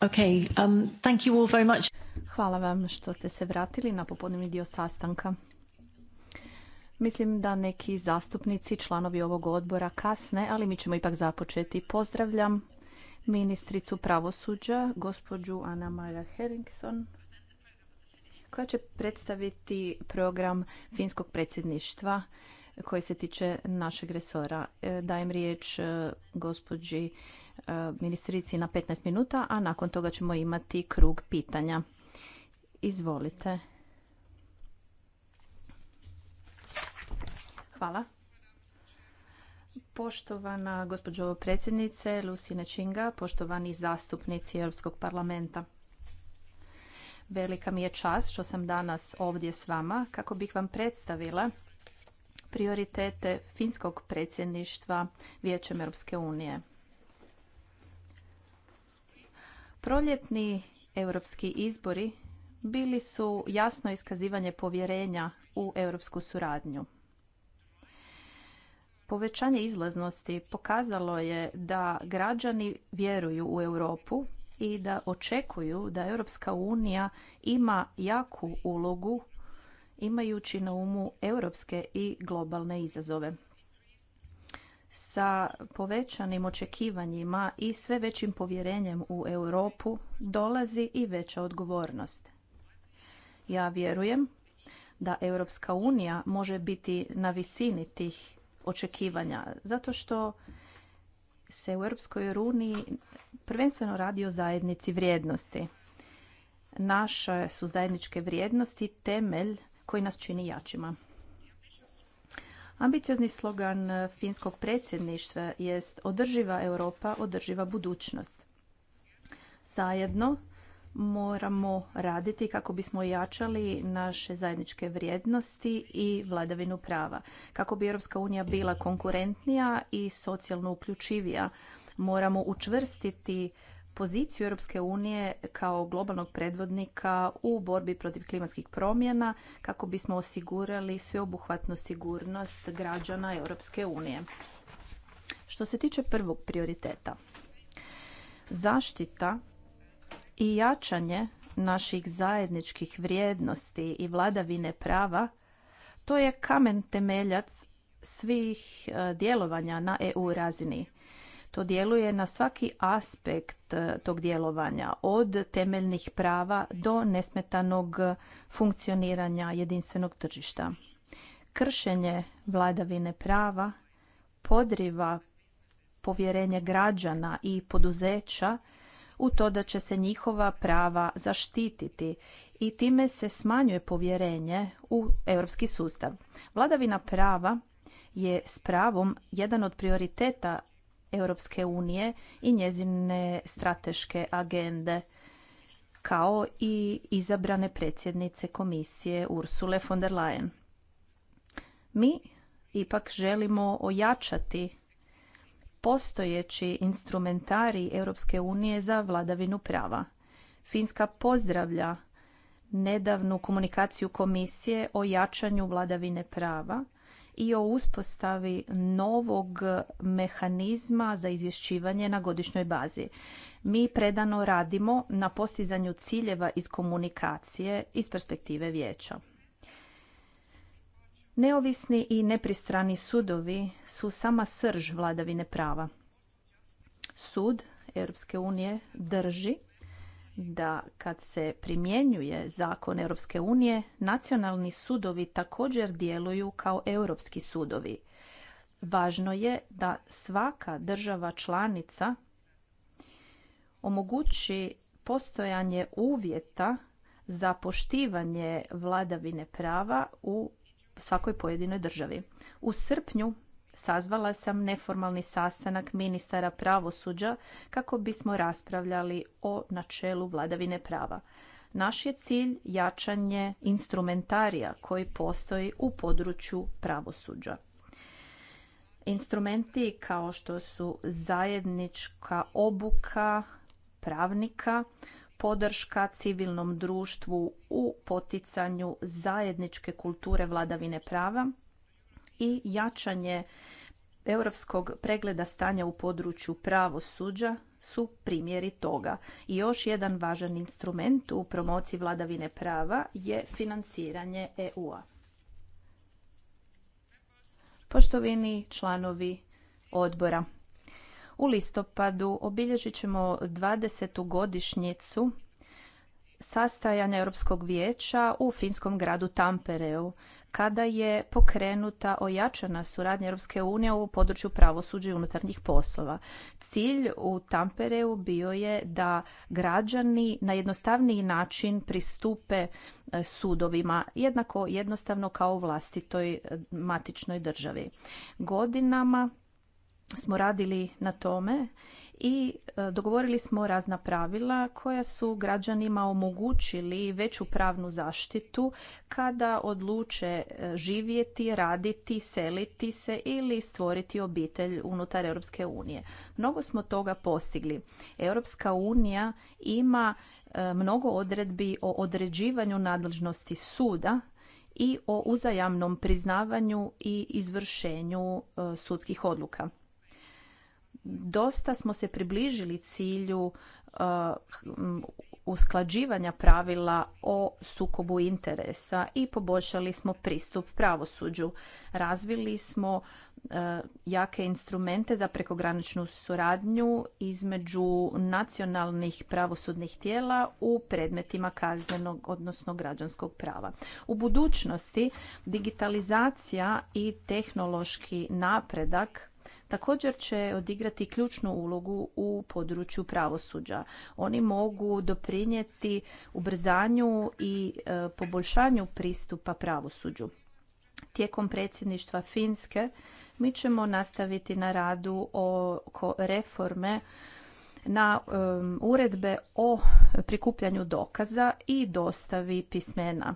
Um, Hvala vam što ste se vratili na popodnevni dio sastanka. Mislim da neki zastupnici, članovi ovog odbora kasne, ali mi ćemo ipak započeti. Pozdravljam ministricu pravosuđa, gospođu Ana Maja Heringson, koja će predstaviti program finskog predsjedništva koji se tiče našeg resora. E, dajem riječ e, gospođi E, ministrici na 15 minuta, a nakon toga ćemo imati krug pitanja. Izvolite. Hvala. Poštovana gospođo predsjednice Lusine Činga, poštovani zastupnici Europskog parlamenta. Velika mi je čast što sam danas ovdje s vama kako bih vam predstavila prioritete finskog predsjedništva Vijećem Europske unije. Proljetni europski izbori bili su jasno iskazivanje povjerenja u europsku suradnju. Povećanje izlaznosti pokazalo je da građani vjeruju u Europu i da očekuju da Europska unija ima jaku ulogu imajući na umu europske i globalne izazove sa povećanim očekivanjima i sve većim povjerenjem u Europu dolazi i veća odgovornost. Ja vjerujem da Europska unija može biti na visini tih očekivanja zato što se u Europskoj uniji prvenstveno radi o zajednici vrijednosti. Naše su zajedničke vrijednosti temelj koji nas čini jačima. Ambiciozni slogan eh, finskog predsjedništva jest održiva Europa, održiva budućnost. Zajedno moramo raditi kako bismo jačali naše zajedničke vrijednosti i vladavinu prava. Kako bi Europska unija bila konkurentnija i socijalno uključivija, moramo učvrstiti poziciju Europske unije kao globalnog predvodnika u borbi protiv klimatskih promjena kako bismo osigurali sveobuhvatnu sigurnost građana Europske unije. Što se tiče prvog prioriteta, zaštita i jačanje naših zajedničkih vrijednosti i vladavine prava to je kamen temeljac svih e, djelovanja na EU razini. To djeluje na svaki aspekt eh, tog djelovanja, od temeljnih prava do nesmetanog funkcioniranja jedinstvenog tržišta. Kršenje vladavine prava podriva povjerenje građana i poduzeća u to da će se njihova prava zaštititi i time se smanjuje povjerenje u europski sustav. Vladavina prava je s pravom jedan od prioriteta Europske unije i njezine strateške agende kao i izabrane predsjednice komisije Ursule von der Leyen. Mi ipak želimo ojačati postojeći instrumentari Europske unije za vladavinu prava. Finska pozdravlja nedavnu komunikaciju komisije o jačanju vladavine prava i o uspostavi novog mehanizma za izvješćivanje na godišnjoj bazi. Mi predano radimo na postizanju ciljeva iz komunikacije iz perspektive vijeća. Neovisni i nepristrani sudovi su sama srž vladavine prava. Sud Europske unije drži da kad se primjenjuje zakon Europske unije, nacionalni sudovi također djeluju kao europski sudovi. Važno je da svaka država članica omogući postojanje uvjeta za poštivanje vladavine prava u svakoj pojedinoj državi. U srpnju sazvala sam neformalni sastanak ministara pravosuđa kako bismo raspravljali o načelu vladavine prava. Naš je cilj jačanje instrumentarija koji postoji u području pravosuđa. Instrumenti kao što su zajednička obuka pravnika, podrška civilnom društvu u poticanju zajedničke kulture vladavine prava, i jačanje europskog pregleda stanja u području pravosuđa su primjeri toga. I još jedan važan instrument u promociji vladavine prava je financiranje EU-a. Poštovini članovi odbora, u listopadu obilježit ćemo 20. godišnjicu sastajanja Europskog vijeća u finskom gradu Tampereu kada je pokrenuta ojačana suradnja Europske unije u području pravosuđa i unutarnjih poslova. Cilj u Tampereu bio je da građani na jednostavniji način pristupe e, sudovima, jednako jednostavno kao u vlastitoj e, matičnoj državi. Godinama smo radili na tome i e, dogovorili smo razna pravila koja su građanima omogućili veću pravnu zaštitu kada odluče e, živjeti, raditi, seliti se ili stvoriti obitelj unutar Europske unije. Mnogo smo toga postigli. Europska unija ima e, mnogo odredbi o određivanju nadležnosti suda i o uzajamnom priznavanju i izvršenju sudskih odluka dosta smo se približili cilju uh, usklađivanja pravila o sukobu interesa i poboljšali smo pristup pravosuđu. Razvili smo uh, jake instrumente za prekograničnu suradnju između nacionalnih pravosudnih tijela u predmetima kaznenog odnosno građanskog prava. U budućnosti digitalizacija i tehnološki napredak također će odigrati ključnu ulogu u području pravosuđa. Oni mogu doprinijeti ubrzanju i e, poboljšanju pristupa pravosuđu. Tijekom predsjedništva Finske mi ćemo nastaviti na radu oko reforme na uredbe o prikupljanju dokaza i dostavi pismena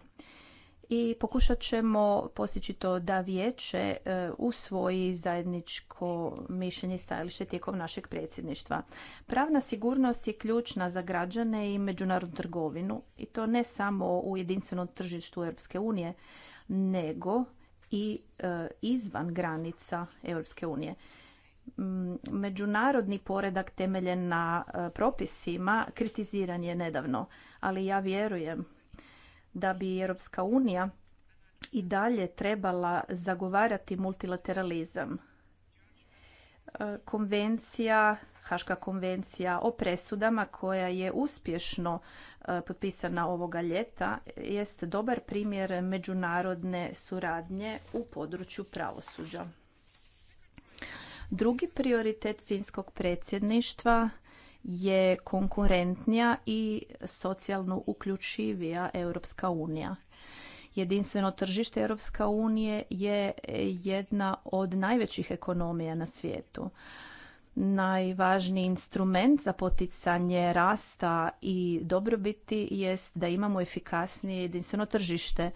i pokušat ćemo postići to da vijeće e, usvoji zajedničko mišljenje i stajalište tijekom našeg predsjedništva. Pravna sigurnost je ključna za građane i međunarodnu trgovinu i to ne samo u jedinstvenom tržištu Europske unije, nego i e, izvan granica Europske unije mm, međunarodni poredak temeljen na e, propisima kritiziran je nedavno, ali ja vjerujem da bi Europska unija i dalje trebala zagovarati multilateralizam. E, konvencija, Haška konvencija o presudama koja je uspješno e, potpisana ovoga ljeta jest dobar primjer međunarodne suradnje u području pravosuđa. Drugi prioritet finskog predsjedništva je konkurentnija i socijalno uključivija Europska unija. Jedinstveno tržište Europska unije je jedna od najvećih ekonomija na svijetu najvažniji instrument za poticanje rasta i dobrobiti jest da imamo efikasnije jedinstveno tržište.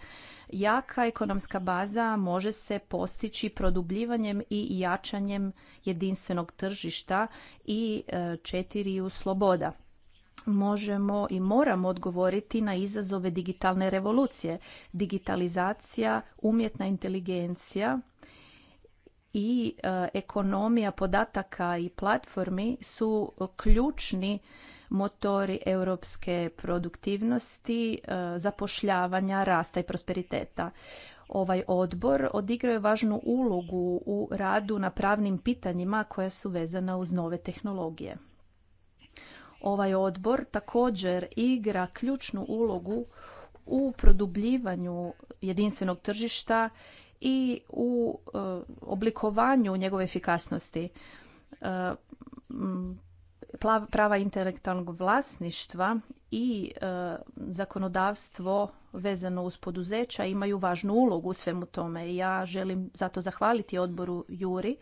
Jaka ekonomska baza može se postići produbljivanjem i jačanjem jedinstvenog tržišta i e, četiriju sloboda možemo i moramo odgovoriti na izazove digitalne revolucije. Digitalizacija, umjetna inteligencija i e, ekonomija podataka i platformi su ključni motori europske produktivnosti, e, zapošljavanja, rasta i prosperiteta. Ovaj odbor odigrao je važnu ulogu u radu na pravnim pitanjima koja su vezana uz nove tehnologije. Ovaj odbor također igra ključnu ulogu u produbljivanju jedinstvenog tržišta i u e, oblikovanju njegove efikasnosti e, prava intelektualnog vlasništva i e, zakonodavstvo vezano uz poduzeća imaju važnu ulogu u svemu tome. Ja želim zato zahvaliti odboru Juri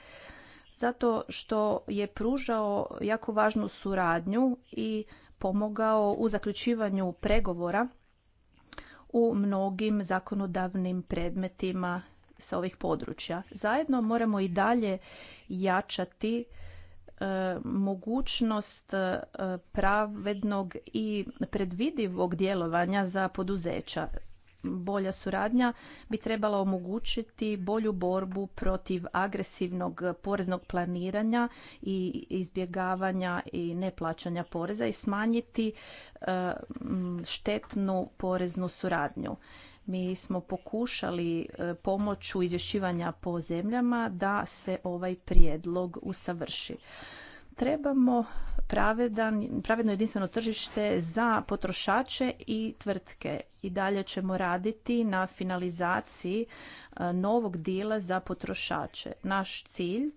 zato što je pružao jako važnu suradnju i pomogao u zaključivanju pregovora u mnogim zakonodavnim predmetima sa ovih područja. Zajedno moramo i dalje jačati e, mogućnost e, pravednog i predvidivog djelovanja za poduzeća. Bolja suradnja bi trebala omogućiti bolju borbu protiv agresivnog poreznog planiranja i izbjegavanja i neplaćanja poreza i smanjiti e, štetnu poreznu suradnju mi smo pokušali e, pomoću izvješćivanja po zemljama da se ovaj prijedlog usavrši. Trebamo pravedan, pravedno jedinstveno tržište za potrošače i tvrtke. I dalje ćemo raditi na finalizaciji e, novog dila za potrošače. Naš cilj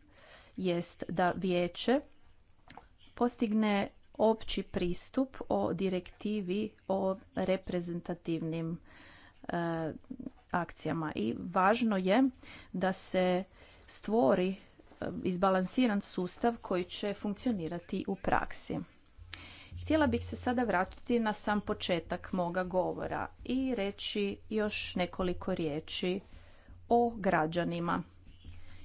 jest da vijeće postigne opći pristup o direktivi o reprezentativnim E, akcijama. I važno je da se stvori e, izbalansiran sustav koji će funkcionirati u praksi. Htjela bih se sada vratiti na sam početak moga govora i reći još nekoliko riječi o građanima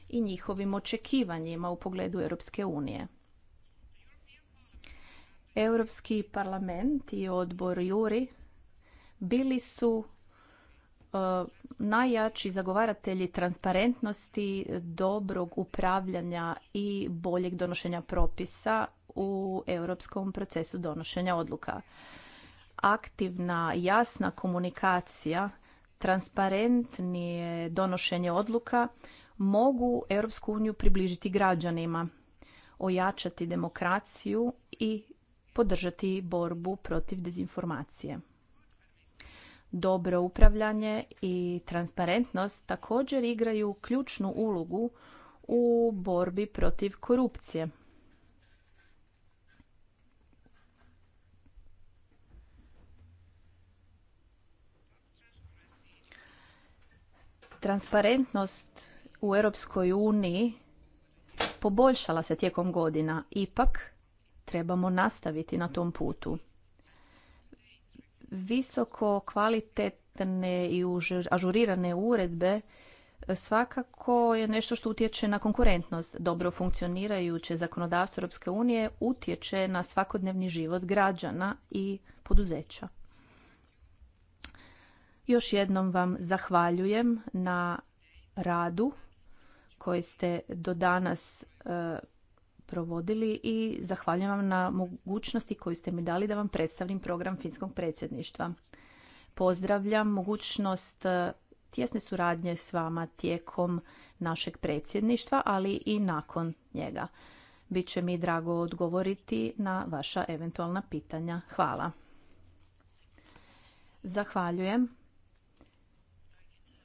i njihovim očekivanjima u pogledu Europske unije. Europski parlament i odbor Juri bili su E, najjači zagovaratelji transparentnosti, dobrog upravljanja i boljeg donošenja propisa u europskom procesu donošenja odluka. Aktivna, jasna komunikacija, transparentnije donošenje odluka mogu Europsku uniju približiti građanima, ojačati demokraciju i podržati borbu protiv dezinformacije dobro upravljanje i transparentnost također igraju ključnu ulogu u borbi protiv korupcije. Transparentnost u Europskoj uniji poboljšala se tijekom godina, ipak trebamo nastaviti na tom putu visoko kvalitetne i ažurirane uredbe e, svakako je nešto što utječe na konkurentnost. Dobro funkcionirajuće zakonodavstvo Europske unije utječe na svakodnevni život građana i poduzeća. Još jednom vam zahvaljujem na radu koji ste do danas e, provodili i zahvaljujem vam na mogućnosti koju ste mi dali da vam predstavim program finskog predsjedništva. Pozdravljam mogućnost e, tjesne suradnje s vama tijekom našeg predsjedništva, ali i nakon njega. Biće mi drago odgovoriti na vaša eventualna pitanja. Hvala. Zahvaljujem.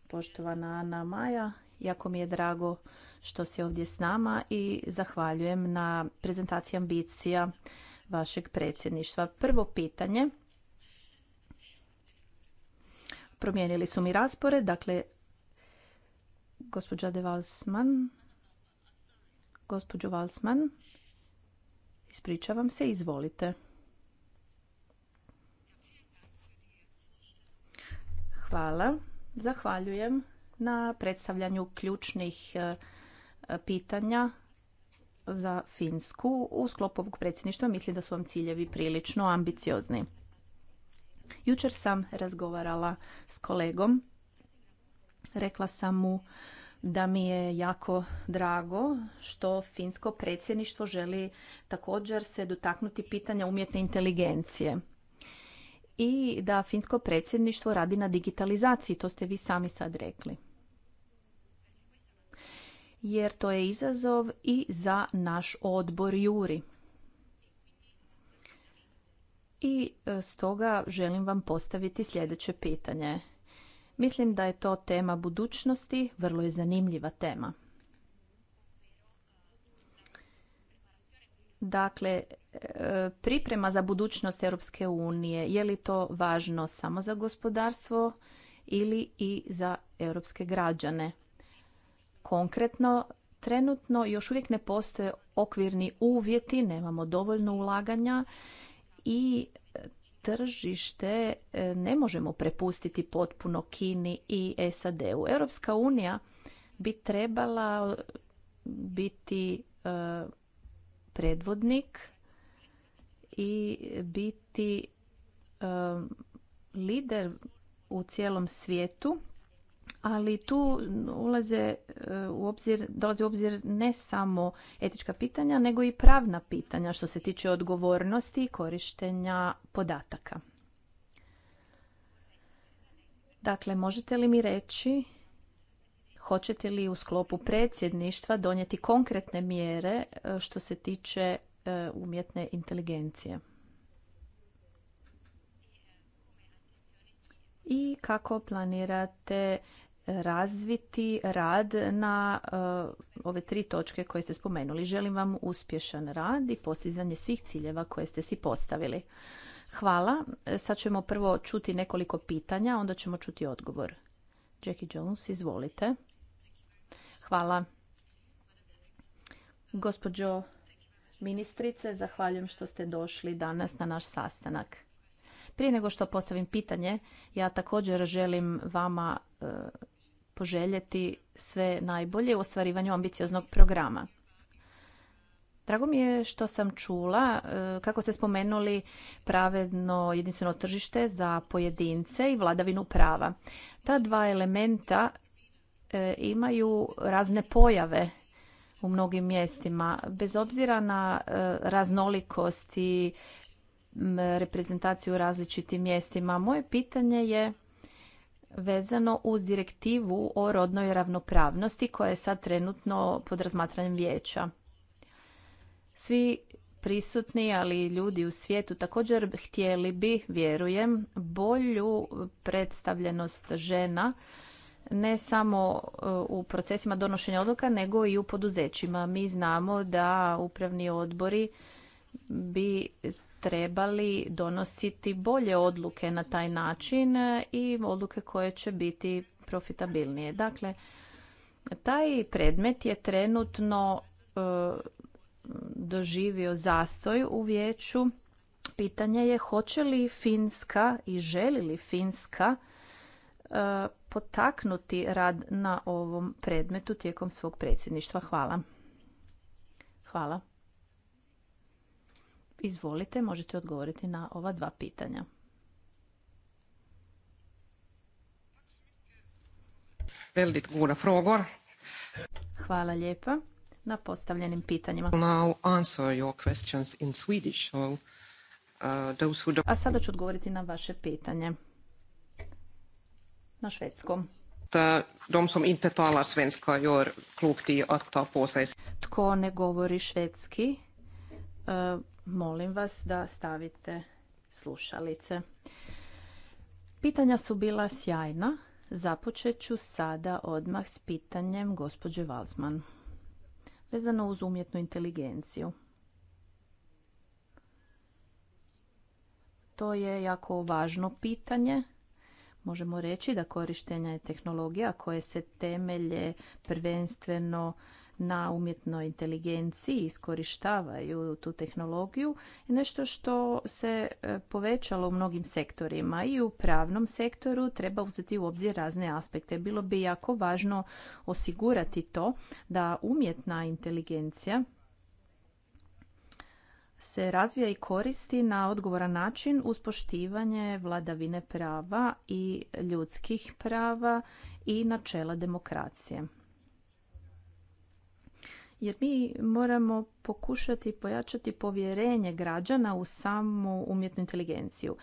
Poštovana Ana Maja, jako mi je drago što si ovdje s nama i zahvaljujem na prezentaciji ambicija vašeg predsjedništva. Prvo pitanje. Promijenili su mi raspored, dakle, gospođa de Valsman, gospođo Valsman, ispričavam se, izvolite. Hvala. Zahvaljujem na predstavljanju ključnih eh, pitanja za Finsku u sklopu ovog predsjedništva. Mislim da su vam ciljevi prilično ambiciozni. Jučer sam razgovarala s kolegom. Rekla sam mu da mi je jako drago što finsko predsjedništvo želi također se dotaknuti pitanja umjetne inteligencije i da finsko predsjedništvo radi na digitalizaciji, to ste vi sami sad rekli jer to je izazov i za naš odbor Juri. I e, stoga želim vam postaviti sljedeće pitanje. Mislim da je to tema budućnosti, vrlo je zanimljiva tema. Dakle, e, priprema za budućnost Europske unije, je li to važno samo za gospodarstvo ili i za europske građane? Konkretno, trenutno još uvijek ne postoje okvirni uvjeti, nemamo dovoljno ulaganja i e, tržište e, ne možemo prepustiti potpuno Kini i SAD-u. Europska unija bi trebala e, biti predvodnik i biti lider u cijelom svijetu ali tu ulaze e, u obzir, dolaze u obzir ne samo etička pitanja, nego i pravna pitanja što se tiče odgovornosti i korištenja podataka. Dakle, možete li mi reći hoćete li u sklopu predsjedništva donijeti konkretne mjere e, što se tiče e, umjetne inteligencije? i kako planirate razviti rad na eh, ove tri točke koje ste spomenuli. Želim vam uspješan rad i postizanje svih ciljeva koje ste si postavili. Hvala. Sad ćemo prvo čuti nekoliko pitanja, onda ćemo čuti odgovor. Jackie Jones, izvolite. Hvala. Gospođo ministrice, zahvaljujem što ste došli danas na naš sastanak. Prije nego što postavim pitanje, ja također želim vama e, poželjeti sve najbolje u ostvarivanju ambicioznog programa. Drago mi je što sam čula e, kako ste spomenuli pravedno jedinstveno tržište za pojedince i vladavinu prava. Ta dva elementa e, imaju razne pojave u mnogim mjestima bez obzira na raznolikosti reprezentaciju u različitim mjestima. Moje pitanje je vezano uz direktivu o rodnoj ravnopravnosti koja je sad trenutno pod razmatranjem vijeća. Svi prisutni, ali i ljudi u svijetu također htjeli bi, vjerujem, bolju predstavljenost žena ne samo uh, u procesima donošenja odluka, nego i u poduzećima. Mi znamo da upravni odbori bi trebali donositi bolje odluke na taj način i odluke koje će biti profitabilnije. Dakle, taj predmet je trenutno e, doživio zastoj u vijeću. Pitanje je hoće li Finska i želi li Finska e, potaknuti rad na ovom predmetu tijekom svog predsjedništva. Hvala. Hvala. Izvolite, možete odgovoriti na ova dva pitanja. Hvala lijepa na postavljenim pitanjima. A sada ću odgovoriti na vaše pitanje. Na švedskom. Tko ne govori švedski, uh, molim vas da stavite slušalice. Pitanja su bila sjajna. Započet ću sada odmah s pitanjem gospođe Valzman. Vezano uz umjetnu inteligenciju. To je jako važno pitanje. Možemo reći da korištenje tehnologija koje se temelje prvenstveno na umjetnoj inteligenciji, iskorištavaju tu tehnologiju, je nešto što se e, povećalo u mnogim sektorima i u pravnom sektoru treba uzeti u obzir razne aspekte. Bilo bi jako važno osigurati to da umjetna inteligencija se razvija i koristi na odgovoran način uz poštivanje vladavine prava i ljudskih prava i načela demokracije jer mi moramo pokušati pojačati povjerenje građana u samu umjetnu inteligenciju.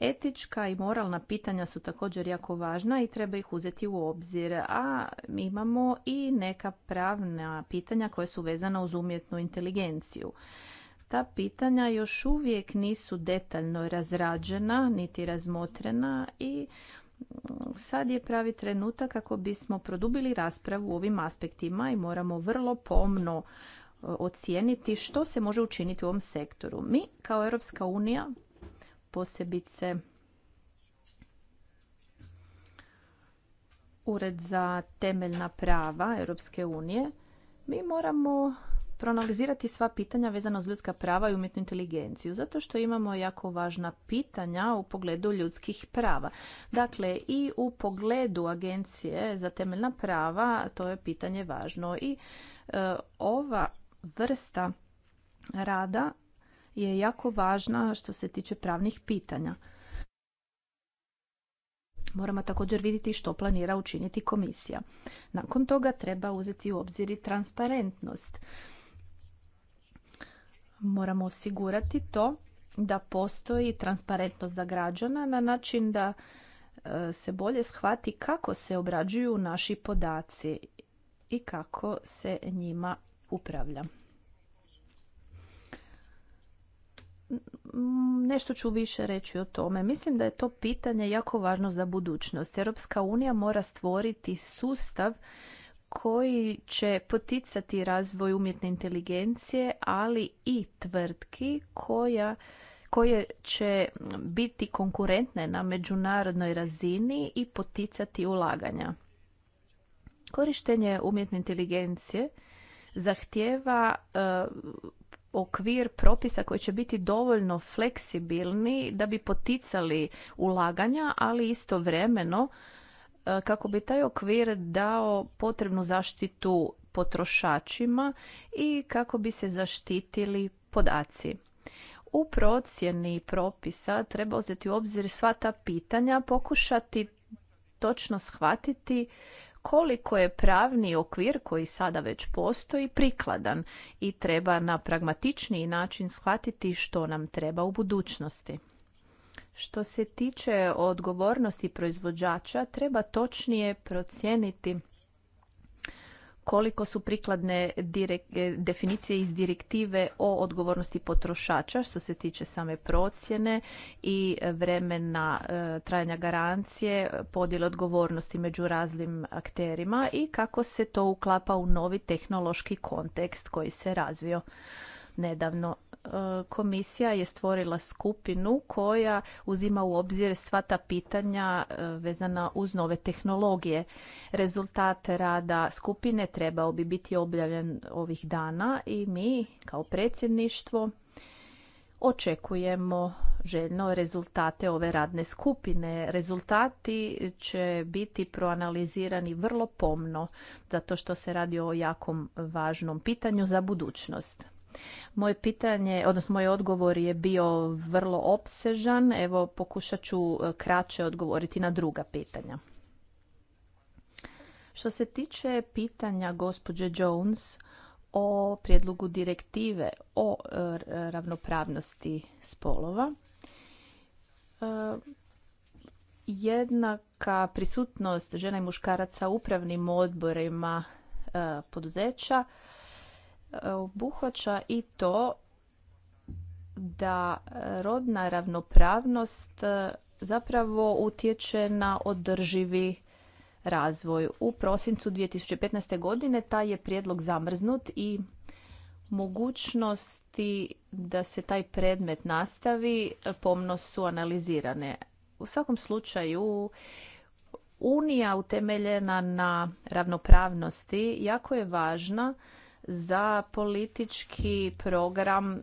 Etička i moralna pitanja su također jako važna i treba ih uzeti u obzir, a imamo i neka pravna pitanja koja su vezana uz umjetnu inteligenciju. Ta pitanja još uvijek nisu detaljno razrađena niti razmotrena i sad je pravi trenutak kako bismo produbili raspravu u ovim aspektima i moramo vrlo pomno e, ocijeniti što se može učiniti u ovom sektoru. Mi kao Europska unija posebice Ured za temeljna prava Europske unije mi moramo proanalizirati sva pitanja vezana uz ljudska prava i umjetnu inteligenciju, zato što imamo jako važna pitanja u pogledu ljudskih prava. Dakle, i u pogledu agencije za temeljna prava to je pitanje važno i e, ova vrsta rada je jako važna što se tiče pravnih pitanja. Moramo također vidjeti što planira učiniti komisija. Nakon toga treba uzeti u obzir i transparentnost moramo osigurati to da postoji transparentnost za građana na način da e, se bolje shvati kako se obrađuju naši podaci i kako se njima upravlja. Nešto ću više reći o tome. Mislim da je to pitanje jako važno za budućnost. Europska unija mora stvoriti sustav koji će poticati razvoj umjetne inteligencije, ali i tvrtki koje će biti konkurentne na međunarodnoj razini i poticati ulaganja. Korištenje umjetne inteligencije zahtjeva e, okvir propisa koji će biti dovoljno fleksibilni da bi poticali ulaganja, ali istovremeno E, kako bi taj okvir dao potrebnu zaštitu potrošačima i kako bi se zaštitili podaci. U procjeni propisa treba uzeti u obzir sva ta pitanja, pokušati točno shvatiti koliko je pravni okvir koji sada već postoji prikladan i treba na pragmatičniji način shvatiti što nam treba u budućnosti. Što se tiče odgovornosti proizvođača, treba točnije procijeniti koliko su prikladne e, definicije iz direktive o odgovornosti potrošača što se tiče same procjene i vremena e, trajanja garancije, podjele odgovornosti među raznim akterima i kako se to uklapa u novi tehnološki kontekst koji se razvio nedavno komisija je stvorila skupinu koja uzima u obzir sva ta pitanja e, vezana uz nove tehnologije. Rezultate rada skupine trebao bi biti objavljen ovih dana i mi kao predsjedništvo očekujemo željno rezultate ove radne skupine. Rezultati će biti proanalizirani vrlo pomno zato što se radi o jakom važnom pitanju za budućnost. Moje pitanje, odnosno moj odgovor je bio vrlo opsežan. Evo pokušat ću e, kraće odgovoriti na druga pitanja. Što se tiče pitanja gospođe Jones o prijedlogu direktive o e, ravnopravnosti spolova, e, jednaka prisutnost žena i muškaraca u upravnim odborima poduzeća E, obuhvaća i to da rodna ravnopravnost e, zapravo utječe na održivi razvoj. U prosincu 2015. godine taj je prijedlog zamrznut i mogućnosti da se taj predmet nastavi e, pomno su analizirane. U svakom slučaju unija utemeljena na ravnopravnosti jako je važna za politički program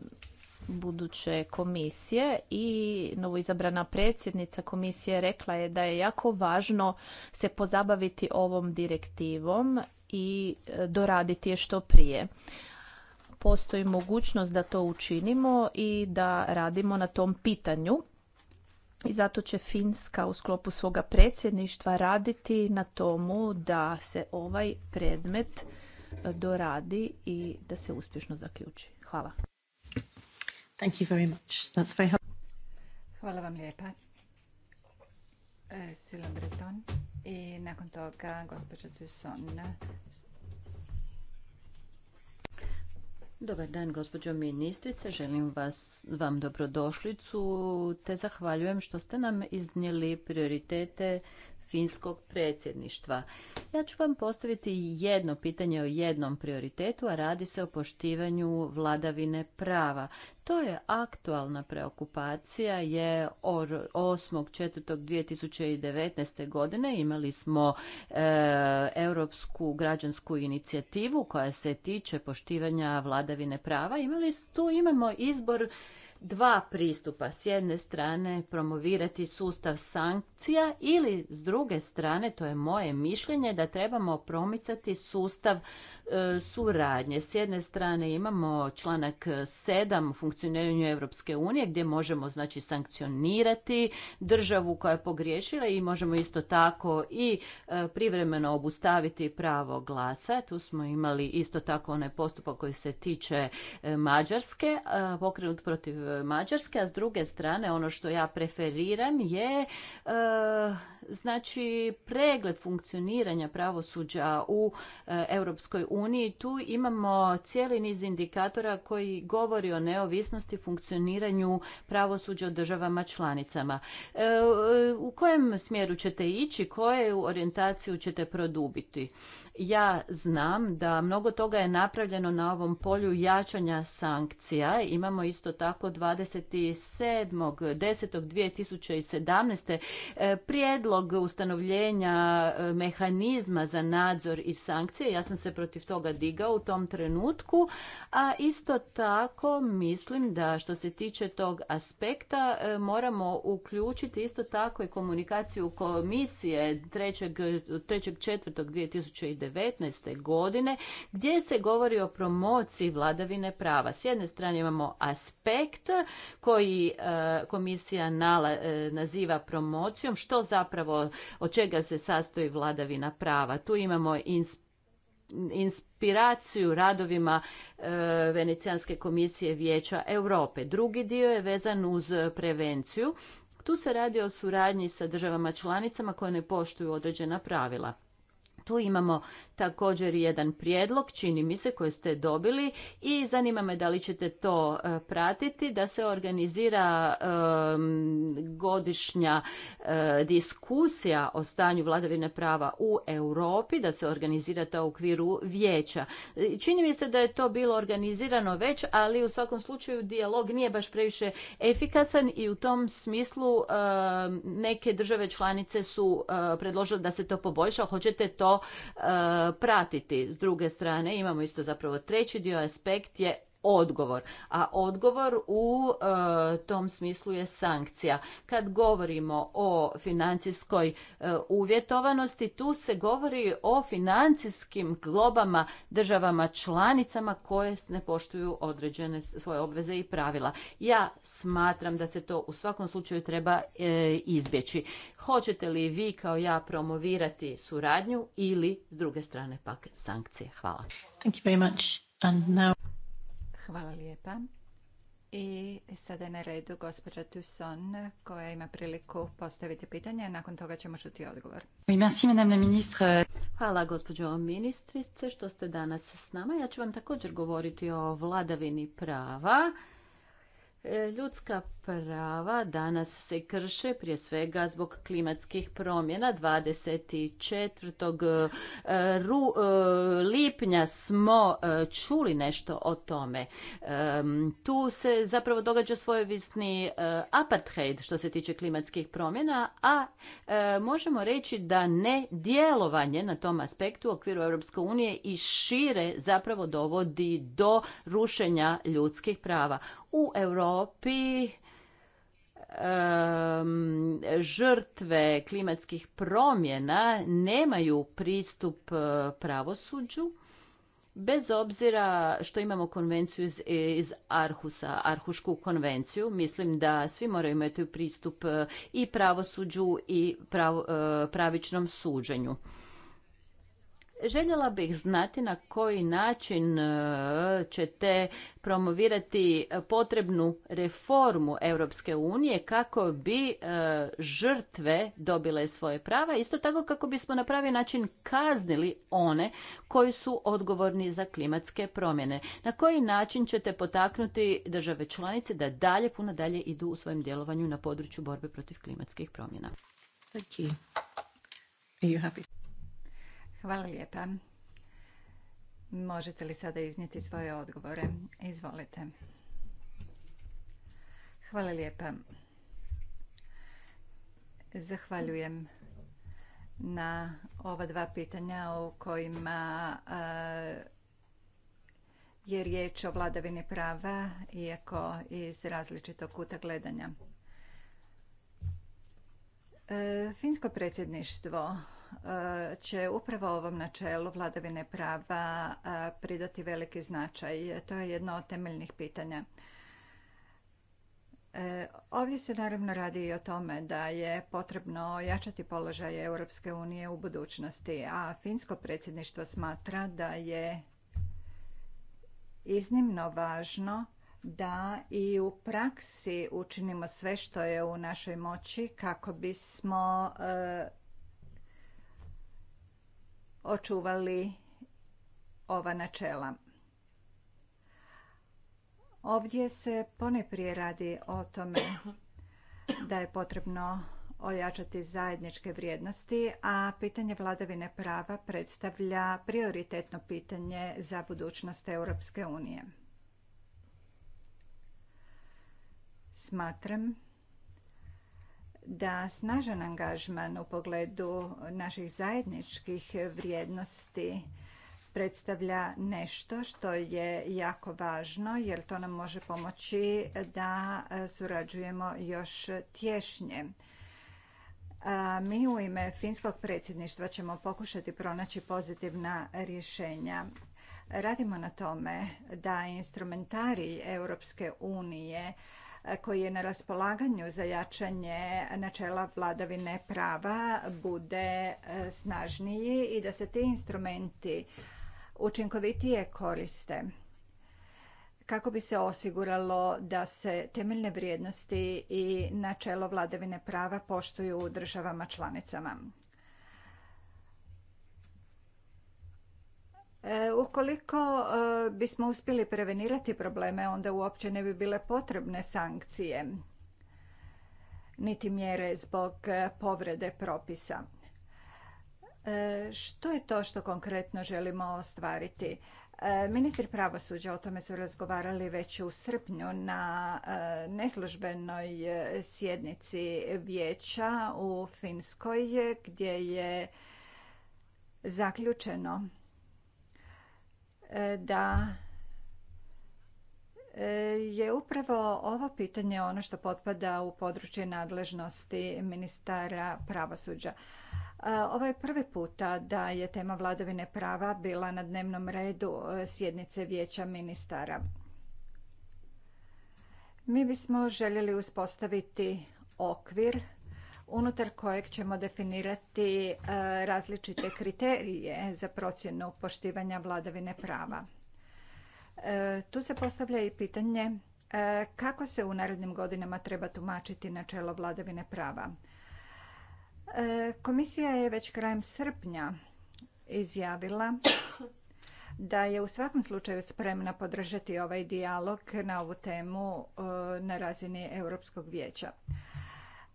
buduće komisije i novoizabrana predsjednica komisije rekla je da je jako važno se pozabaviti ovom direktivom i e, doraditi je što prije. Postoji mogućnost da to učinimo i da radimo na tom pitanju. I zato će Finska u sklopu svoga predsjedništva raditi na tomu da se ovaj predmet doradi i da se uspješno zaključi. Hvala. Thank you very much. That's very Hvala vam lijepa. E, Sila Breton i nakon toga gospođa Tusson. Dobar dan, gospođo ministrice. Želim vas, vam dobrodošlicu te zahvaljujem što ste nam iznijeli prioritete finskog predsjedništva. Ja ću vam postaviti jedno pitanje o jednom prioritetu, a radi se o poštivanju vladavine prava. To je aktualna preokupacija, je 8.4.2019. godine imali smo e, Europsku građansku inicijativu koja se tiče poštivanja vladavine prava. Imali tu imamo izbor dva pristupa. S jedne strane promovirati sustav sankcija ili s druge strane, to je moje mišljenje, da trebamo promicati sustav e, suradnje. S jedne strane imamo članak 7 funkcioniranju Europske unije gdje možemo znači sankcionirati državu koja je pogriješila i možemo isto tako i e, privremeno obustaviti pravo glasa. Tu smo imali isto tako onaj postupak koji se tiče e, Mađarske, pokrenut protiv Mađarske, a s druge strane ono što ja preferiram je eh, znači pregled funkcioniranja pravosuđa u e, Europskoj uniji. Tu imamo cijeli niz indikatora koji govori o neovisnosti funkcioniranju pravosuđa u državama članicama. E, u kojem smjeru ćete ići, koju orijentaciju ćete produbiti? Ja znam da mnogo toga je napravljeno na ovom polju jačanja sankcija. Imamo isto tako 27.10.2017. E, prijedlog ustanovljenja e, mehanizma za nadzor i sankcije. Ja sam se protiv toga digao u tom trenutku, a isto tako mislim da što se tiče tog aspekta e, moramo uključiti isto tako i komunikaciju komisije 3.4.2019. godine gdje se govori o promociji vladavine prava. S jedne strane imamo aspekt koji e, komisija naziva promocijom, što zapravo zapravo od čega se sastoji vladavina prava. Tu imamo inspiraciju radovima e, Venecijanske komisije Vijeća Europe. Drugi dio je vezan uz prevenciju. Tu se radi o suradnji sa državama članicama koje ne poštuju određena pravila. Tu imamo također jedan prijedlog, čini mi se, koje ste dobili i zanima me da li ćete to e, pratiti, da se organizira godišnja e, diskusija o stanju vladavine prava u Europi, da se organizira to u okviru vijeća. E, čini mi se da je to bilo organizirano već, ali u svakom slučaju dijalog nije baš previše efikasan i u tom smislu neke države članice su predložile da se to poboljša. Hoćete to E, pratiti. S druge strane imamo isto zapravo treći dio aspekt je odgovor. A odgovor u e, tom smislu je sankcija. Kad govorimo o financijskoj e, uvjetovanosti, tu se govori o financijskim globama državama članicama koje ne poštuju određene svoje obveze i pravila. Ja smatram da se to u svakom slučaju treba e, izbjeći. Hoćete li vi kao ja promovirati suradnju ili s druge strane pak sankcije? Hvala. Thank you very much. And now... Hvala lijepa. I sada je na redu gospođa Tusson koja ima priliku postaviti pitanje, nakon toga ćemo čuti odgovor. Hvala gospođo ministrice što ste danas s nama. Ja ću vam također govoriti o vladavini prava. E, ljudska prava danas se krše prije svega zbog klimatskih promjena. 24. E, e, lipnja smo e, čuli nešto o tome. Tu se zapravo događa svojevisni apartheid što se tiče klimatskih promjena, a možemo reći da ne djelovanje na tom aspektu u okviru Europske unije i šire zapravo dovodi do rušenja ljudskih prava. U Europi žrtve klimatskih promjena nemaju pristup e, pravosuđu bez obzira što imamo konvenciju iz, e, iz Arhusa, Arhušku konvenciju, mislim da svi moraju imati pristup e, i pravosuđu i pravičnom suđenju. Željela bih znati na koji način e, ćete promovirati potrebnu reformu Europske unije kako bi e, žrtve dobile svoje prava, isto tako kako bismo na pravi način kaznili one koji su odgovorni za klimatske promjene. Na koji način ćete potaknuti države članice da dalje, puno dalje idu u svojem djelovanju na području borbe protiv klimatskih promjena? Hvala. Hvala lijepa. Možete li sada iznijeti svoje odgovore? Izvolite. Hvala lijepa. Zahvaljujem na ova dva pitanja u kojima je riječ o vladavini prava, iako iz različitog kuta gledanja. E, finsko predsjedništvo će upravo ovom načelu vladavine prava pridati veliki značaj. To je jedno od temeljnih pitanja. E, ovdje se naravno radi i o tome da je potrebno jačati položaj Europske unije u budućnosti, a finsko predsjedništvo smatra da je iznimno važno da i u praksi učinimo sve što je u našoj moći kako bismo e, očuvali ova načela. Ovdje se poneprije radi o tome da je potrebno ojačati zajedničke vrijednosti, a pitanje vladavine prava predstavlja prioritetno pitanje za budućnost Europske unije. Smatram da snažan angažman u pogledu naših zajedničkih vrijednosti predstavlja nešto što je jako važno jer to nam može pomoći da surađujemo još tješnje. Mi u ime finskog predsjedništva ćemo pokušati pronaći pozitivna rješenja. Radimo na tome da instrumentari Europske unije E, koji je na raspolaganju za jačanje načela vladavine prava bude e, snažniji i da se ti instrumenti učinkovitije koriste kako bi se osiguralo da se temeljne vrijednosti i načelo vladavine prava poštuju u državama članicama. E, ukoliko e, bismo uspjeli prevenirati probleme, onda uopće ne bi bile potrebne sankcije niti mjere zbog e, povrede propisa. Što je to što konkretno želimo ostvariti? Ministri pravosuđa o tome su razgovarali već u srpnju na neslužbenoj sjednici vijeća u Finskoj gdje je zaključeno E, da e, je upravo ovo pitanje ono što potpada u područje nadležnosti ministara pravosuđa. E, ovo je prvi puta da je tema vladavine prava bila na dnevnom redu sjednice vijeća ministara. Mi bismo željeli uspostaviti okvir unutar kojeg ćemo definirati e, različite kriterije za procjenu poštivanja vladavine prava. E, tu se postavlja i pitanje e, kako se u narednim godinama treba tumačiti načelo vladavine prava. Komisija je već krajem srpnja izjavila da je u svakom slučaju spremna podržati ovaj dijalog na ovu temu na razini Europskog vijeća.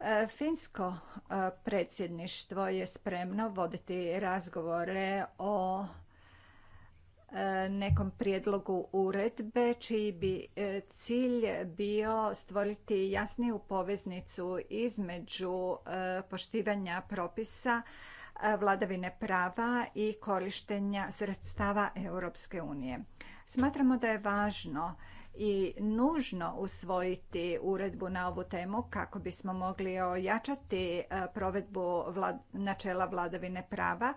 E, finsko e, predsjedništvo je spremno voditi razgovore o e, nekom prijedlogu uredbe čiji bi cilj bio stvoriti jasniju poveznicu između poštivanja propisa vladavine prava i korištenja sredstava Europske unije. Smatramo da je važno i nužno usvojiti uredbu na ovu temu kako bismo mogli ojačati e, provedbu vlad, načela vladavine prava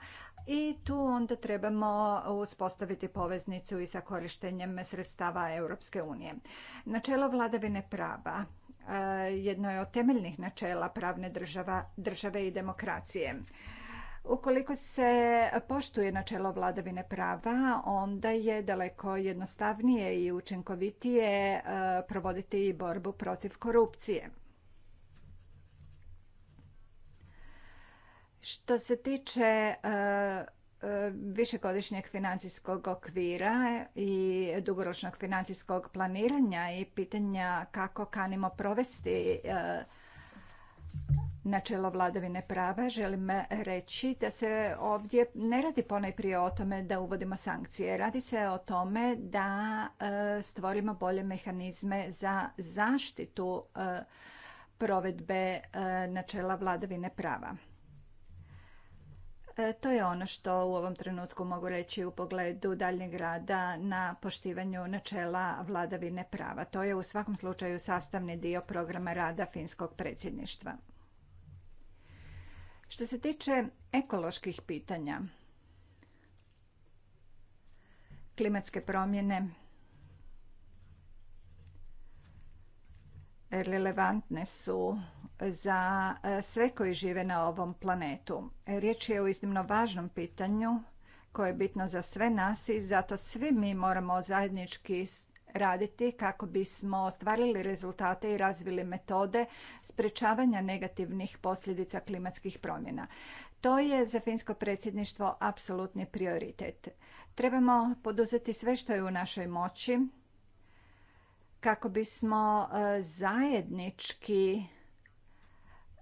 i tu onda trebamo uspostaviti poveznicu i sa korištenjem sredstava Europske unije. Načelo vladavine prava e, jedno je od temeljnih načela pravne država, države i demokracije. Ukoliko se poštuje načelo vladavine prava, onda je daleko jednostavnije i učinkovitije e, provoditi i borbu protiv korupcije. Što se tiče e, e, višegodišnjeg financijskog okvira i dugoročnog financijskog planiranja i pitanja kako kanimo provesti načelo vladavine prava, želim reći da se ovdje ne radi ponajprije o tome da uvodimo sankcije. Radi se o tome da e, stvorimo bolje mehanizme za zaštitu e, provedbe e, načela vladavine prava. To je ono što u ovom trenutku mogu reći u pogledu daljnjeg rada na poštivanju načela vladavine prava. To je u svakom slučaju sastavni dio programa rada finskog predsjedništva. Što se tiče ekoloških pitanja, klimatske promjene, relevantne su za e, sve koji žive na ovom planetu. Riječ je o iznimno važnom pitanju koje je bitno za sve nas i zato svi mi moramo zajednički raditi kako bismo ostvarili rezultate i razvili metode sprečavanja negativnih posljedica klimatskih promjena. To je za finsko predsjedništvo apsolutni prioritet. Trebamo poduzeti sve što je u našoj moći kako bismo e, zajednički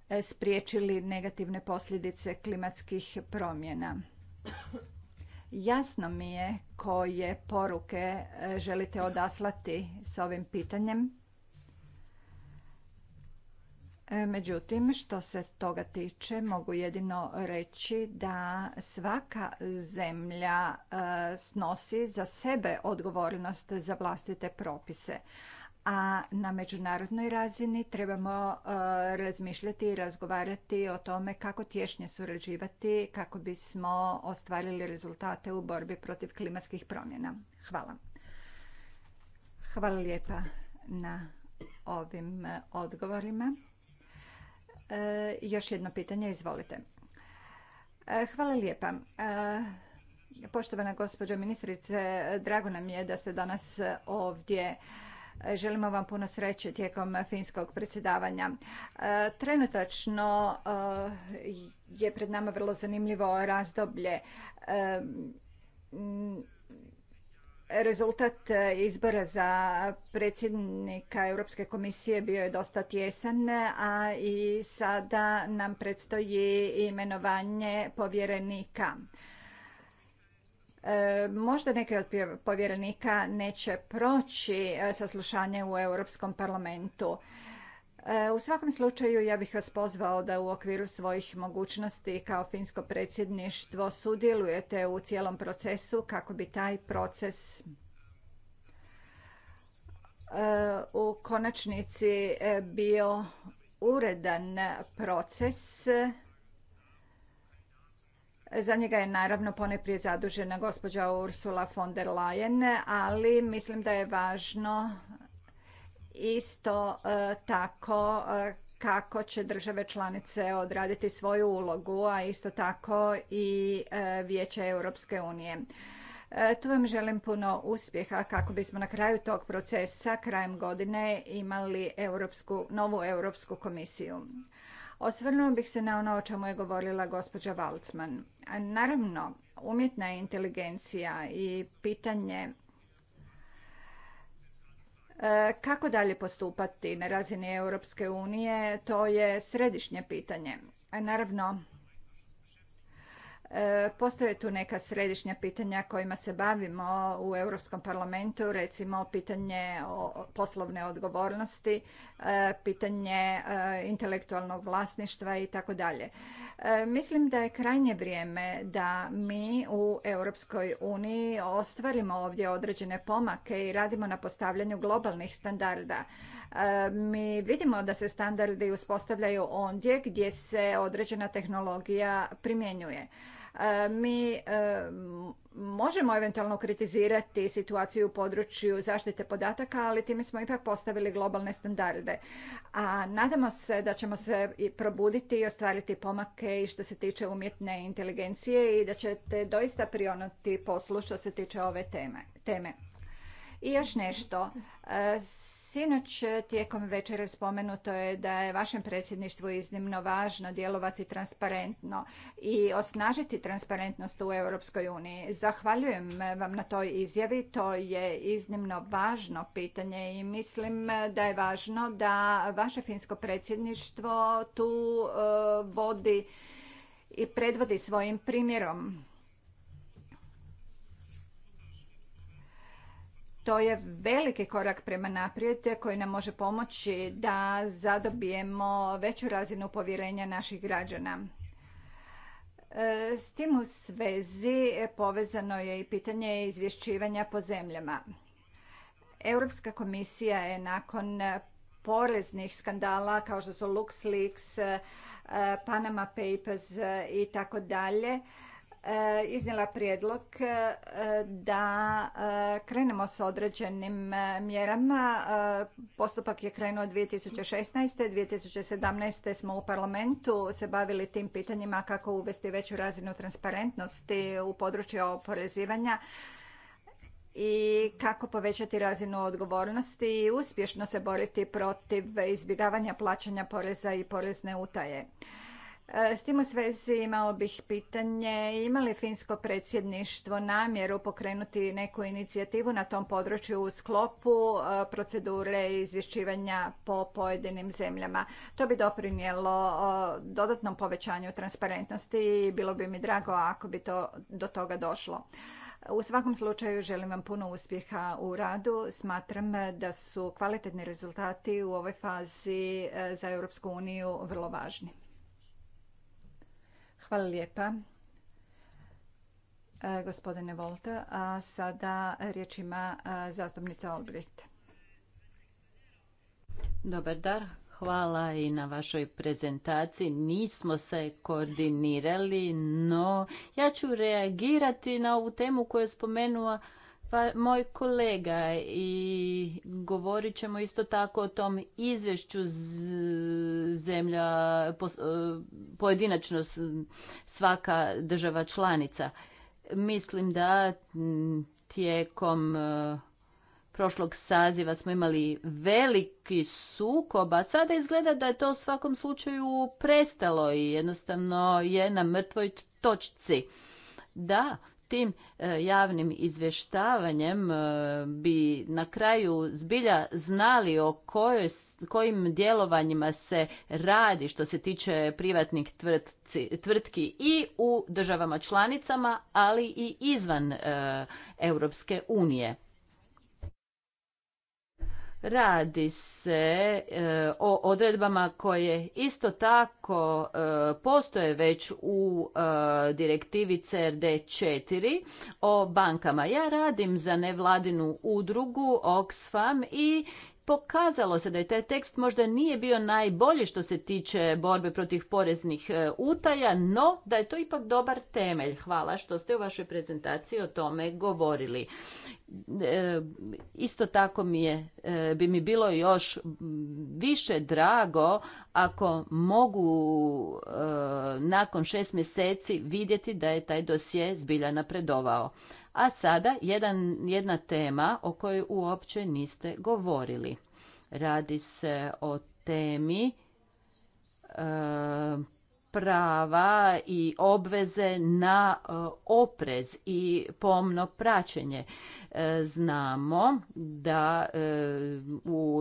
e, spriječili negativne posljedice klimatskih promjena. Jasno mi je koje poruke e, želite odaslati s ovim pitanjem. E, međutim, što se toga tiče, mogu jedino reći da svaka zemlja e, snosi za sebe odgovornost za vlastite propise a na međunarodnoj razini trebamo e, razmišljati i razgovarati o tome kako tješnje surađivati kako bismo ostvarili rezultate u borbi protiv klimatskih promjena. Hvala. Hvala lijepa na ovim e, odgovorima. E, još jedno pitanje, izvolite. Hvala lijepa. Poštovana gospođo ministrice, drago nam je da ste danas ovdje Želimo vam puno sreće tijekom finskog predsjedavanja. E, trenutačno e, je pred nama vrlo zanimljivo razdoblje. E, rezultat izbora za predsjednika Europske komisije bio je dosta tjesan, a i sada nam predstoji imenovanje povjerenika. E, možda neke od povjerenika neće proći e, saslušanje u Europskom parlamentu. E, u svakom slučaju ja bih vas pozvao da u okviru svojih mogućnosti kao finsko predsjedništvo sudjelujete u cijelom procesu kako bi taj proces u konačnici bio uredan proces za njega je naravno poneprije zadužena gospođa Ursula von der Leyen, ali mislim da je važno isto e, tako e, kako će države članice odraditi svoju ulogu, a isto tako i e, Vijeće Europske unije. Tu vam želim puno uspjeha kako bismo na kraju tog procesa, krajem godine, imali europsku, novu Europsku komisiju. Osvrnuo bih se na ono o čemu je govorila gospođa Valcman. Naravno, umjetna inteligencija i pitanje e, kako dalje postupati na razini Europske unije, to je središnje pitanje. Naravno, Postoje tu neka središnja pitanja kojima se bavimo u Europskom parlamentu, recimo pitanje poslovne odgovornosti, e, pitanje e, intelektualnog vlasništva i tako dalje. E, mislim da je krajnje vrijeme da mi u Europskoj uniji ostvarimo ovdje određene pomake i radimo na postavljanju globalnih standarda. Mi vidimo da se standardi uspostavljaju ondje gdje se određena tehnologija primjenjuje. E, mi e, možemo eventualno kritizirati situaciju u području zaštite podataka, ali time smo ipak postavili globalne standarde. A nadamo se da ćemo se i probuditi i ostvariti pomake i što se tiče umjetne inteligencije i da ćete doista prionuti poslu što se tiče ove teme. teme. I još nešto. E, Sinoć e, tijekom večere spomenuto je da je vašem predsjedništvu iznimno važno djelovati transparentno i osnažiti transparentnost u Europskoj uniji. Zahvaljujem e, vam na toj izjavi, to je iznimno važno pitanje i mislim e, da je važno da vaše finsko predsjedništvo tu vodi i predvodi svojim primjerom To je veliki korak prema naprijed koji nam može pomoći da zadobijemo veću razinu povjerenja naših građana. E, s tim u svezi povezano je i pitanje izvješćivanja po zemljama. Europska komisija je nakon poreznih skandala kao što su LuxLeaks, e, Panama Papers i tako dalje Eh, iznijela prijedlog eh, da eh, krenemo s određenim mjerama. Postupak je krenuo 2016. 2017. smo u parlamentu se bavili tim pitanjima kako uvesti veću razinu transparentnosti u području oporezivanja i kako povećati razinu odgovornosti i uspješno se boriti protiv izbjegavanja plaćanja poreza i porezne utaje. E, s tim u svezi imao bih pitanje ima li finsko predsjedništvo namjeru pokrenuti neku inicijativu na tom području u sklopu e, procedure izvješćivanja po pojedinim zemljama. To bi doprinijelo dodatnom povećanju transparentnosti i bilo bi mi drago ako bi to do toga došlo. U svakom slučaju želim vam puno uspjeha u radu. Smatram da su kvalitetni rezultati u ovoj fazi e, za Europsku uniju vrlo važni. Hvala lijepa. E, gospodine Volta, a sada riječ ima e, zastupnica Olbricht. Dobar dar, hvala i na vašoj prezentaciji. Nismo se koordinirali, no ja ću reagirati na ovu temu koju je spomenula pa moj kolega i govorit ćemo isto tako o tom izvješću zemlja e, pojedinačno svaka država članica. Mislim da tijekom e, prošlog saziva smo imali veliki sukob, a sada izgleda da je to u svakom slučaju prestalo i jednostavno je na mrtvoj točci. Da, tim e, javnim izvještavanjem e, bi na kraju zbilja znali o kojim djelovanjima se radi što se tiče privatnih tvrtki i u državama članicama, ali i izvan e, Europske unije. Radi se e, o odredbama koje isto tako e, postoje već u e, direktivi CRD4 o bankama. Ja radim za nevladinu udrugu Oxfam i pokazalo se da je taj tekst možda nije bio najbolji što se tiče borbe protiv poreznih e, utaja, no da je to ipak dobar temelj. Hvala što ste u vašoj prezentaciji o tome govorili. E, isto tako mi je, e, bi mi bilo još više drago ako mogu nakon šest mjeseci vidjeti da je taj dosje zbilja napredovao. A sada jedan, jedna tema o kojoj uopće niste govorili. Radi se o temi e, prava i obveze na e, oprez i pomno praćenje. E, znamo da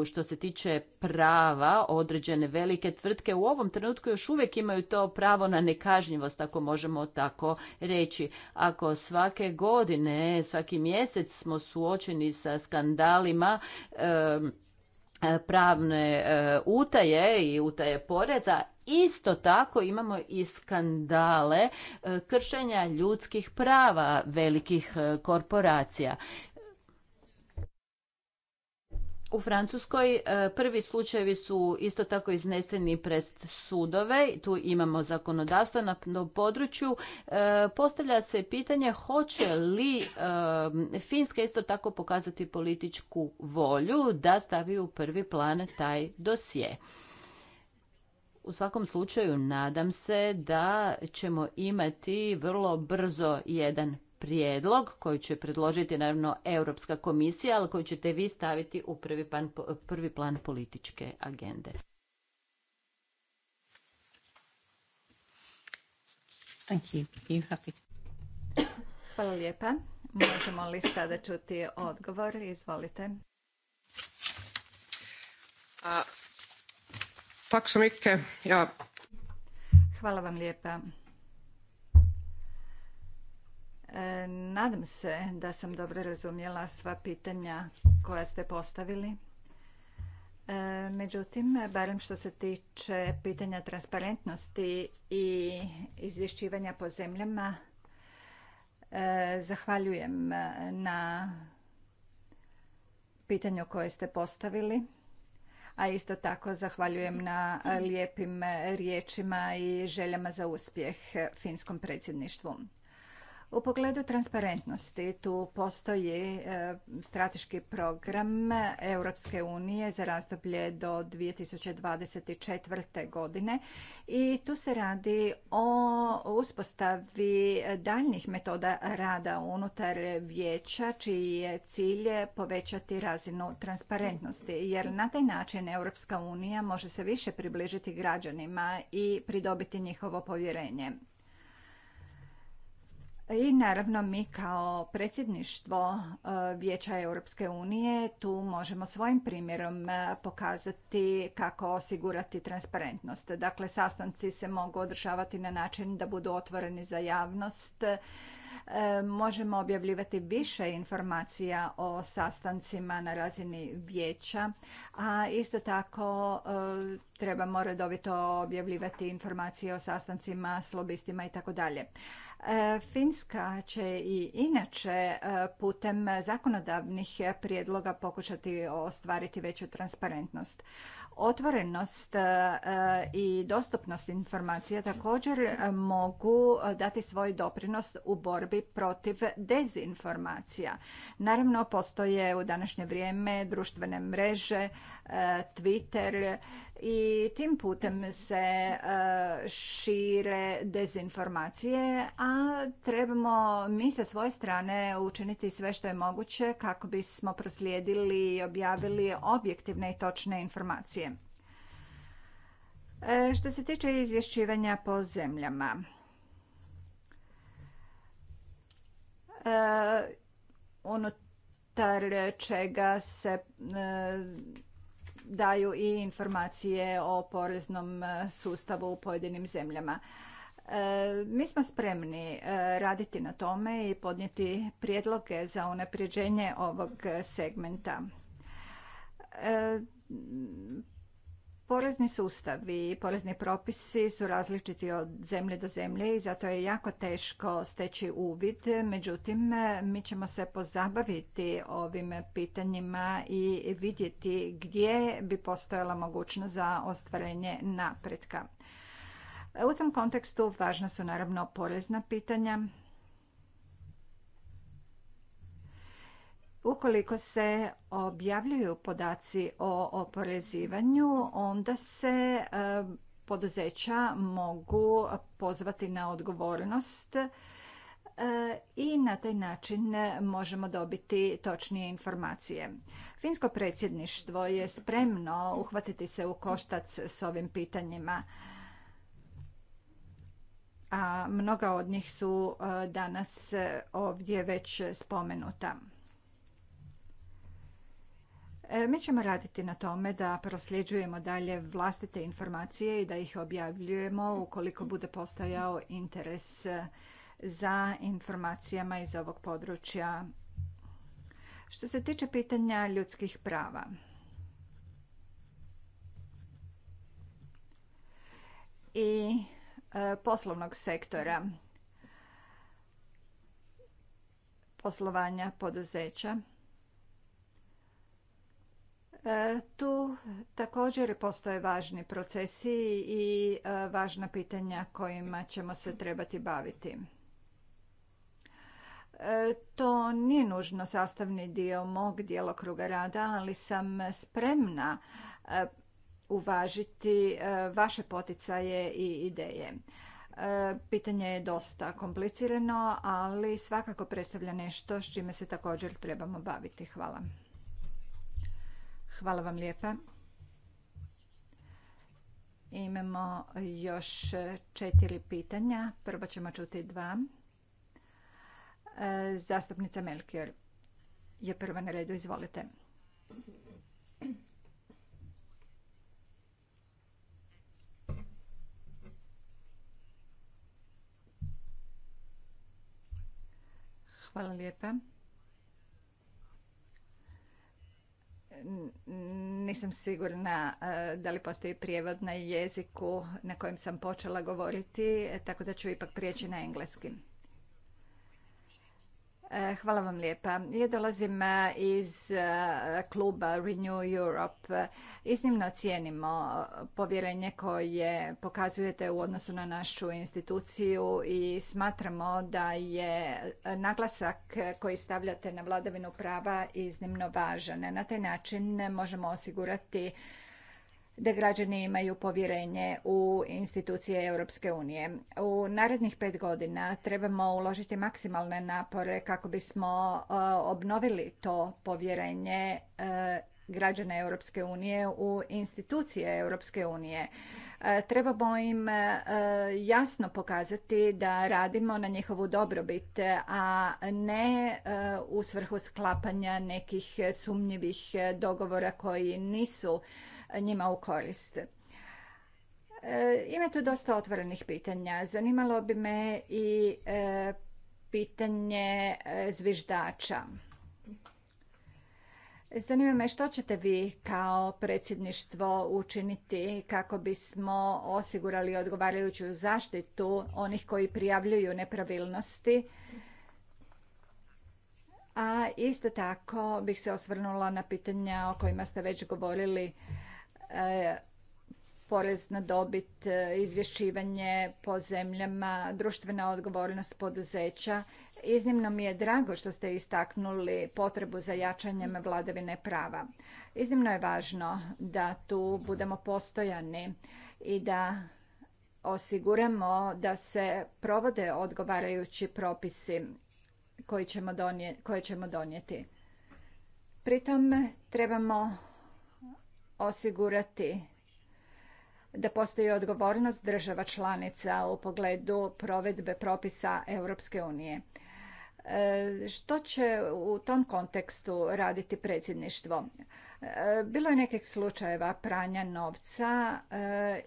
e, što se tiče prava određene velike tvrtke u ovom trenutku još uvijek imaju to pravo na nekažnjivost ako možemo tako reći. Ako svake godine, svaki mjesec smo suočeni sa skandalima pravne utaje i utaje poreza isto tako imamo i skandale e, kršenja ljudskih prava velikih e, korporacija. U Francuskoj e, prvi slučajevi su isto tako izneseni pred sudove, tu imamo zakonodavstvo na području. Postavlja se pitanje hoće li Finska isto tako pokazati političku volju da stavi u prvi plan taj dosje u svakom slučaju nadam se da ćemo imati vrlo brzo jedan prijedlog koji će predložiti naravno Europska komisija, ali koji ćete vi staviti u prvi plan, prvi plan političke agende. Thank you. Hvala lijepa. Možemo li sada čuti odgovor? Izvolite. Uh, Hvala vam lijepa. E, nadam se da sam dobro razumjela sva pitanja koja ste postavili. E, međutim, barem što se tiče pitanja transparentnosti i izvješćivanja po zemljama, e, zahvaljujem na pitanju koje ste postavili a isto tako zahvaljujem na e, lijepim e, riječima i željama za uspjeh e, finskom predsjedništvu. U pogledu transparentnosti tu postoji e, strateški program Europske unije za razdoblje do 2024. godine i tu se radi o uspostavi daljnjih metoda rada unutar vijeća čiji je cilj povećati razinu transparentnosti jer na taj način Europska unija može se više približiti građanima i pridobiti njihovo povjerenje. I naravno mi kao predsjedništvo e, Vijeća Europske unije tu možemo svojim primjerom e, pokazati kako osigurati transparentnost. Dakle, sastanci se mogu održavati na način da budu otvoreni za javnost. E, možemo objavljivati više informacija o sastancima na razini vijeća, a isto tako trebamo redovito objavljivati informacije o sastancima s lobistima i tako dalje. E, Finska će i inače e, putem zakonodavnih prijedloga pokušati ostvariti veću transparentnost. Otvorenost e, i dostupnost informacija također mogu dati svoj doprinos u borbi protiv dezinformacija. Naravno, postoje u današnje vrijeme društvene mreže, Twitter i tim putem se e, šire dezinformacije, a trebamo mi sa svoje strane učiniti sve što je moguće kako bismo proslijedili i objavili objektivne i točne informacije. E, što se tiče izvješćivanja po zemljama, e, unutar čega se daju i informacije o poreznom e, sustavu u pojedinim zemljama. E, mi smo spremni e, raditi na tome i podnijeti prijedloge za unapređenje ovog segmenta Porezni sustavi i porezni propisi su različiti od zemlje do zemlje i zato je jako teško steći uvid. Međutim, mi ćemo se pozabaviti ovim pitanjima i vidjeti gdje bi postojala mogućnost za ostvarenje napretka. U tom kontekstu važna su naravno porezna pitanja, Ukoliko se objavljuju podaci o oporezivanju, onda se e, poduzeća mogu pozvati na odgovornost e, i na taj način možemo dobiti točnije informacije. Finsko predsjedništvo je spremno uhvatiti se u koštac s ovim pitanjima. A mnoga od njih su e, danas ovdje već spomenuta. E, mi ćemo raditi na tome da prosljeđujemo dalje vlastite informacije i da ih objavljujemo ukoliko bude postojao interes e, za informacijama iz ovog područja. Što se tiče pitanja ljudskih prava, i e, poslovnog sektora poslovanja poduzeća E, tu također postoje važni procesi i e, važna pitanja kojima ćemo se trebati baviti. E, to nije nužno sastavni dio mog djelokruga rada, ali sam spremna uvažiti vaše poticaje i ideje. Pitanje je dosta komplicirano, ali svakako predstavlja nešto s čime se također trebamo baviti. Hvala. Hvala vam lijepa. Imamo još četiri pitanja. Prvo ćemo čuti dva. E, zastupnica Melkior je prva na redu. Izvolite. Hvala lijepa. nisam sigurna e, da li postoji prijevod na jeziku na kojem sam počela govoriti, tako da ću ipak prijeći na engleski. E, hvala vam lijepa. Ja dolazim e, iz e, kluba Renew Europe. Iznimno cijenimo povjerenje koje pokazujete u odnosu na našu instituciju i smatramo da je naglasak koji stavljate na vladavinu prava iznimno važan. Na taj način možemo osigurati da građani imaju povjerenje u institucije Europske unije. U narednih pet godina trebamo uložiti maksimalne napore kako bismo e, obnovili to povjerenje e, građana Europske unije u institucije Europske unije. E, trebamo im jasno pokazati da radimo na njihovu dobrobit, a ne u svrhu sklapanja nekih sumnjivih dogovora koji nisu njima u korist. E, ima tu dosta otvorenih pitanja. Zanimalo bi me i e, pitanje e, zviždača. Zanima me što ćete vi kao predsjedništvo učiniti kako bismo osigurali odgovarajuću zaštitu onih koji prijavljuju nepravilnosti. A isto tako bih se osvrnula na pitanja o kojima ste već govorili porez na dobit, e, izvješćivanje po zemljama, društvena odgovornost poduzeća. Iznimno mi je drago što ste istaknuli potrebu za jačanjem vladavine prava. Iznimno je važno da tu budemo postojani i da osiguramo da se provode odgovarajući propisi koje ćemo donijeti. Pritom trebamo osigurati da postoji odgovornost država članica u pogledu provedbe propisa Europske unije. E, što će u tom kontekstu raditi predsjedništvo? E, bilo je nekih slučajeva pranja novca e,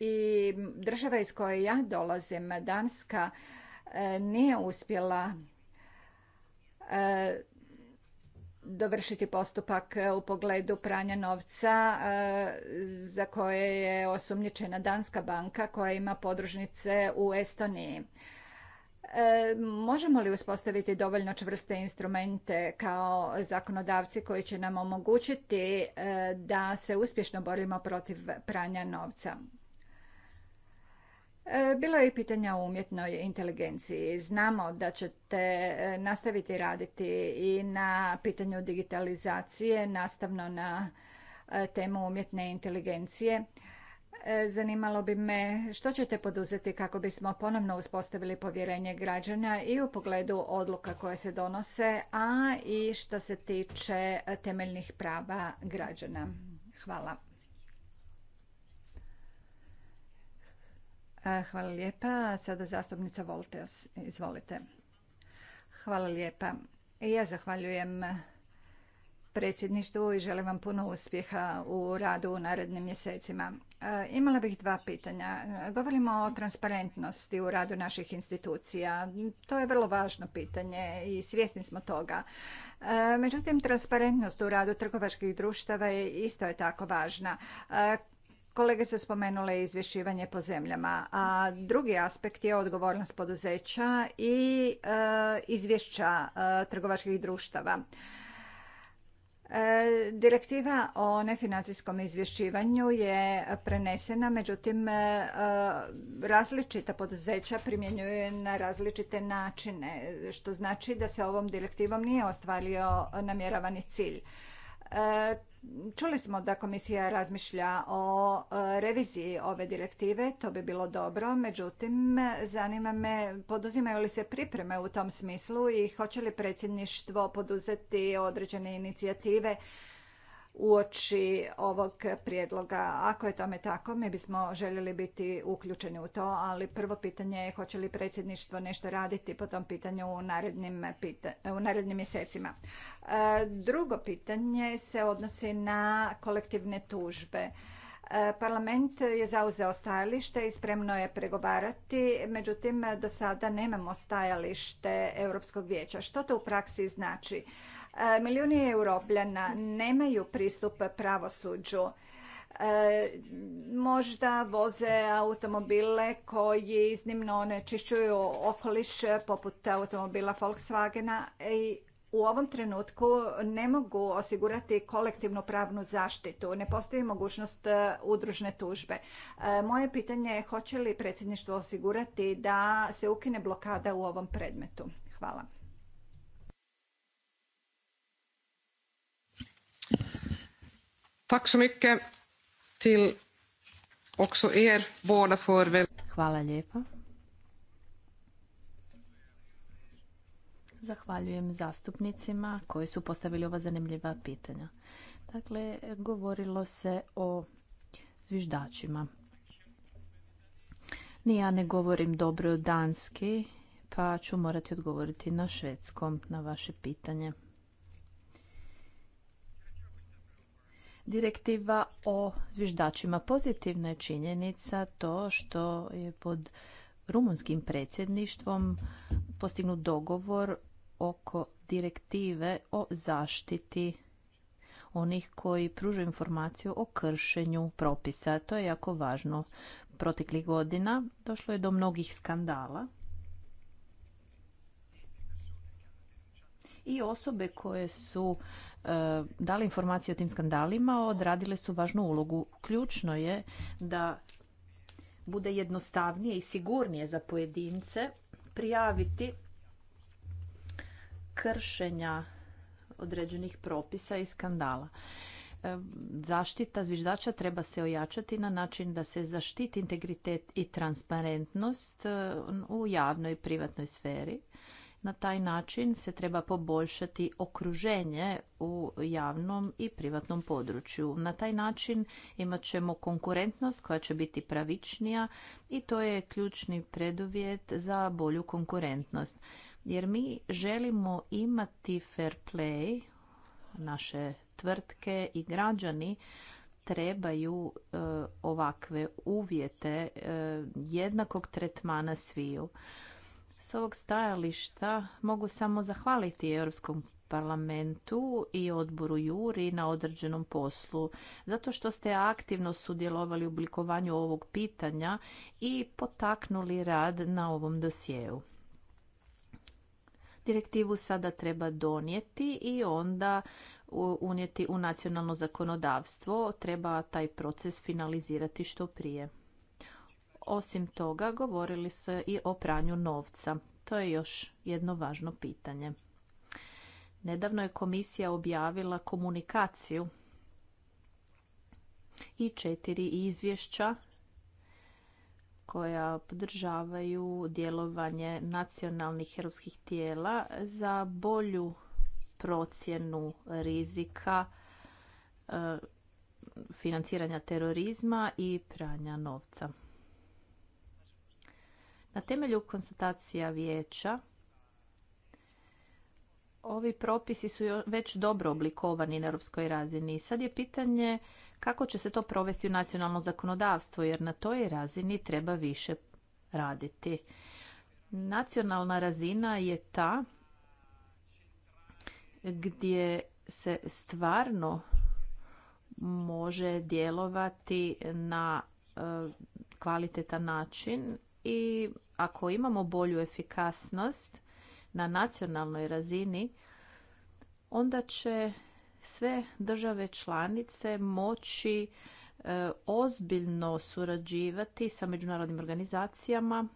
i država iz koje ja dolazim, Danska, nije uspjela dovršiti postupak e, u pogledu pranja novca e, za koje je osumnjičena Danska banka koja ima podružnice u Estoniji. E, možemo li uspostaviti dovoljno čvrste instrumente kao zakonodavci koji će nam omogućiti da se uspješno borimo protiv pranja novca? E, bilo je i pitanja o umjetnoj inteligenciji. Znamo da ćete e, nastaviti raditi i na pitanju digitalizacije, nastavno na e, temu umjetne inteligencije. Zanimalo bi me što ćete poduzeti kako bismo ponovno uspostavili povjerenje građana i u pogledu odluka koje se donose, a i što se tiče temeljnih prava građana. Hvala. Hvala lijepa. Sada zastupnica voltes izvolite. Hvala lijepa. Ja zahvaljujem predsjedništvu i želim vam puno uspjeha u radu u narednim mjesecima. Imala bih dva pitanja. Govorimo o transparentnosti u radu naših institucija. To je vrlo važno pitanje i svjesni smo toga. Međutim, transparentnost u radu trgovačkih društava isto je tako važna. Kolege su spomenule izvješćivanje po zemljama, a drugi aspekt je odgovornost poduzeća i e, izvješća e, trgovačkih društava. E, direktiva o nefinancijskom izvješćivanju je prenesena, međutim različita poduzeća primjenjuju na različite načine, što znači da se ovom direktivom nije ostvario namjeravani cilj. E, čuli smo da komisija razmišlja o e, reviziji ove direktive, to bi bilo dobro, međutim zanima me poduzimaju li se pripreme u tom smislu i hoće li predsjedništvo poduzeti određene inicijative uoči ovog prijedloga. Ako je tome tako, mi bismo željeli biti uključeni u to, ali prvo pitanje je hoće li predsjedništvo nešto raditi po tom pitanju u narednim, u narednim mjesecima. E, drugo pitanje se odnosi na kolektivne tužbe. E, parlament je zauzeo stajalište i spremno je pregovarati, međutim do sada nemamo stajalište Europskog vijeća. Što to u praksi znači? E, milijuni europljana nemaju pristup pravosuđu. E, možda voze automobile koji iznimno onečišćuju okoliš poput automobila Volkswagena i u ovom trenutku ne mogu osigurati kolektivnu pravnu zaštitu. Ne postoji mogućnost e, udružne tužbe. Moje pitanje je hoće li predsjedništvo osigurati da se ukine blokada u ovom predmetu? Hvala. Tack så mycket till er Hvala lijepa. Zahvaljujem zastupnicima koji su postavili ova zanimljiva pitanja. Dakle, govorilo se o zviždačima. Ni ja ne govorim dobro danski, pa ću morati odgovoriti na švedskom na vaše pitanje. Direktiva o zviždačima pozitivna je činjenica to što je pod rumunskim predsjedništvom postignut dogovor oko direktive o zaštiti onih koji pružaju informaciju o kršenju propisa. To je jako važno. Proteklih godina došlo je do mnogih skandala i osobe koje su e, dali informacije o tim skandalima odradile su važnu ulogu. Ključno je da bude jednostavnije i sigurnije za pojedince prijaviti kršenja određenih propisa i skandala. E, zaštita zviždača treba se ojačati na način da se zaštiti integritet i transparentnost e, u javnoj i privatnoj sferi. Na taj način se treba poboljšati okruženje u javnom i privatnom području. Na taj način imat ćemo konkurentnost koja će biti pravičnija i to je ključni preduvjet za bolju konkurentnost. Jer mi želimo imati fair play, naše tvrtke i građani trebaju e, ovakve uvjete e, jednakog tretmana sviju. S ovog stajališta mogu samo zahvaliti Europskom parlamentu i odboru Juri na određenom poslu, zato što ste aktivno sudjelovali u oblikovanju ovog pitanja i potaknuli rad na ovom dosjeu. Direktivu sada treba donijeti i onda unijeti u nacionalno zakonodavstvo. Treba taj proces finalizirati što prije. Osim toga, govorili su i o pranju novca. To je još jedno važno pitanje. Nedavno je komisija objavila komunikaciju i četiri izvješća koja podržavaju djelovanje nacionalnih europskih tijela za bolju procjenu rizika e, financiranja terorizma i pranja novca. Na temelju konstatacija vijeća ovi propisi su već dobro oblikovani na europskoj razini. Sad je pitanje kako će se to provesti u nacionalno zakonodavstvo, jer na toj razini treba više raditi. Nacionalna razina je ta gdje se stvarno može djelovati na e, kvalitetan način i ako imamo bolju efikasnost na nacionalnoj razini, onda će sve države članice moći e, ozbiljno surađivati sa međunarodnim organizacijama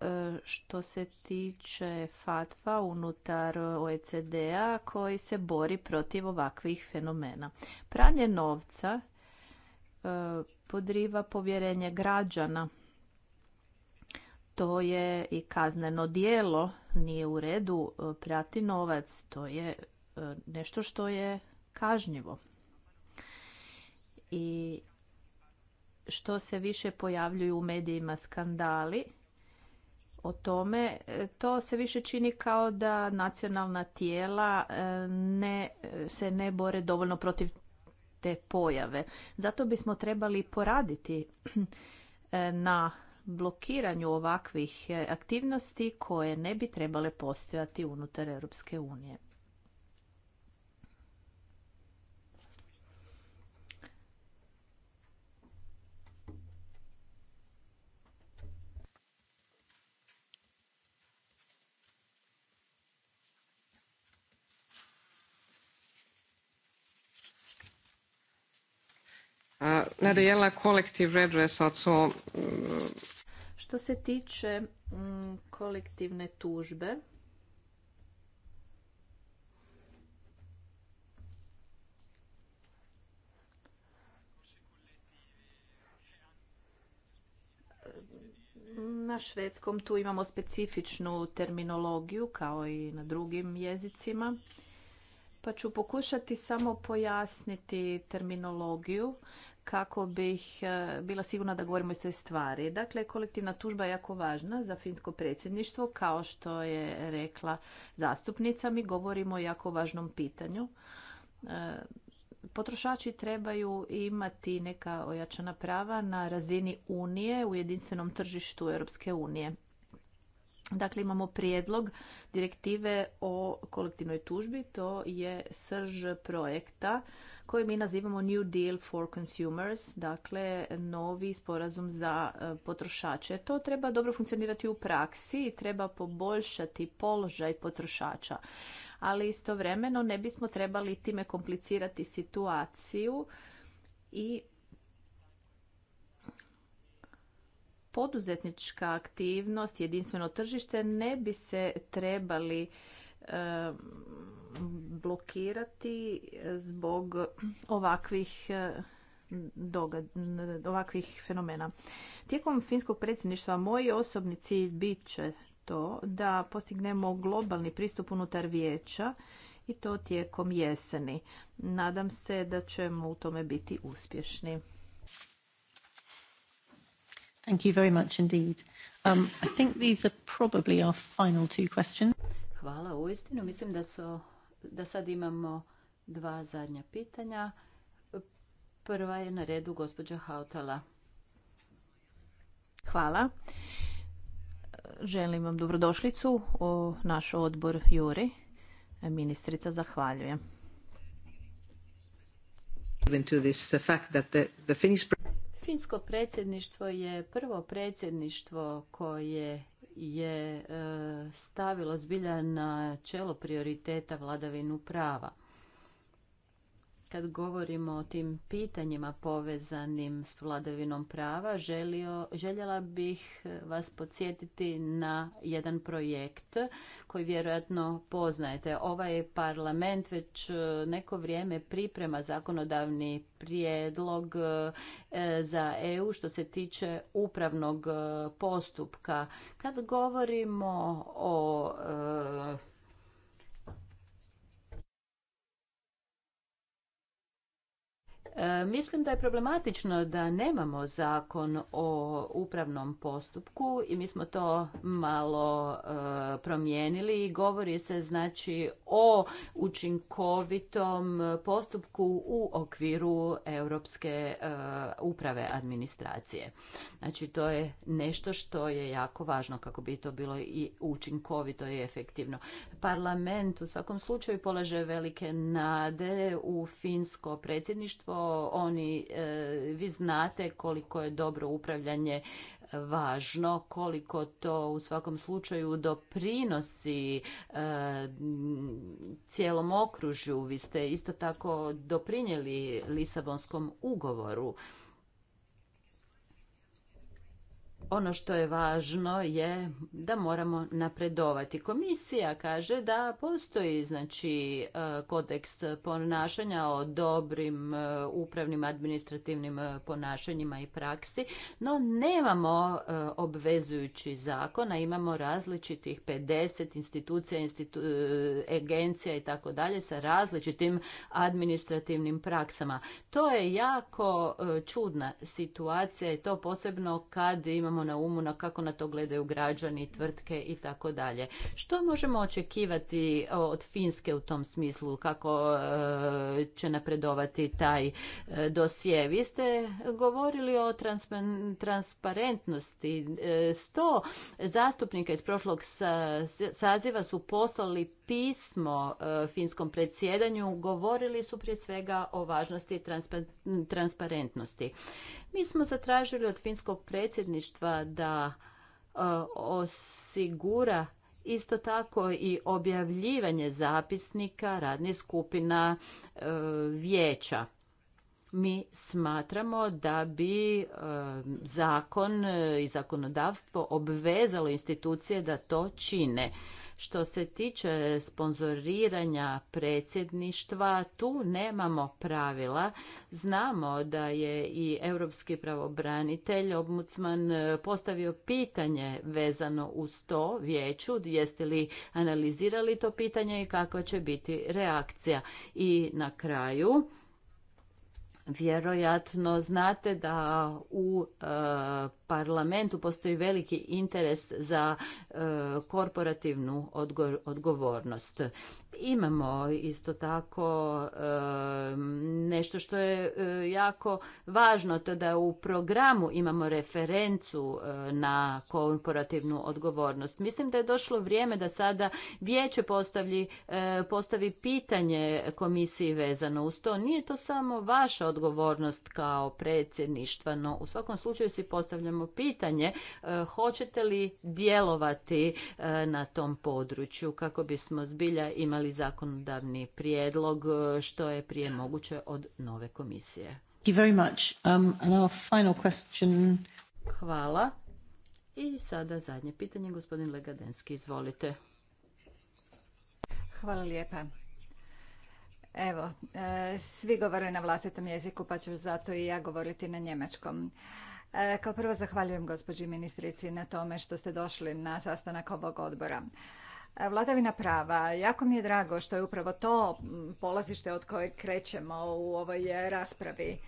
e, što se tiče FATFA unutar OECD-a koji se bori protiv ovakvih fenomena. Pranje novca e, podriva povjerenje građana. To je i kazneno dijelo, nije u redu e, prati novac, to je e, nešto što je kažnjivo. I što se više pojavljuju u medijima skandali o tome, e, to se više čini kao da nacionalna tijela ne, se ne bore dovoljno protiv pojave. Zato bismo trebali poraditi e, na blokiranju ovakvih e, aktivnosti koje ne bi trebale postojati unutar Europske unije. När det redress, Što se tiče mm, kolektivne tužbe, Na švedskom tu imamo specifičnu terminologiju kao i na drugim jezicima. Pa ću pokušati samo pojasniti terminologiju kako bih e, bila sigurna da govorimo o toj stvari. Dakle, kolektivna tužba je jako važna za finsko predsjedništvo. Kao što je rekla zastupnica, mi govorimo o jako važnom pitanju. E, potrošači trebaju imati neka ojačana prava na razini Unije u jedinstvenom tržištu Europske unije. Dakle, imamo prijedlog direktive o kolektivnoj tužbi. To je srž projekta koji mi nazivamo New Deal for Consumers, dakle novi sporazum za e, potrošače. To treba dobro funkcionirati u praksi i treba poboljšati položaj potrošača. Ali istovremeno ne bismo trebali time komplicirati situaciju i poduzetnička aktivnost, jedinstveno tržište ne bi se trebali blokirati zbog ovakvih ovakvih fenomena. Tijekom finskog predsjedništva moj osobni cilj bit će to da postignemo globalni pristup unutar vijeća i to tijekom jeseni. Nadam se da ćemo u tome biti uspješni. Thank you very much indeed. Um, I think these are probably our final two questions. Hvala uistinu. Mislim da, su, da sad imamo dva zadnja pitanja. Prva je na redu gospođa Hautala. Hvala. Želim vam dobrodošlicu u naš odbor Juri. Ministrica, zahvaljujem. To this, the fact that the, the Finnish Finsko predsjedništvo je prvo predsjedništvo koje je e, stavilo zbilja na čelo prioriteta vladavinu prava kad govorimo o tim pitanjima povezanim s vladavinom prava, želio, željela bih e, vas podsjetiti na jedan projekt koji vjerojatno poznajete. Ovaj parlament već e, neko vrijeme priprema zakonodavni prijedlog e, za EU što se tiče upravnog postupka. Kad govorimo o E, mislim da je problematično da nemamo zakon o upravnom postupku i mi smo to malo e, promijenili i govori se znači o učinkovitom postupku u okviru europske e, uprave administracije. Znači to je nešto što je jako važno kako bi to bilo i učinkovito i efektivno. Parlament u svakom slučaju polaže velike nade u finsko predsjedništvo oni, e, vi znate koliko je dobro upravljanje važno, koliko to u svakom slučaju doprinosi e, cijelom okružju. Vi ste isto tako doprinijeli Lisabonskom ugovoru ono što je važno je da moramo napredovati. Komisija kaže da postoji znači e, kodeks ponašanja o dobrim e, upravnim administrativnim e, ponašanjima i praksi, no nemamo obvezujući zakona, imamo različitih 50 institucija, institu, agencija i tako dalje sa različitim administrativnim praksama. To je jako čudna situacija i to posebno kad imamo na umu na kako na to gledaju građani, tvrtke i tako dalje. Što možemo očekivati od Finske u tom smislu kako e, će napredovati taj e, dosje? Vi ste govorili o transparentnosti. E, sto zastupnika iz prošlog saziva su poslali pismo e, finskom predsjedanju govorili su prije svega o važnosti transparentnosti. Mi smo zatražili od finskog predsjedništva da e, osigura isto tako i objavljivanje zapisnika radnih skupina e, vijeća. Mi smatramo da bi zakon i zakonodavstvo obvezalo institucije da to čine. Što se tiče sponzoriranja predsjedništva, tu nemamo pravila. Znamo da je i europski pravobranitelj Obmucman e, postavio pitanje vezano uz to vijeću, jeste li analizirali to pitanje i kakva će biti reakcija. I na kraju Vjerojatno znate da u e, parlamentu postoji veliki interes za e, korporativnu odgovornost. Imamo isto tako nešto što je e, jako važno, to da u programu imamo referencu e, na korporativnu odgovornost. Mislim da je došlo vrijeme da sada vijeće postavi, e, postavi pitanje komisiji vezano uz to. Nije to samo vaša odgovornost kao predsjedništva, no u svakom slučaju si postavljamo pitanje hoćete li djelovati na tom području kako bismo zbilja imali zakonodavni prijedlog e, što je prije moguće od nove komisije. Um, Hvala. I sada zadnje pitanje, gospodin Legadenski, izvolite. Hvala lijepa. Evo, e, svi govore na vlastitom jeziku, pa ću zato i ja govoriti na njemačkom. E, kao prvo zahvaljujem gospođi ministrici na tome što ste došli na sastanak ovog odbora. Vladavina prava. Jako mi je drago što je upravo to mm, polazište od kojeg krećemo u ovoj raspravi.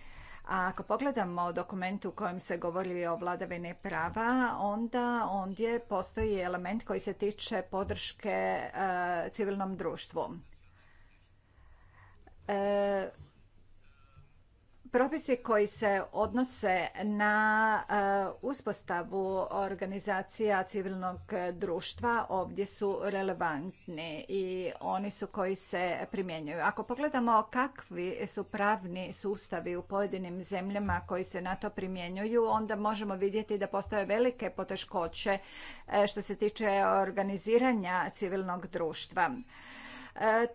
A ako pogledamo dokument u kojem se govori o vladavini prava, onda ondje postoji element koji se tiče podrške e, civilnom društvu. E, Propisi koji se odnose na e, uspostavu organizacija civilnog društva ovdje su relevantni i oni su koji se primjenjuju. Ako pogledamo kakvi su pravni sustavi u pojedinim zemljama koji se na to primjenjuju, onda možemo vidjeti da postoje velike poteškoće e, što se tiče organiziranja civilnog društva.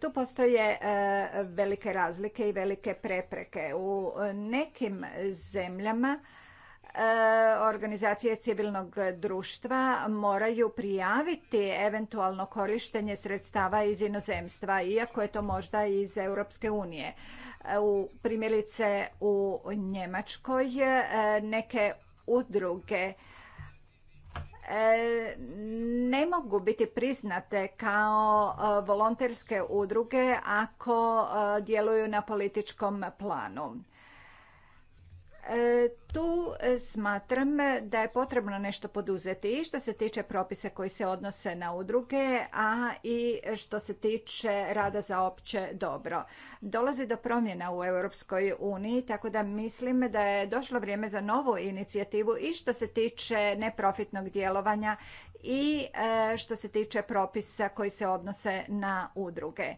Tu postoje e, velike razlike i velike prepreke. U nekim zemljama e, organizacije civilnog društva moraju prijaviti eventualno korištenje sredstava iz inozemstva, iako je to možda iz Europske unije. U primjerice u Njemačkoj e, neke udruge E, ne mogu biti priznate kao e, volonterske udruge ako e, djeluju na političkom planu. E, tu e, smatram da je potrebno nešto poduzeti i što se tiče propisa koji se odnose na udruge, a i što se tiče rada za opće dobro. Dolazi do promjena u Europskoj uniji, tako da mislim da je došlo vrijeme za novu inicijativu i što se tiče neprofitnog djelovanja i e, što se tiče propisa koji se odnose na udruge.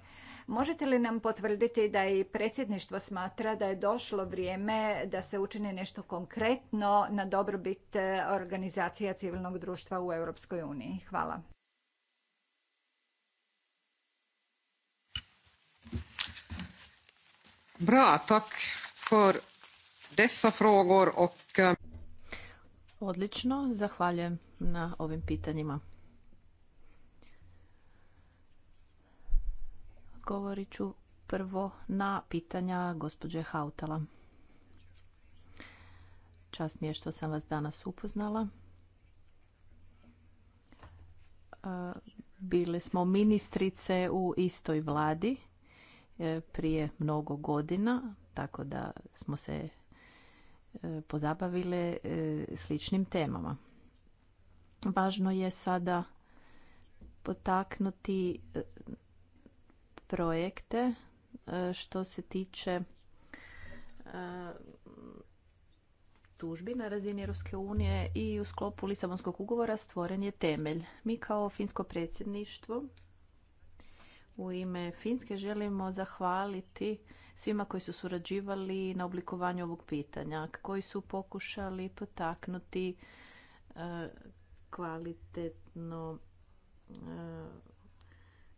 Možete li nam potvrditi da i predsjedništvo smatra da je došlo vrijeme da se učini nešto konkretno na dobrobit e, organizacija civilnog društva u Europskoj uniji? Hvala. Bra, tak dessa frågor och... Eh, Odlično, zahvaljujem na ovim pitanjima. odgovorit ću prvo na pitanja gospođe Hautala. Čast mi je što sam vas danas upoznala. E, Bile smo ministrice u istoj vladi e, prije mnogo godina, tako da smo se e, pozabavile sličnim temama. Važno je sada potaknuti projekte e, što se tiče e, tužbi na razini Europske unije i u sklopu Lisabonskog ugovora stvoren je temelj. Mi kao finsko predsjedništvo u ime Finske želimo zahvaliti svima koji su surađivali na oblikovanju ovog pitanja, koji su pokušali potaknuti e, kvalitetno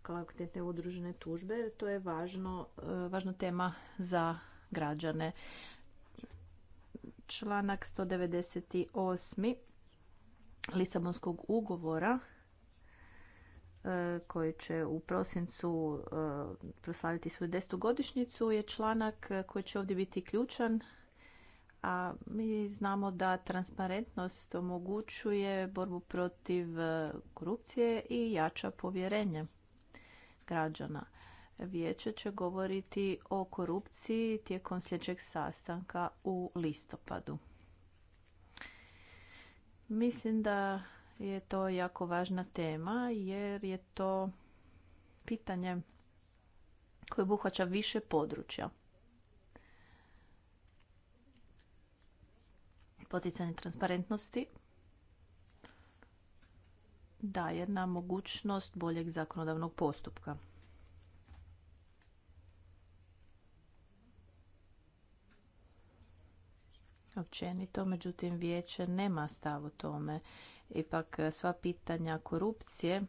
kvalitetne udružene tužbe jer to je važno, e, važna tema za građane. Članak 198. Lisabonskog ugovora e, koji će u prosincu e, proslaviti svoju godišnjicu, je članak koji će ovdje biti ključan a mi znamo da transparentnost omogućuje borbu protiv korupcije i jača povjerenje građana. Vijeće će govoriti o korupciji tijekom sljedećeg sastanka u listopadu. Mislim da je to jako važna tema jer je to pitanje koje obuhvaća više područja. Poticanje transparentnosti daje nam mogućnost boljeg zakonodavnog postupka. općenito, međutim vijeće nema stav o tome. Ipak sva pitanja korupcije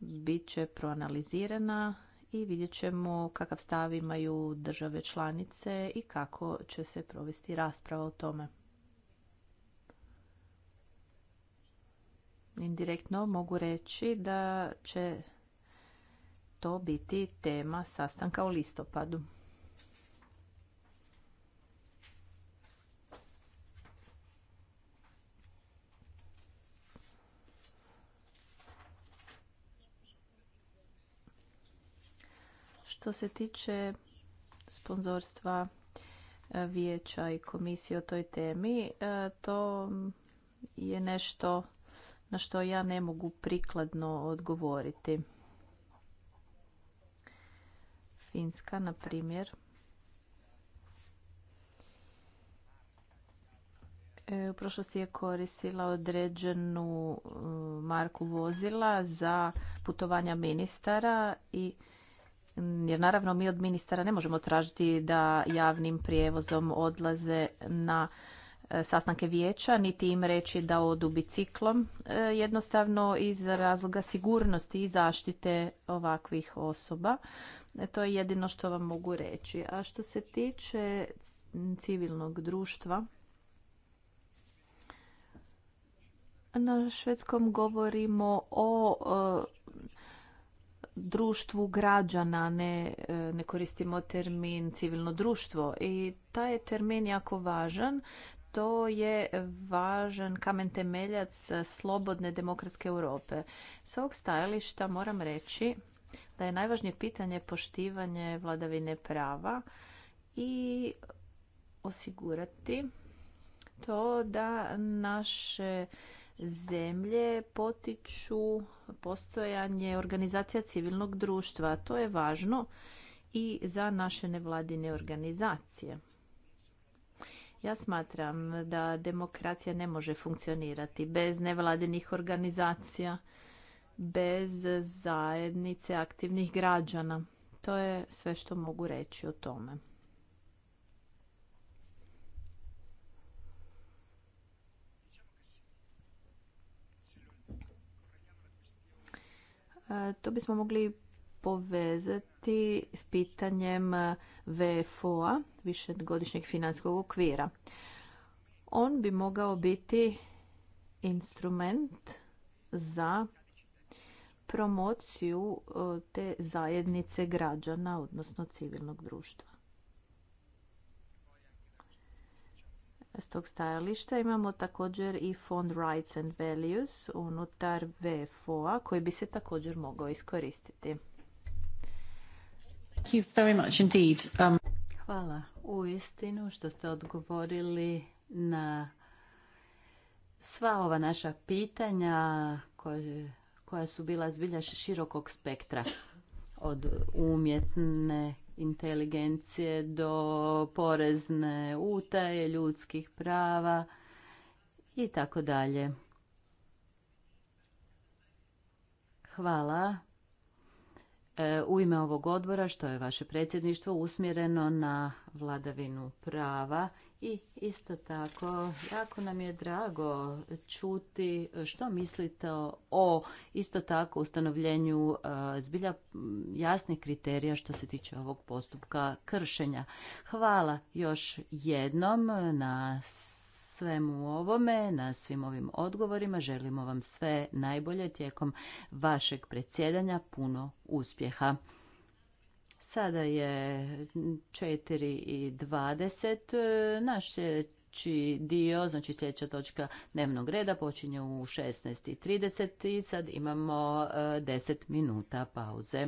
bit će proanalizirana i vidjet ćemo kakav stav imaju države članice i kako će se provesti rasprava o tome. indirektno mogu reći da će to biti tema sastanka u listopadu. Što se tiče sponzorstva e, vijeća i komisije o toj temi, e, to je nešto na što ja ne mogu prikladno odgovoriti. Finska, na primjer, e, u prošlosti je koristila određenu e, marku vozila za putovanja ministara i jer naravno mi od ministara ne možemo tražiti da javnim prijevozom odlaze na E, sastanke vijeća, niti im reći da odu biciklom, e, jednostavno iz razloga sigurnosti i zaštite ovakvih osoba. E, to je jedino što vam mogu reći. A što se tiče civilnog društva, na švedskom govorimo o društvu građana, ne, ne koristimo termin civilno društvo. I taj je termin jako važan to je važan kamen temeljac slobodne demokratske Europe. S ovog stajališta moram reći da je najvažnije pitanje poštivanje vladavine prava i osigurati to da naše zemlje potiču postojanje organizacija civilnog društva. To je važno i za naše nevladine organizacije. Ja smatram da demokracija ne može funkcionirati bez nevladinih organizacija, bez zajednice aktivnih građana. To je sve što mogu reći o tome. E, to bismo mogli povezati s pitanjem VFO-a višegodišnjeg financijskog okvira. On bi mogao biti instrument za promociju e, te zajednice građana, odnosno civilnog društva. S tog stajališta imamo također i fond Rights and Values unutar VFO-a koji bi se također mogao iskoristiti. Um, Hvala istinu što ste odgovorili na sva ova naša pitanja koja su bila zbilja širokog spektra od umjetne inteligencije do porezne utaje ljudskih prava i tako dalje. Hvala E, u ime ovog odbora što je vaše predsjedništvo usmjereno na vladavinu prava i isto tako jako nam je drago čuti što mislite o isto tako ustanovljenju e, zbilja jasnih kriterija što se tiče ovog postupka kršenja. Hvala još jednom na svemu ovome, na svim ovim odgovorima. Želimo vam sve najbolje tijekom vašeg predsjedanja. Puno uspjeha. Sada je 4.20. Naš je sljedeći dio, znači sljedeća točka dnevnog reda počinje u 16.30 i sad imamo 10 e, minuta pauze.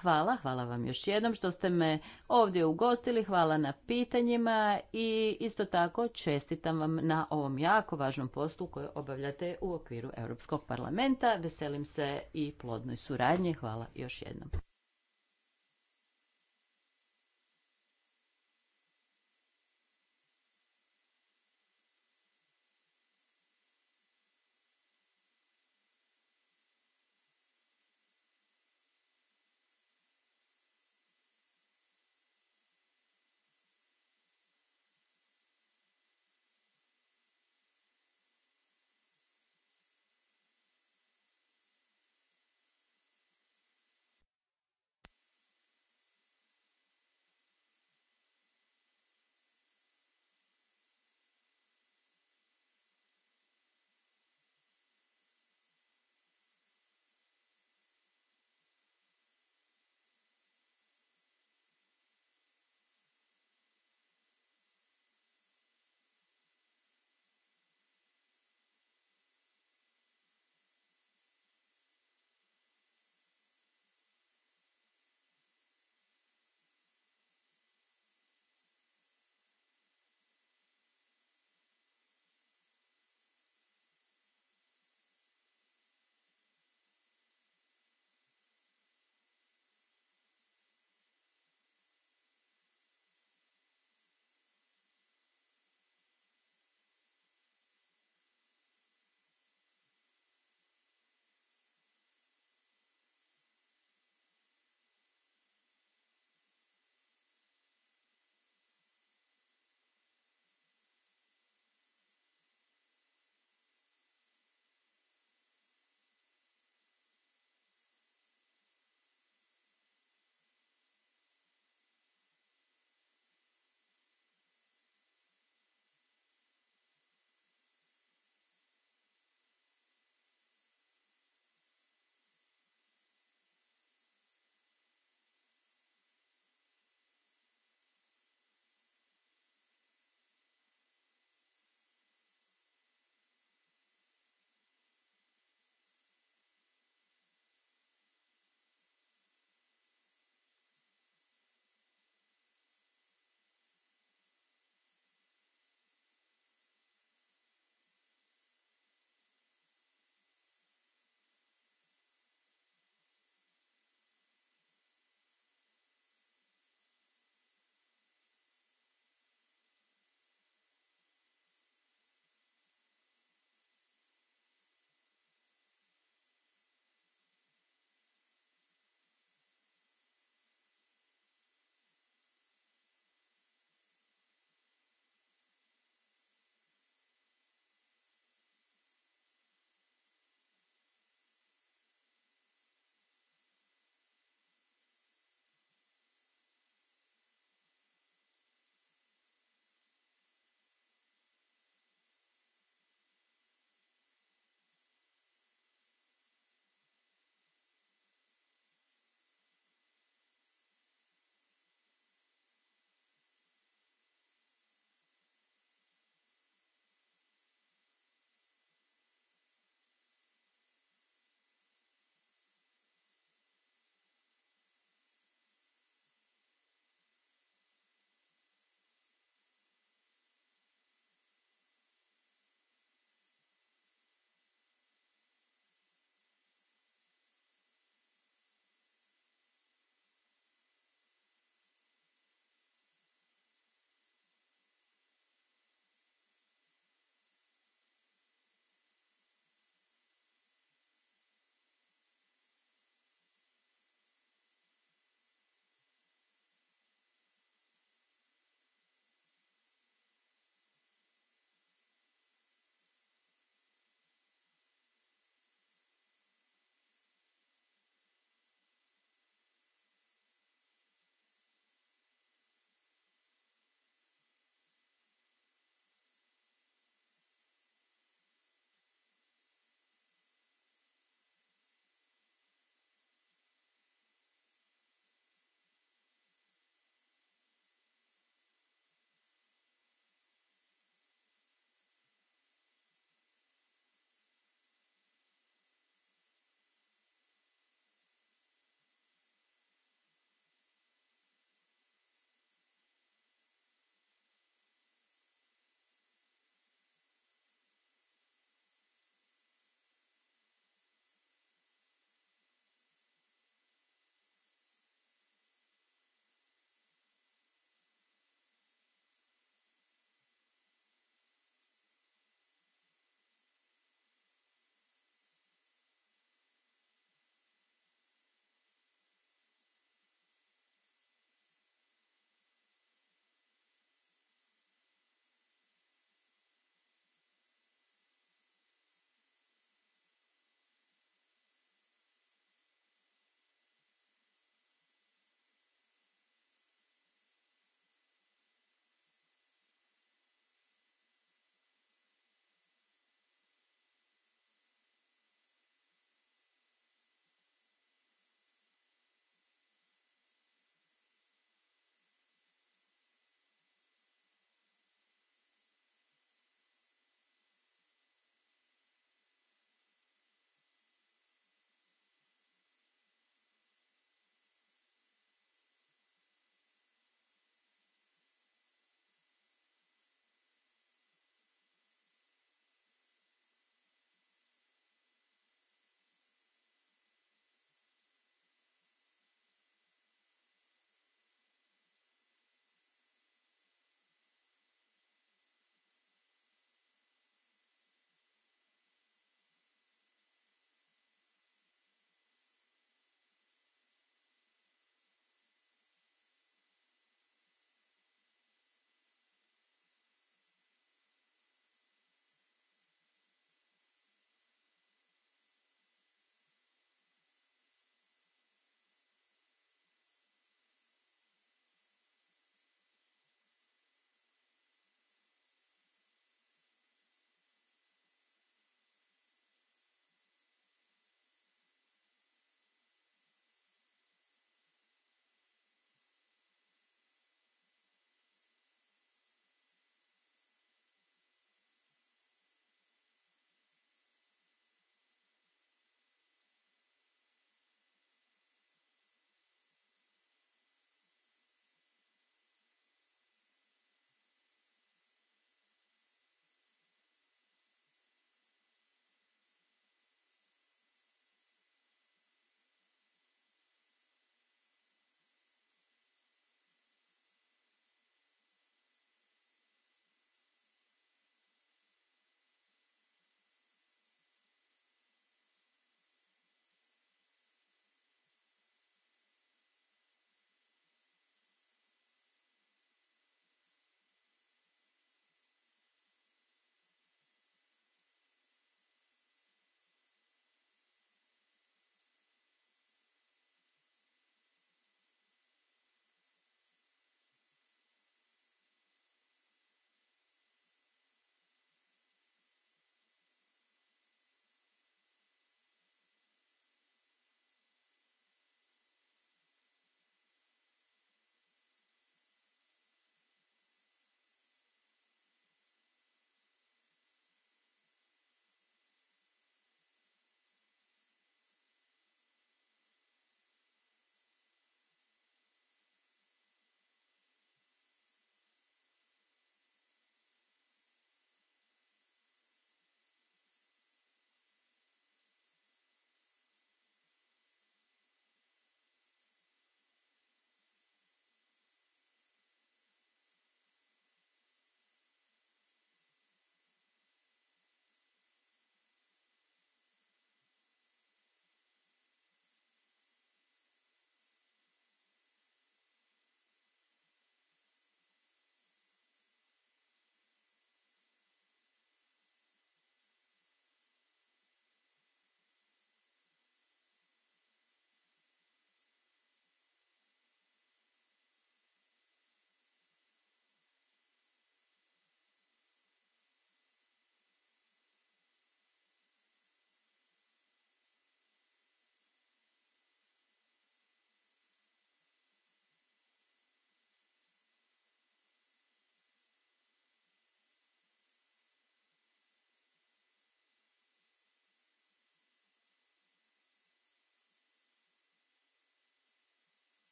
Hvala, hvala vam još jednom što ste me ovdje ugostili, hvala na pitanjima i isto tako čestitam vam na ovom jako važnom poslu koje obavljate u okviru Europskog parlamenta. Veselim se i plodnoj suradnji. Hvala još jednom.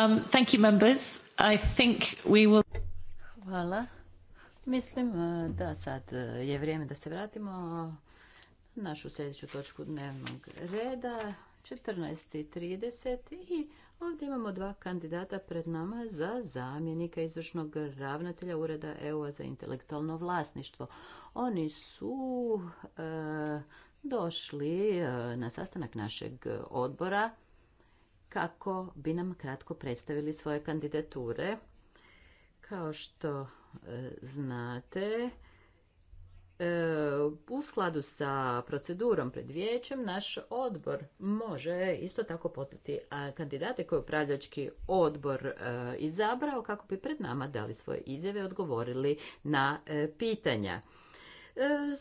Um, Hvala. Mislim uh, da sad uh, je vrijeme da se vratimo na našu sljedeću točku dnevnog reda. 14.30 i ovdje imamo dva kandidata pred nama za zamjenika izvršnog ravnatelja Ureda EU-a za intelektualno vlasništvo. Oni su uh, došli na sastanak našeg odbora kako bi nam kratko predstavili svoje kandidature. Kao što e, znate, e, u skladu sa procedurom pred vijećem, naš odbor može isto tako postati kandidate koje je upravljački odbor e, izabrao kako bi pred nama dali svoje izjave i odgovorili na pitanja.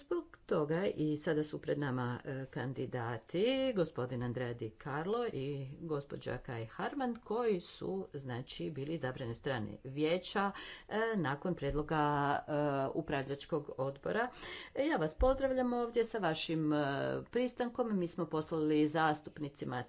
Zbog toga i sada su pred nama e, kandidati, gospodin Andrea Di Carlo i gospođa Kai Harman, koji su znači bili izabrani strane vijeća e, nakon predloga e, upravljačkog odbora. Ja vas pozdravljam ovdje sa vašim pristankom. Mi smo poslali zastupnicima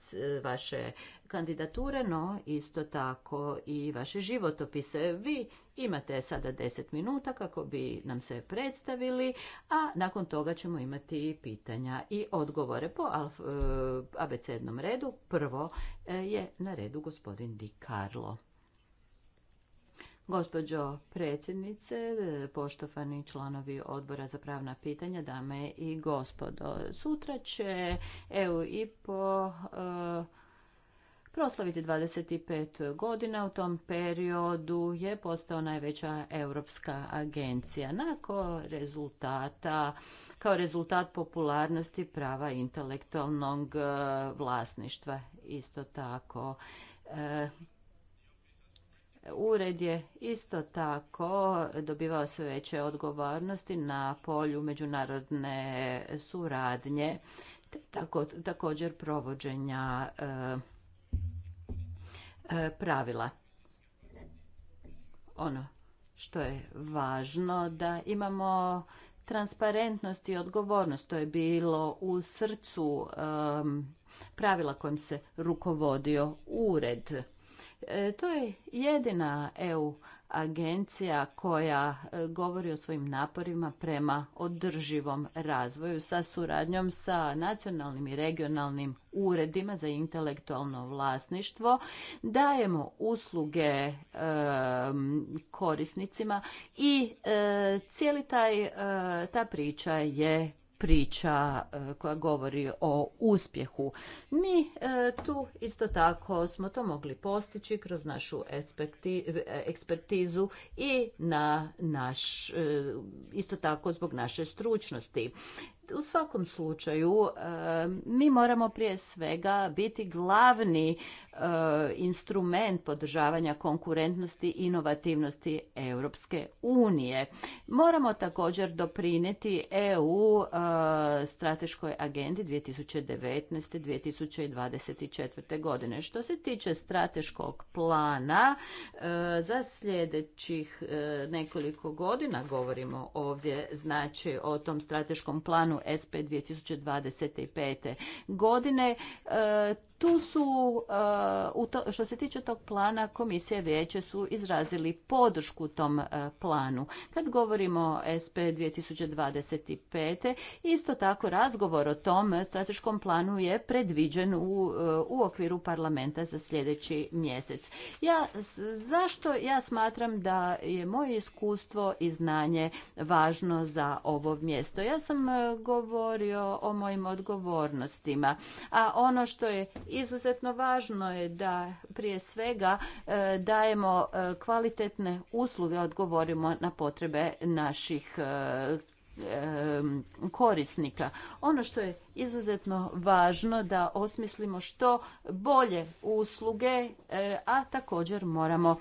vaše kandidature, no isto tako i vaše životopise. Vi imate sada 10 minuta kako bi nam se predstavili, a nakon toga ćemo imati pitanja i odgovore po e, abecednom redu. Prvo e, je na redu gospodin Di Carlo. Gospođo predsjednice, e, poštovani članovi odbora za pravna pitanja, dame i gospodo, sutra će EU i po proslaviti 25 godina. U tom periodu je postao najveća europska agencija. Nakon rezultata, kao rezultat popularnosti prava intelektualnog e, vlasništva. Isto tako, e, Ured je isto tako dobivao sve veće odgovornosti na polju međunarodne suradnje, te također provođenja e, E, pravila. Ono što je važno da imamo transparentnost i odgovornost. To je bilo u srcu pravila kojim se rukovodio ured. E, to je jedina EU agencija koja e, govori o svojim naporima prema održivom razvoju sa suradnjom sa nacionalnim i regionalnim uredima za intelektualno vlasništvo dajemo usluge e, korisnicima i e, cijeli taj ta priča je priča e, koja govori o uspjehu. Mi e, tu isto tako smo to mogli postići kroz našu ekspertizu i na naš, e, isto tako zbog naše stručnosti. U svakom slučaju, e, mi moramo prije svega biti glavni e, instrument podržavanja konkurentnosti i inovativnosti Europske unije. Moramo također doprinijeti EU e, strateškoj agendi 2019. 2024. godine. Što se tiče strateškog plana za sljedećih nekoliko godina, govorimo ovdje znači o tom strateškom planu SP 2025. godine e, tu su, eh, što se tiče tog plana, komisije vijeće su izrazili podršku tom eh, planu. Kad govorimo o SP 2025. isto tako razgovor o tom strateškom planu je predviđen u, eh, okviru parlamenta za sljedeći mjesec. Ja, zašto ja smatram da je moje iskustvo i znanje važno za ovo mjesto? Ja sam govorio o mojim odgovornostima, a ono što je izuzetno važno je da prije svega e, dajemo e, kvalitetne usluge, odgovorimo na potrebe naših e, korisnika. Ono što je izuzetno važno da osmislimo što bolje usluge, a također moramo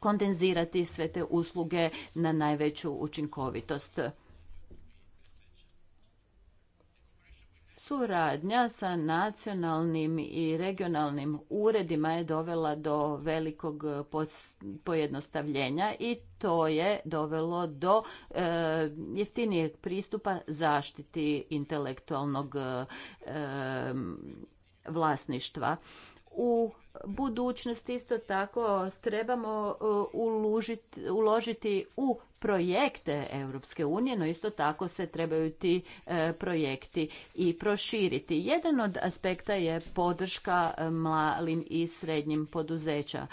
kondenzirati sve te usluge na najveću učinkovitost. Suradnja sa nacionalnim i regionalnim uredima je dovela do velikog pojednostavljenja i to je dovelo do e, jeftinijeg pristupa zaštiti intelektualnog e, vlasništva. U budućnost isto tako trebamo e, uložiti u projekte Europske unije, no isto tako se trebaju ti e, projekti i proširiti. Jedan od aspekta je podrška e, malim i srednjim poduzeća,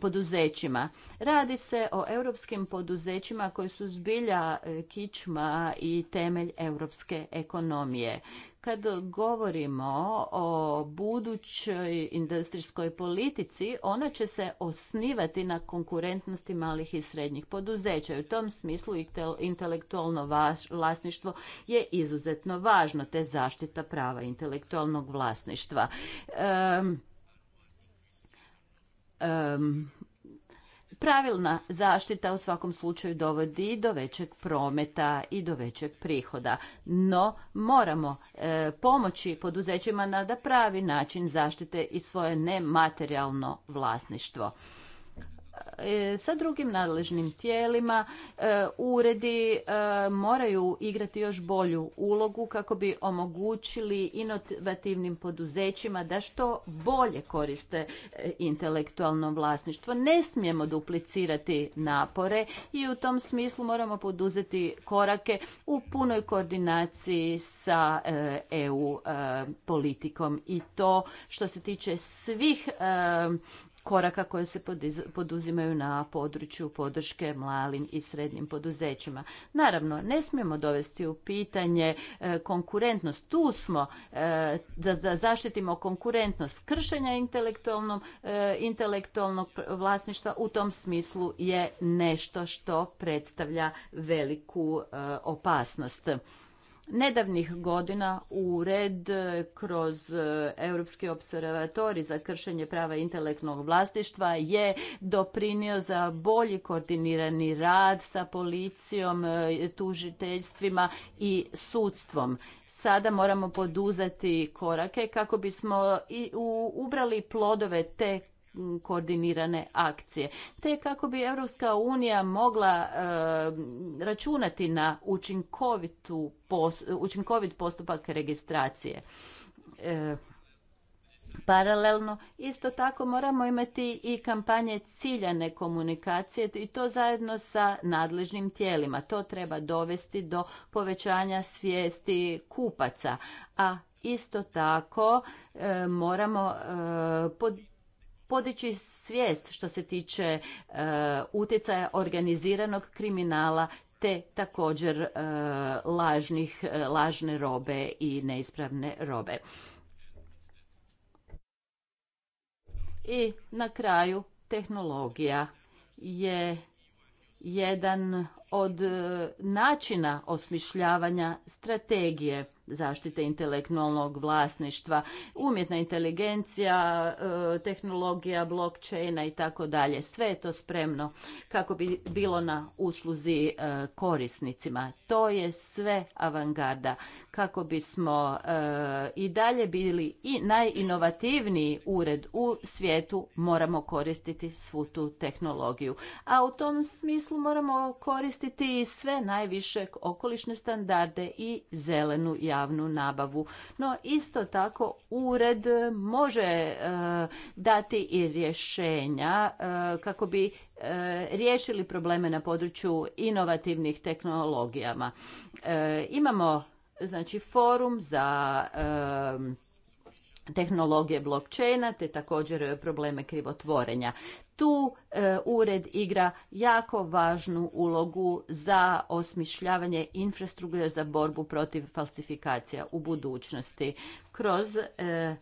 poduzećima. Radi se o europskim poduzećima koji su zbilja kičma i temelj europske ekonomije. Kad govorimo o budućoj industrijskoj politici, ona će se osnivati na konkurentnosti malih i srednjih poduzeća. U tom smislu intelektualno vlasništvo je izuzetno važno, te zaštita prava intelektualnog vlasništva. Pravilna zaštita u svakom slučaju dovodi do većeg prometa i do većeg prihoda, no moramo e, pomoći poduzećima na da pravi način zaštite i svoje nematerijalno vlasništvo. E, sa drugim nadležnim tijelima e, uredi e, moraju igrati još bolju ulogu kako bi omogućili inovativnim poduzećima da što bolje koriste intelektualno vlasništvo. Ne smijemo duplicirati napore i u tom smislu moramo poduzeti korake u punoj koordinaciji sa EU politikom i to što se tiče svih koraka koje se poduzimaju na području podrške malim i srednjim poduzećima. Naravno, ne smijemo dovesti u pitanje e, konkurentnost. Tu smo e, da zaštitimo konkurentnost kršenja intelektualnog, e, intelektualnog vlasništva. U tom smislu je nešto što predstavlja veliku opasnost nedavnih godina ured e, kroz e, Europski observatori za kršenje prava intelektnog vlasništva je doprinio za bolji koordinirani rad sa policijom, e, tužiteljstvima i sudstvom. Sada moramo poduzeti korake kako bismo i ubrali plodove te koordinirane akcije te kako bi Europska unija mogla e, računati na učinkovitu učinkovit postupak registracije e, Paralelno, isto tako moramo imati i kampanje ciljane komunikacije i to zajedno sa nadležnim tijelima. To treba dovesti do povećanja svijesti kupaca, a isto tako e, moramo podići svijest što se tiče e, utjecaja organiziranog kriminala te također e, lažnih, e, lažne robe i neispravne robe. I na kraju tehnologija je jedan od e, načina osmišljavanja strategije zaštite intelektualnog vlasništva, umjetna inteligencija, e, tehnologija blockchaina i tako dalje. Sve je to spremno kako bi bilo na usluzi e, korisnicima. To je sve avangarda kako bismo i dalje bili i najinovativniji ured u svijetu moramo koristiti svu tu tehnologiju. A u tom smislu moramo koristiti koristiti sve najviše okolišne standarde i zelenu javnu nabavu. No isto tako ured može e, dati i rješenja e, kako bi e, riješili probleme na području inovativnih tehnologijama. Imamo znači forum za tehnologije blockchaina te također e, probleme krivotvorenja. Tu e, ured igra jako važnu ulogu za osmišljavanje infrastrukture za borbu protiv falsifikacija u budućnosti kroz e,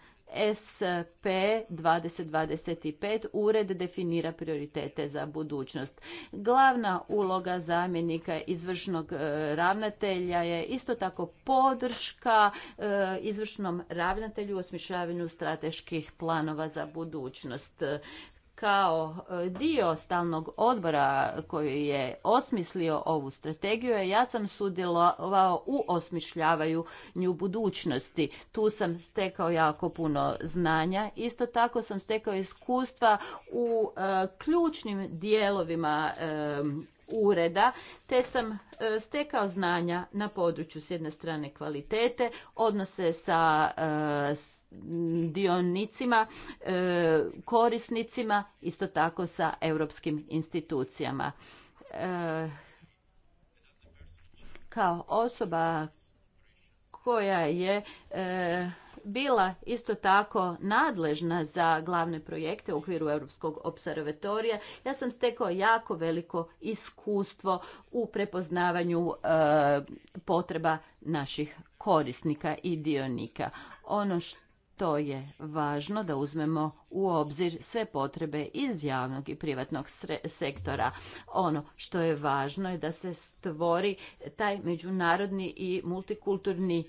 SP 2025 ured definira prioritete za budućnost. Glavna uloga zamjenika izvršnog e, ravnatelja je isto tako podrška e, izvršnom ravnatelju u osmišljavanju strateških planova za budućnost kao e, dio stalnog odbora koji je osmislio ovu strategiju, ja sam sudjelovao u osmišljavaju nju budućnosti. Tu sam stekao jako puno znanja. Isto tako sam stekao iskustva u e, ključnim dijelovima e, ureda, te sam stekao znanja na području s jedne strane kvalitete, odnose sa dionicima, e, korisnicima, isto tako sa europskim institucijama. E, kao osoba koja je e, bila isto tako nadležna za glavne projekte u okviru Europskog observatorija. Ja sam stekao jako veliko iskustvo u prepoznavanju potreba naših korisnika i dionika. Ono što to je važno da uzmemo u obzir sve potrebe iz javnog i privatnog sektora. Ono što je važno je da se stvori taj međunarodni i multikulturni e,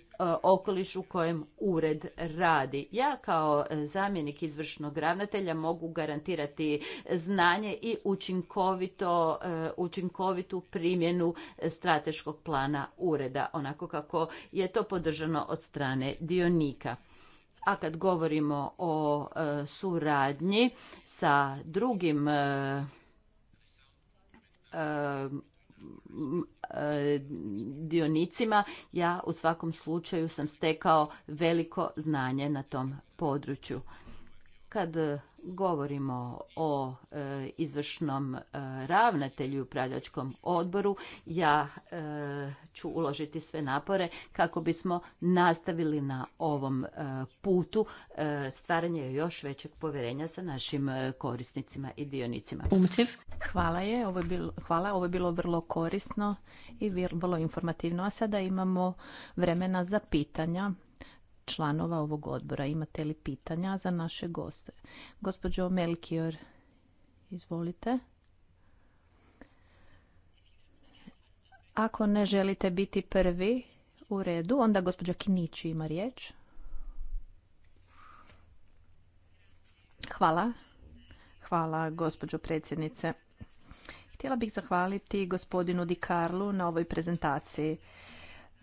okoliš u kojem ured radi. Ja kao e, zamjenik izvršnog ravnatelja mogu garantirati znanje i e, učinkovitu primjenu strateškog plana ureda, onako kako je to podržano od strane dionika a kad govorimo o e, suradnji sa drugim e, e, dionicima, ja u svakom slučaju sam stekao veliko znanje na tom području. Kad govorimo o e, izvršnom e, ravnatelju u upravljačkom odboru, ja e, ću uložiti sve napore kako bismo nastavili na ovom putu stvaranje još većeg povjerenja sa našim korisnicima i dionicima. Umciv, hvala je, ovo je bilo, hvala, ovo je bilo vrlo korisno i vrlo informativno. A sada imamo vremena za pitanja članova ovog odbora. Imate li pitanja za naše goste? Gospođo Melkior, izvolite. Ako ne želite biti prvi u redu, onda gospođa Kinići ima riječ. Hvala. Hvala, gospođo predsjednice. Htjela bih zahvaliti gospodinu Di Karlu na ovoj prezentaciji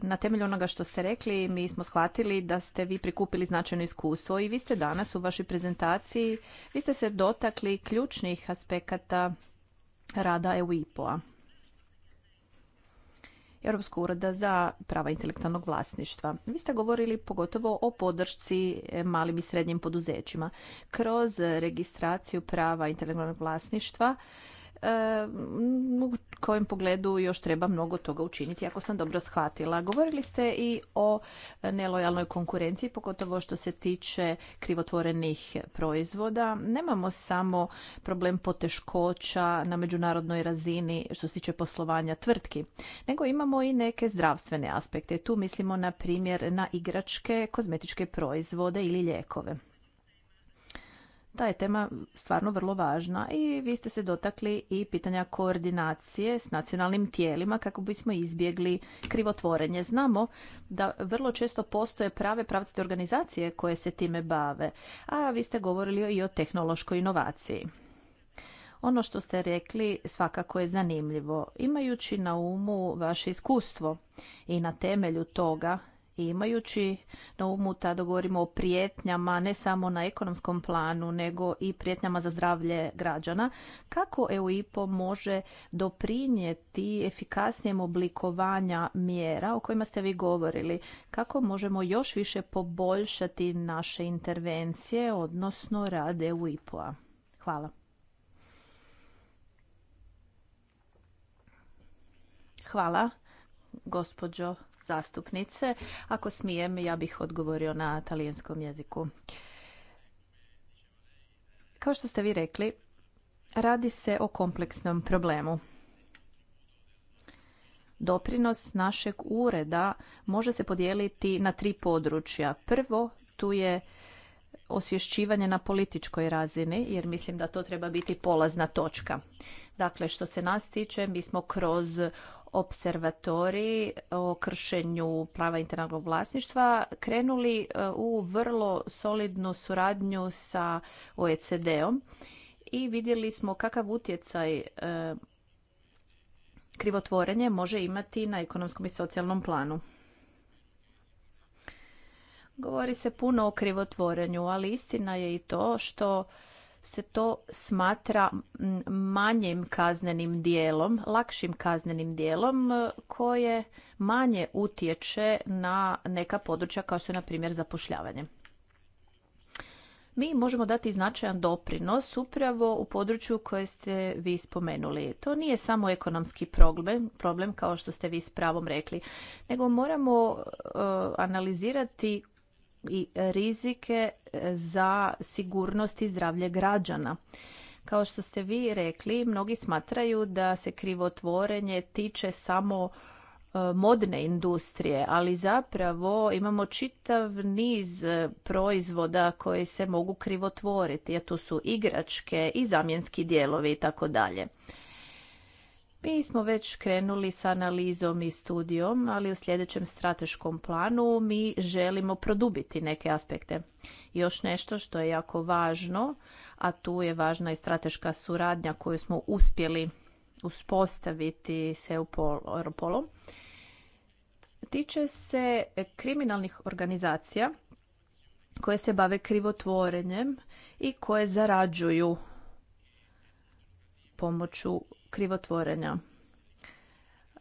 na temelju onoga što ste rekli, mi smo shvatili da ste vi prikupili značajno iskustvo i vi ste danas u vašoj prezentaciji, vi ste se dotakli ključnih aspekata rada EUIPO-a. Europskog ureda za prava intelektualnog vlasništva. Vi ste govorili pogotovo o podršci e, malim i srednjim poduzećima. Kroz registraciju prava intelektualnog vlasništva E, u kojem pogledu još treba mnogo toga učiniti, ako sam dobro shvatila. Govorili ste i o nelojalnoj konkurenciji, pogotovo što se tiče krivotvorenih proizvoda. Nemamo samo problem poteškoća na međunarodnoj razini što se tiče poslovanja tvrtki, nego imamo i neke zdravstvene aspekte. Tu mislimo na primjer na igračke, kozmetičke proizvode ili lijekove. Ta je tema stvarno vrlo važna i vi ste se dotakli i pitanja koordinacije s nacionalnim tijelima kako bismo izbjegli krivotvorenje. Znamo da vrlo često postoje prave pravcite organizacije koje se time bave, a vi ste govorili i o tehnološkoj inovaciji. Ono što ste rekli svakako je zanimljivo. Imajući na umu vaše iskustvo i na temelju toga imajući na umu da govorimo o prijetnjama ne samo na ekonomskom planu nego i prijetnjama za zdravlje građana, kako EUIPO može doprinijeti efikasnijem oblikovanja mjera o kojima ste vi govorili, kako možemo još više poboljšati naše intervencije, odnosno rad EUIPO-a. Hvala. Hvala, gospođo zastupnice. Ako smijem, ja bih odgovorio na talijanskom jeziku. Kao što ste vi rekli, radi se o kompleksnom problemu. Doprinos našeg ureda može se podijeliti na tri područja. Prvo, tu je osvješćivanje na političkoj razini jer mislim da to treba biti polazna točka. Dakle, što se nas tiče, mi smo kroz observatori o kršenju prava internalnog vlasništva krenuli e, u vrlo solidnu suradnju sa OECD-om i vidjeli smo kakav utjecaj e, krivotvorenje može imati na ekonomskom i socijalnom planu. Govori se puno o krivotvorenju, ali istina je i to što se to smatra manjim kaznenim dijelom, lakšim kaznenim dijelom e, koje manje utječe na neka područja kao su na primjer zapošljavanje. Mi možemo dati značajan doprinos upravo u području koje ste vi spomenuli. To nije samo ekonomski problem, problem kao što ste vi s pravom rekli, nego moramo e, analizirati i rizike e, za sigurnost i zdravlje građana. Kao što ste vi rekli, mnogi smatraju da se krivotvorenje tiče samo e, modne industrije, ali zapravo imamo čitav niz e, proizvoda koji se mogu krivotvoriti, a to su igračke i zamjenski dijelovi i tako dalje. Mi smo već krenuli sa analizom i studijom, ali u sljedećem strateškom planu mi želimo produbiti neke aspekte. Još nešto što je jako važno, a tu je važna i strateška suradnja koju smo uspjeli uspostaviti s Europolom, tiče se kriminalnih organizacija koje se bave krivotvorenjem i koje zarađuju pomoću krivotvorenja.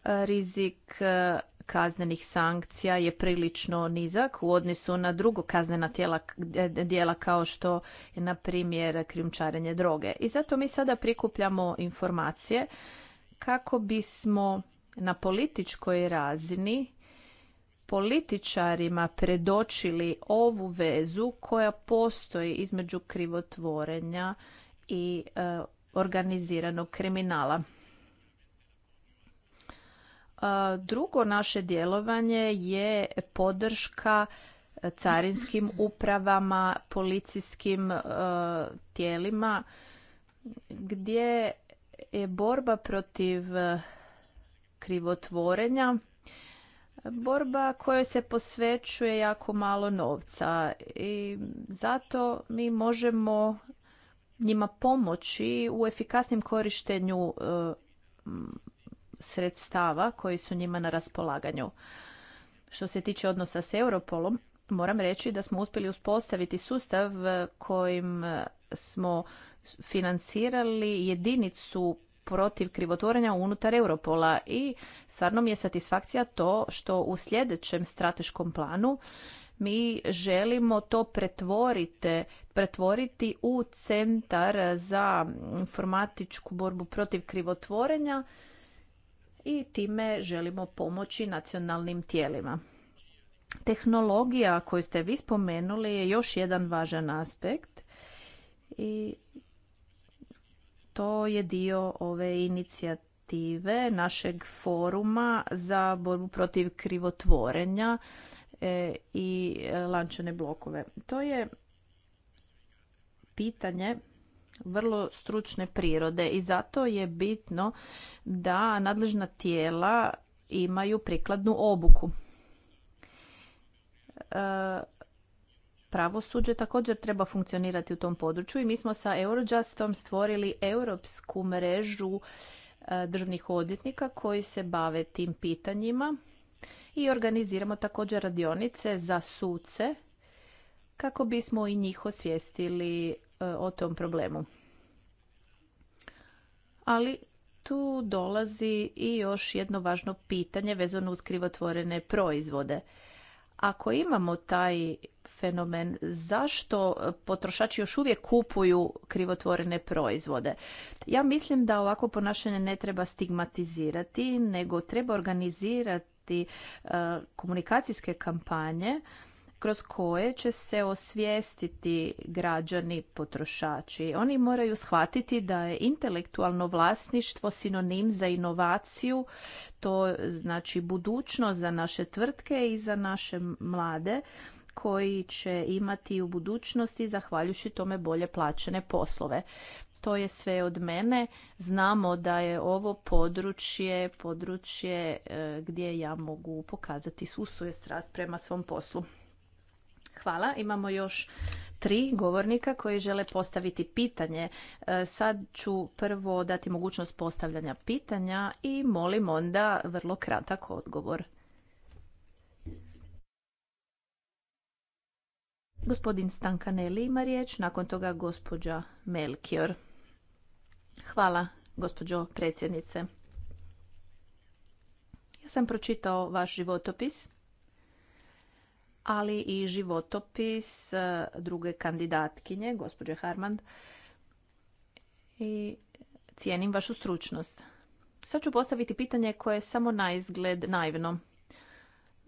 E, rizik e, kaznenih sankcija je prilično nizak u odnosu na drugo kaznena tijela, e, dijela kao što je na primjer krijumčarenje droge. I zato mi sada prikupljamo informacije kako bismo na političkoj razini političarima predočili ovu vezu koja postoji između krivotvorenja i organiziranog kriminala. E, drugo naše djelovanje je podrška carinskim upravama, policijskim e, tijelima gdje je borba protiv krivotvorenja borba kojoj se posvećuje jako malo novca i zato mi možemo njima pomoći u efikasnim korištenju e, sredstava koji su njima na raspolaganju. Što se tiče odnosa s Europolom, moram reći da smo uspjeli uspostaviti sustav kojim e, smo financirali jedinicu protiv krivotvorenja unutar Europola i stvarno mi je satisfakcija to što u sljedećem strateškom planu mi želimo to pretvorite, pretvoriti u centar za informatičku borbu protiv krivotvorenja i time želimo pomoći nacionalnim tijelima. Tehnologija koju ste vi spomenuli je još jedan važan aspekt i to je dio ove inicijative našeg foruma za borbu protiv krivotvorenja E, i e, lančane blokove. To je pitanje vrlo stručne prirode i zato je bitno da nadležna tijela imaju prikladnu obuku. E, pravosuđe također treba funkcionirati u tom području i mi smo sa Eurojustom stvorili europsku mrežu državnih odvjetnika koji se bave tim pitanjima i organiziramo također radionice za suce kako bismo i njih osvijestili e, o tom problemu. Ali tu dolazi i još jedno važno pitanje vezano uz krivotvorene proizvode. Ako imamo taj fenomen zašto potrošači još uvijek kupuju krivotvorene proizvode. Ja mislim da ovako ponašanje ne treba stigmatizirati, nego treba organizirati E, komunikacijske kampanje kroz koje će se osvijestiti građani potrošači. Oni moraju shvatiti da je intelektualno vlasništvo sinonim za inovaciju, to znači budućnost za naše tvrtke i za naše mlade koji će imati u budućnosti zahvaljujući tome bolje plaćene poslove. To je sve od mene. Znamo da je ovo područje, područje e, gdje ja mogu pokazati svu svoju strast prema svom poslu. Hvala. Imamo još tri govornika koji žele postaviti pitanje. E, sad ću prvo dati mogućnost postavljanja pitanja i molim onda vrlo kratak odgovor. Gospodin Stankaneli ima riječ, nakon toga gospođa Melkior. Hvala, gospođo predsjednice. Ja sam pročitao vaš životopis, ali i životopis e, druge kandidatkinje, gospođe Harmand, i cijenim vašu stručnost. Sad ću postaviti pitanje koje je samo na izgled naivno.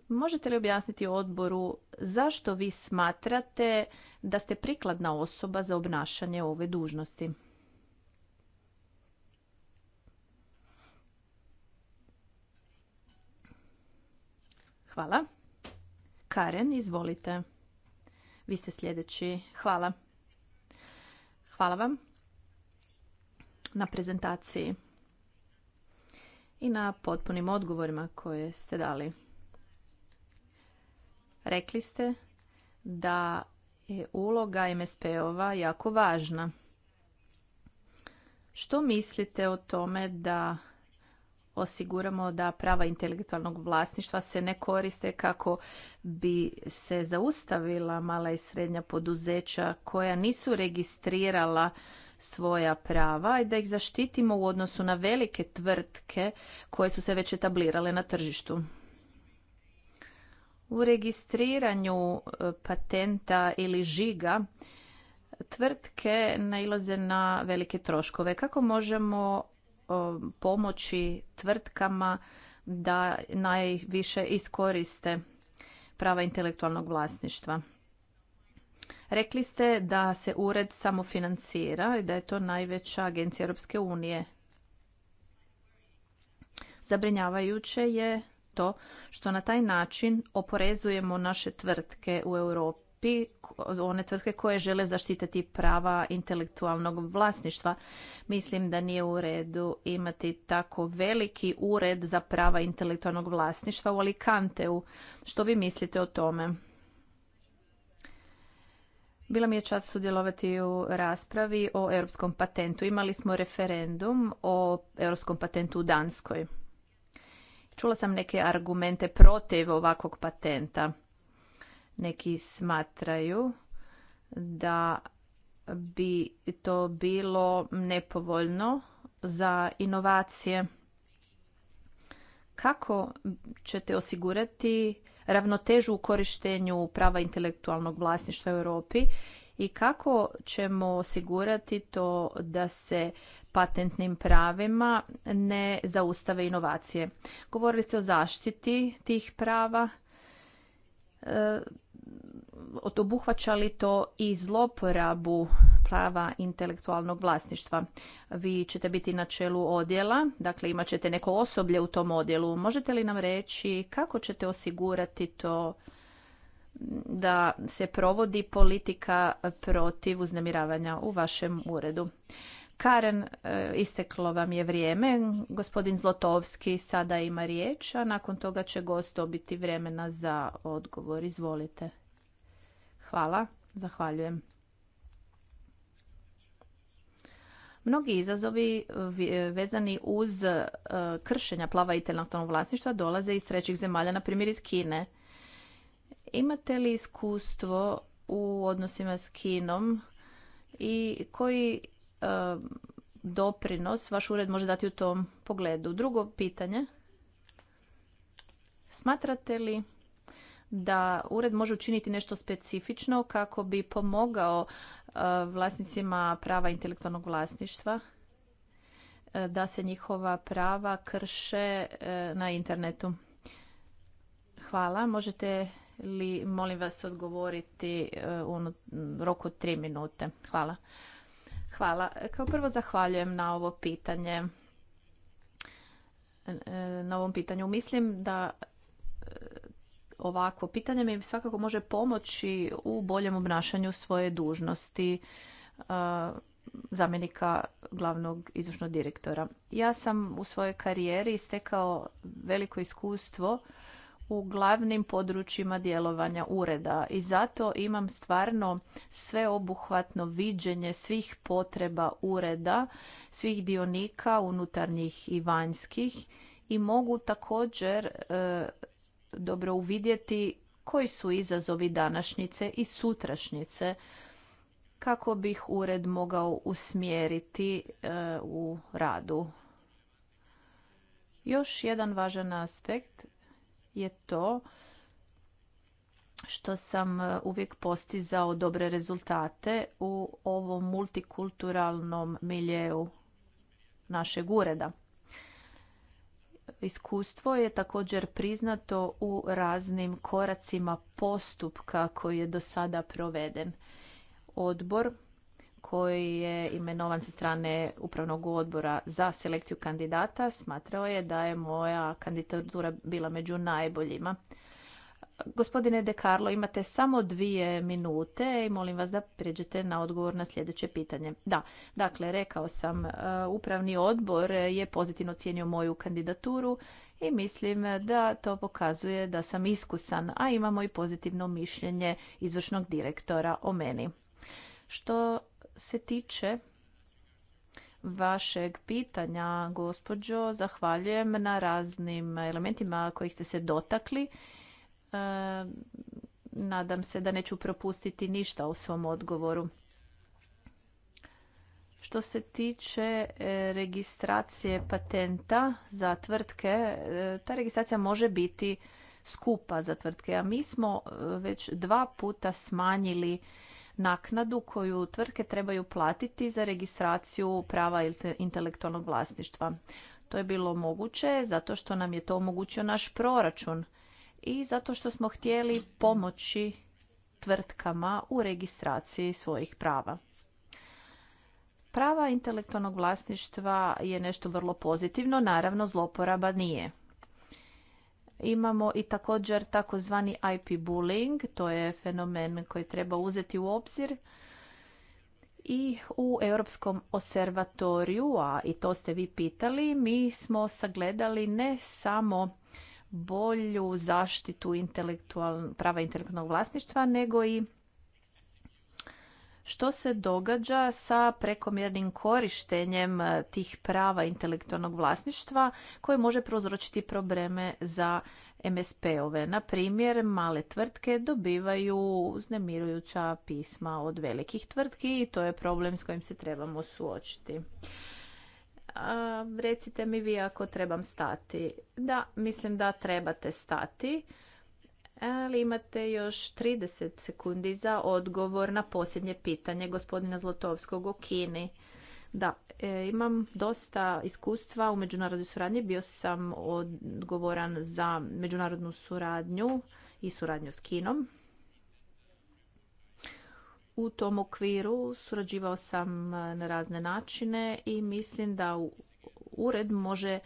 Možete li objasniti odboru zašto vi smatrate da ste prikladna osoba za obnašanje ove dužnosti? Hvala. Karen, izvolite. Vi ste sljedeći. Hvala. Hvala vam na prezentaciji i na potpunim odgovorima koje ste dali. Rekli ste da je uloga MSP-ova jako važna. Što mislite o tome da osiguramo da prava intelektualnog vlasništva se ne koriste kako bi se zaustavila mala i srednja poduzeća koja nisu registrirala svoja prava i da ih zaštitimo u odnosu na velike tvrtke koje su se već etablirale na tržištu. U registriranju e, patenta ili žiga tvrtke nailaze na velike troškove. Kako možemo pomoći tvrtkama da najviše iskoriste prava intelektualnog vlasništva. Rekli ste da se ured samofinancira i da je to najveća agencija Europske unije. Zabrinjavajuće je to što na taj način oporezujemo naše tvrtke u Europi one tvrtke koje žele zaštititi prava intelektualnog vlasništva. Mislim da nije u redu imati tako veliki ured za prava intelektualnog vlasništva u Alicanteu. Što vi mislite o tome? Bila mi je čast sudjelovati u raspravi o europskom patentu. Imali smo referendum o europskom patentu u Danskoj. Čula sam neke argumente protiv ovakvog patenta. Neki smatraju da bi to bilo nepovoljno za inovacije. Kako ćete osigurati ravnotežu u korištenju prava intelektualnog vlasništva u Europi i kako ćemo osigurati to da se patentnim pravima ne zaustave inovacije. Govorili ste o zaštiti tih prava E, obuhvaća li to i zloporabu prava intelektualnog vlasništva. Vi ćete biti na čelu odjela, dakle imat ćete neko osoblje u tom odjelu. Možete li nam reći kako ćete osigurati to da se provodi politika protiv uznemiravanja u vašem uredu? Karen, e, isteklo vam je vrijeme. Gospodin Zlotovski sada ima riječ, a nakon toga će gost dobiti vremena za odgovor. Izvolite. Hvala, zahvaljujem. Mnogi izazovi e, vezani uz e, kršenja plava intelektualnog vlasništva dolaze iz trećih zemalja, na primjer iz Kine. Imate li iskustvo u odnosima s Kinom i koji E, doprinos vaš ured može dati u tom pogledu. Drugo pitanje. Smatrate li da ured može učiniti nešto specifično kako bi pomogao e, vlasnicima prava intelektualnog vlasništva e, da se njihova prava krše na internetu? Hvala. Možete li, molim vas, odgovoriti u ono, roku od tri minute? Hvala. Hvala. Kao prvo zahvaljujem na ovo pitanje. Na ovom pitanju mislim da e, ovakvo pitanje mi svakako može pomoći u boljem obnašanju svoje dužnosti e, zamjenika glavnog izvršnog direktora. Ja sam u svojoj karijeri stekao veliko iskustvo u glavnim područjima djelovanja ureda i zato imam stvarno sveobuhvatno viđenje svih potreba ureda, svih dionika unutarnjih i vanjskih i mogu također e, dobro uvidjeti koji su izazovi današnjice i sutrašnjice kako bih ured mogao usmjeriti e, u radu. Još jedan važan aspekt je to što sam e, uvijek postizao dobre rezultate u ovom multikulturalnom miljeu našeg ureda. Iskustvo je također priznato u raznim koracima postupka koji je do sada proveden. Odbor koji je imenovan sa strane upravnog odbora za selekciju kandidata smatrao je da je moja kandidatura bila među najboljima. Gospodine De Carlo, imate samo dvije minute i molim vas da pređete na odgovor na sljedeće pitanje. Da, dakle, rekao sam, e, upravni odbor je pozitivno cijenio moju kandidaturu i mislim da to pokazuje da sam iskusan, a imamo i pozitivno mišljenje izvršnog direktora o meni. Što se tiče vašeg pitanja, gospođo, zahvaljujem na raznim elementima kojih ste se dotakli. E, nadam se da neću propustiti ništa u svom odgovoru. Što se tiče e, registracije patenta za tvrtke, e, ta registracija može biti skupa za tvrtke, a mi smo već dva puta smanjili naknadu koju tvrtke trebaju platiti za registraciju prava intelektualnog vlasništva. To je bilo moguće zato što nam je to omogućio naš proračun i zato što smo htjeli pomoći tvrtkama u registraciji svojih prava. Prava intelektualnog vlasništva je nešto vrlo pozitivno, naravno zloporaba nije. Imamo i također takozvani IP bullying, to je fenomen koji treba uzeti u obzir. I u Europskom observatoriju, a i to ste vi pitali, mi smo sagledali ne samo bolju zaštitu intelektual, prava intelektualnog vlasništva, nego i što se događa sa prekomjernim korištenjem eh, tih prava intelektualnog vlasništva koje može prouzročiti probleme za MSP-ove. Na primjer, male tvrtke dobivaju uznemirujuća pisma od velikih tvrtki i to je problem s kojim se trebamo suočiti. A, recite mi vi ako trebam stati. Da, mislim da trebate stati ali imate još 30 sekundi za odgovor na posljednje pitanje gospodina zlotovskog o Kini. Da, e, imam dosta iskustva u međunarodnoj suradnji. Bio sam odgovoran za međunarodnu suradnju i suradnju s Kinom. U tom okviru surađivao sam na razne načine i mislim da ured može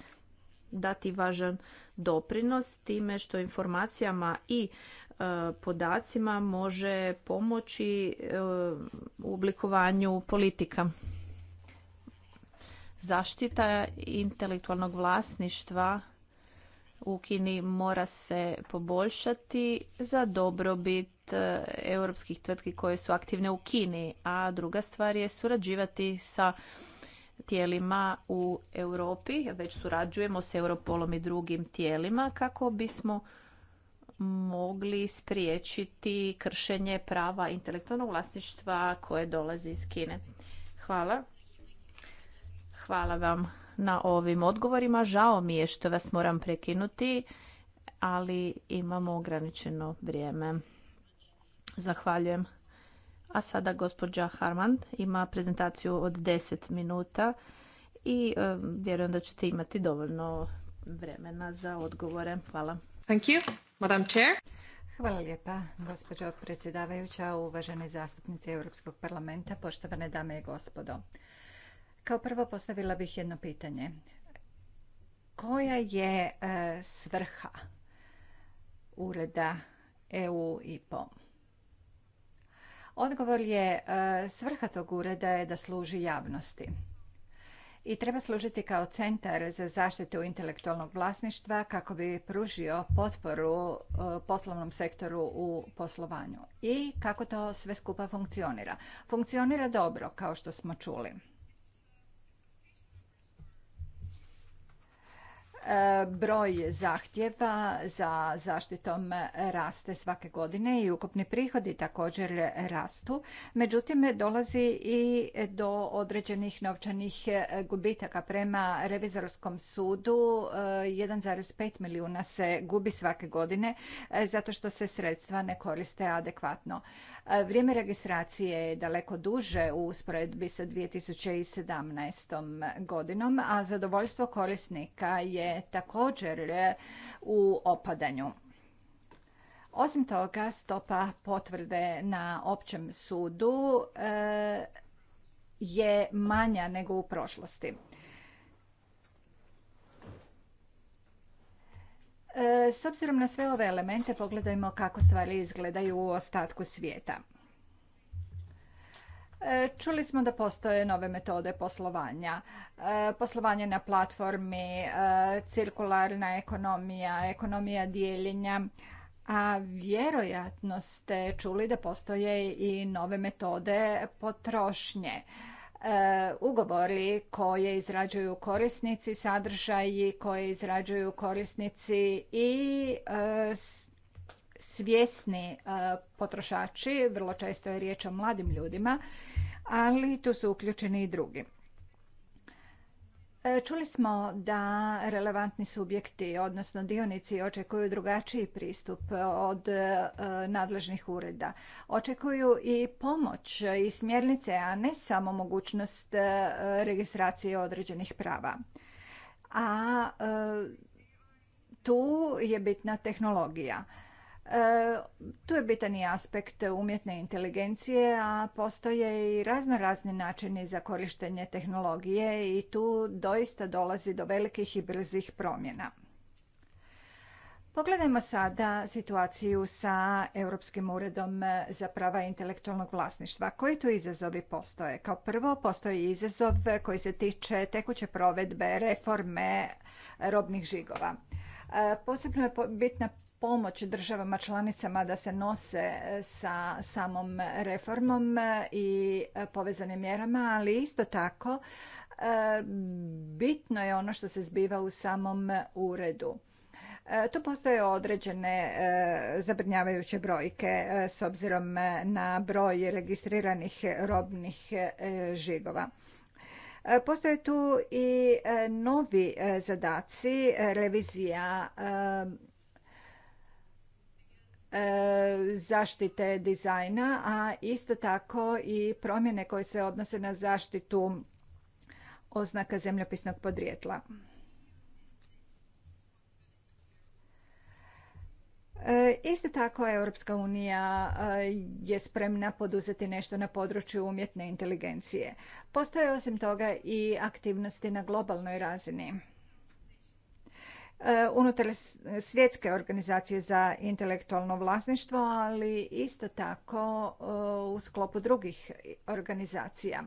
dati važan doprinos time što informacijama i e, podacima može pomoći e, u oblikovanju politika. Zaštita intelektualnog vlasništva u Kini mora se poboljšati za dobrobit e, europskih tvrtki koje su aktivne u Kini, a druga stvar je surađivati sa tijelima u Europi, već surađujemo s Europolom i drugim tijelima kako bismo mogli spriječiti kršenje prava intelektualnog vlasništva koje dolazi iz Kine. Hvala. Hvala vam na ovim odgovorima. Žao mi je što vas moram prekinuti, ali imamo ograničeno vrijeme. Zahvaljujem. A sada gospođa Harman ima prezentaciju od 10 minuta i e, vjerujem da ćete imati dovoljno vremena za odgovore. Hvala. Thank you, Madam Chair. Hvala lijepa, gospođo predsjedavajuća, uvaženi zastupnici Europskog parlamenta, poštovane dame i gospodo. Kao prvo postavila bih jedno pitanje. Koja je e, svrha ureda EU i POM? Odgovor je e, svrha tog ureda je da služi javnosti i treba služiti kao centar za zaštitu intelektualnog vlasništva kako bi pružio potporu e, poslovnom sektoru u poslovanju. I kako to sve skupa funkcionira? Funkcionira dobro, kao što smo čuli. broj zahtjeva za zaštitom raste svake godine i ukupni prihodi također rastu. Međutim, dolazi i do određenih novčanih gubitaka. Prema revizorskom sudu 1,5 eh, milijuna se gubi svake godine eh, zato što se sredstva ne koriste adekvatno. Vrijeme registracije je daleko duže u usporedbi sa 2017. godinom, a zadovoljstvo korisnika je također e, u opadanju. Osim toga, stopa potvrde na općem sudu e, je manja nego u prošlosti. E, s obzirom na sve ove elemente pogledajmo kako stvari izgledaju u ostatku svijeta. E, čuli smo da postoje nove metode poslovanja. E, poslovanje na platformi, cirkularna ekonomija, ekonomija dijeljenja. A vjerojatno ste čuli da postoje i nove metode potrošnje. E, ugovori koje izrađuju korisnici, sadržaji koje izrađuju korisnici i e, svjesni e, potrošači, vrlo često je riječ o mladim ljudima, ali tu su uključeni i drugi. E, čuli smo da relevantni subjekti, odnosno dionici, očekuju drugačiji pristup od e, nadležnih ureda. Očekuju i pomoć i smjernice, a ne samo mogućnost e, registracije određenih prava. A tu je bitna tehnologija. E, tu je bitan i aspekt umjetne inteligencije, a postoje i razno razni načini za korištenje tehnologije i tu doista dolazi do velikih i brzih promjena. Pogledajmo sada situaciju sa Europskim uredom za prava intelektualnog vlasništva. Koji tu izazovi postoje? Kao prvo, postoji izazov koji se tiče tekuće provedbe reforme robnih žigova. E, posebno je bitna pomoć državama članicama da se nose e, sa samom reformom e, i povezanim mjerama, ali isto tako bitno je ono što se zbiva u samom uredu. Tu postoje određene zabrinjavajuće brojke s obzirom na broj registriranih robnih žigova. E, postoje tu i e, novi e, zadaci, revizija zaštite dizajna, a isto tako i promjene koje se odnose na zaštitu oznaka zemljopisnog podrijetla. E, isto tako Europska unija e, je spremna poduzeti nešto na području umjetne inteligencije. Postoje osim toga i aktivnosti na globalnoj razini. E, unutar svjetske organizacije za intelektualno vlasništvo, ali isto tako u sklopu drugih organizacija.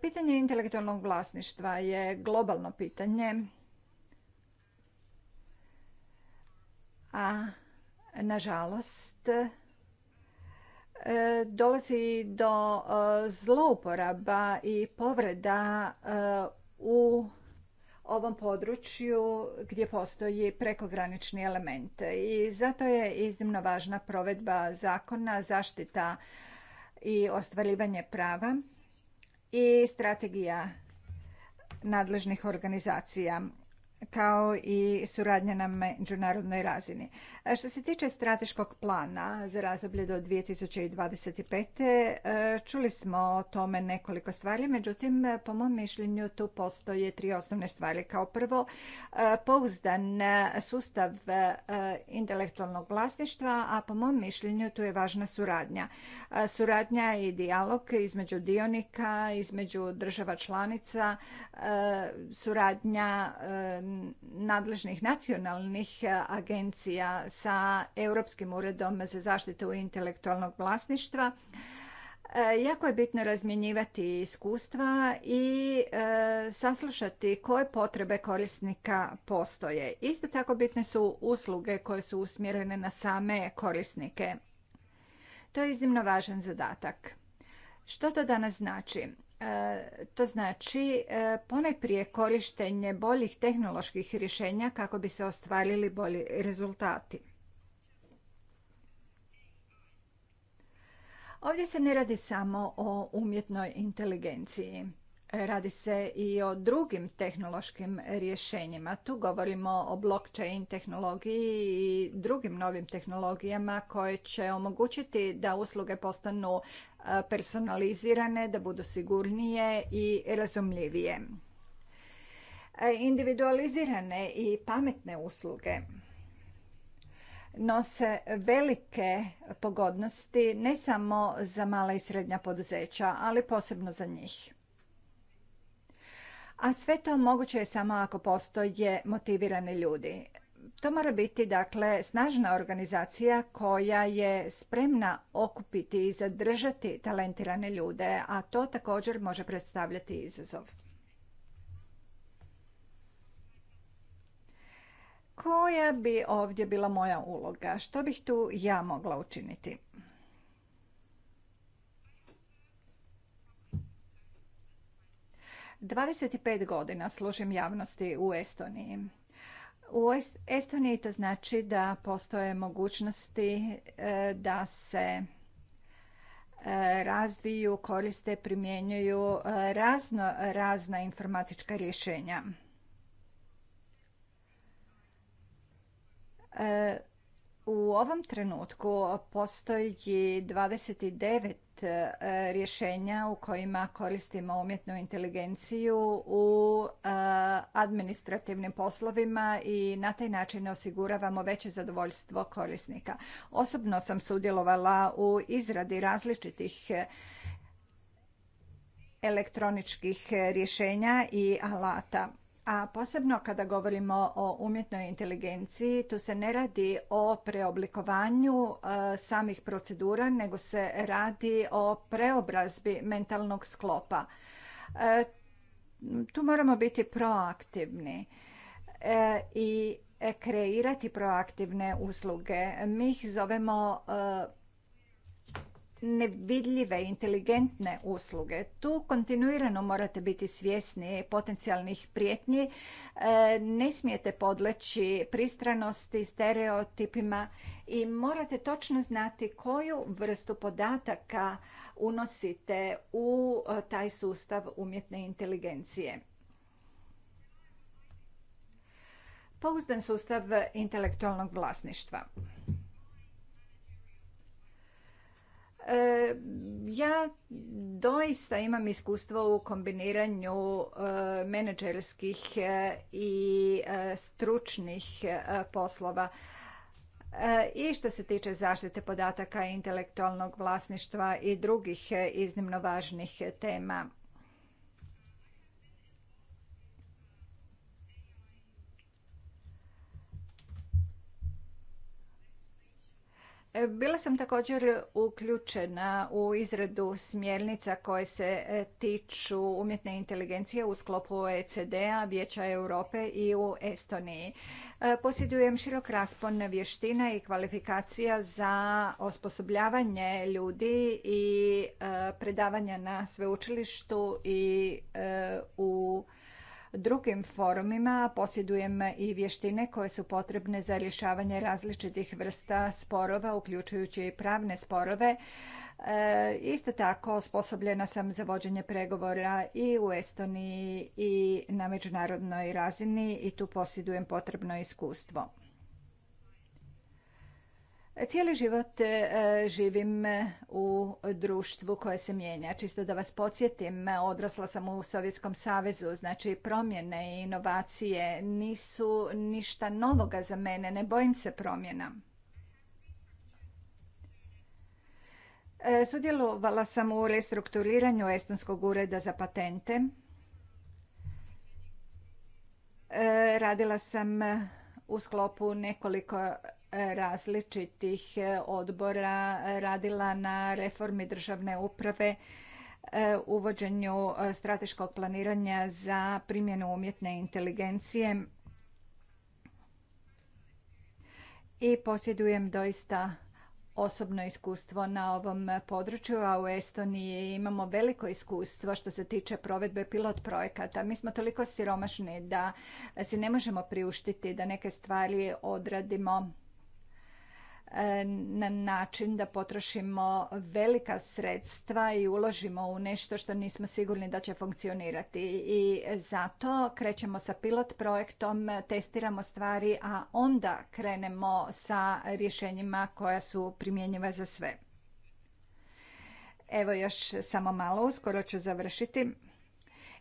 Pitanje intelektualnog vlasništva je globalno pitanje a nažalost e, dolazi do e, zlouporaba i povreda e, u ovom području gdje postoji prekogranični element. I zato je iznimno važna provedba zakona, zaštita i ostvarivanje prava i strategija nadležnih organizacija kao i suradnja na međunarodnoj razini. E, što se tiče strateškog plana za razdoblje do 2025. E, čuli smo o tome nekoliko stvari, međutim, po mom mišljenju tu postoje tri osnovne stvari. Kao prvo, e, pouzdan sustav intelektualnog vlasništva, a po mom mišljenju tu je važna suradnja. Suradnja i dijalog između dionika, između država članica, suradnja nadležnih nacionalnih agencija sa Europskim uredom za zaštitu intelektualnog vlasništva. E, jako je bitno razmjenjivati iskustva i e, saslušati koje potrebe korisnika postoje. Isto tako bitne su usluge koje su usmjerene na same korisnike. To je iznimno važan zadatak. Što to danas znači? E, to znači ponajprije korištenje boljih tehnoloških rješenja kako bi se ostvarili bolji rezultati. Ovdje se ne radi samo o umjetnoj inteligenciji. Radi se i o drugim tehnološkim rješenjima. Tu govorimo o blockchain tehnologiji i drugim novim tehnologijama koje će omogućiti da usluge postanu e, personalizirane, da budu sigurnije i razumljivije. E, individualizirane i pametne usluge nose velike pogodnosti ne samo za mala i srednja poduzeća, ali posebno za njih. A sve to moguće je samo ako postoje motivirani ljudi. To mora biti dakle snažna organizacija koja je spremna okupiti i zadržati talentirane ljude, a to također može predstavljati izazov. Koja bi ovdje bila moja uloga? Što bih tu ja mogla učiniti? Dvadeset pet godina služim javnosti u Estoniji. U Estoniji to znači da postoje mogućnosti e, da se e, razviju, koriste, primjenjuju e, razno razna informatička rješenja. U ovom trenutku postoji 29 e, rješenja u kojima koristimo umjetnu inteligenciju u e, administrativnim poslovima i na taj način osiguravamo veće zadovoljstvo korisnika. Osobno sam sudjelovala u izradi različitih e, elektroničkih rješenja i alata a posebno kada govorimo o umjetnoj inteligenciji, tu se ne radi o preoblikovanju e, samih procedura, nego se radi o preobrazbi mentalnog sklopa. E, tu moramo biti proaktivni e, i kreirati proaktivne usluge. Mi ih zovemo nevidljive, inteligentne usluge. Tu kontinuirano morate biti svjesni potencijalnih prijetnji. E, ne smijete podleći pristranosti, stereotipima i morate točno znati koju vrstu podataka unosite u e, taj sustav umjetne inteligencije. Pouzdan sustav intelektualnog vlasništva. E, ja doista imam iskustvo u kombiniranju e, menadžerskih e, i stručnih poslova i što se tiče zaštite podataka intelektualnog vlasništva i drugih iznimno važnih tema. E, bila sam također uključena u izradu smjernica koje se e, tiču umjetne inteligencije u sklopu OECD-a, Vijeća Europe i u Estoniji. E, posjedujem širok raspon vještina i kvalifikacija za osposobljavanje ljudi i predavanja na sveučilištu i u drugim forumima posjedujem i vještine koje su potrebne za rješavanje različitih vrsta sporova, uključujući i pravne sporove. E, isto tako osposobljena sam za vođenje pregovora i u Estoniji i na međunarodnoj razini i tu posjedujem potrebno iskustvo. Cijeli život e, živim e, u društvu koje se mijenja. Čisto da vas podsjetim, e, odrasla sam u Sovjetskom savezu, znači promjene i inovacije nisu ništa novoga za mene, ne bojim se promjena. Sudjelovala sam u restrukturiranju Estonskog ureda za patente. Radila sam u sklopu nekoliko različitih e, odbora radila na reformi državne uprave, e, uvođenju e, strateškog planiranja za primjenu umjetne inteligencije i posjedujem doista osobno iskustvo na ovom području, a u Estoniji imamo veliko iskustvo što se tiče provedbe pilot projekata. Mi smo toliko siromašni da si ne možemo priuštiti da neke stvari odradimo E, na način da potrošimo velika sredstva i uložimo u nešto što nismo sigurni da će funkcionirati. I zato krećemo sa pilot projektom, testiramo stvari, a onda krenemo sa rješenjima koja su primjenjiva za sve. Evo još samo malo, uskoro ću završiti.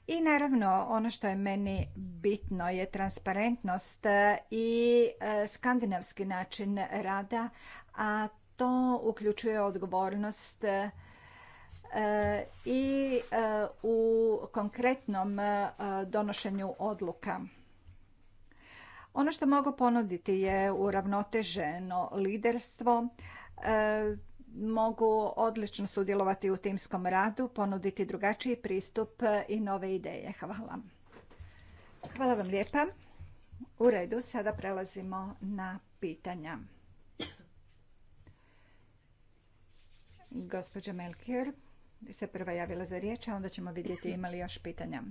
I naravno, ono što je meni bitno je transparentnost e, i e, skandinavski način rada, a to uključuje odgovornost e, i u konkretnom donošenju odluka. Ono što mogu ponuditi je uravnoteženo liderstvo, mogu odlično sudjelovati u timskom radu, ponuditi drugačiji pristup i nove ideje. Hvala. Hvala vam lijepa. U redu, sada prelazimo na pitanja. Gospođa Melkir se prva javila za riječ, a onda ćemo vidjeti imali još pitanja.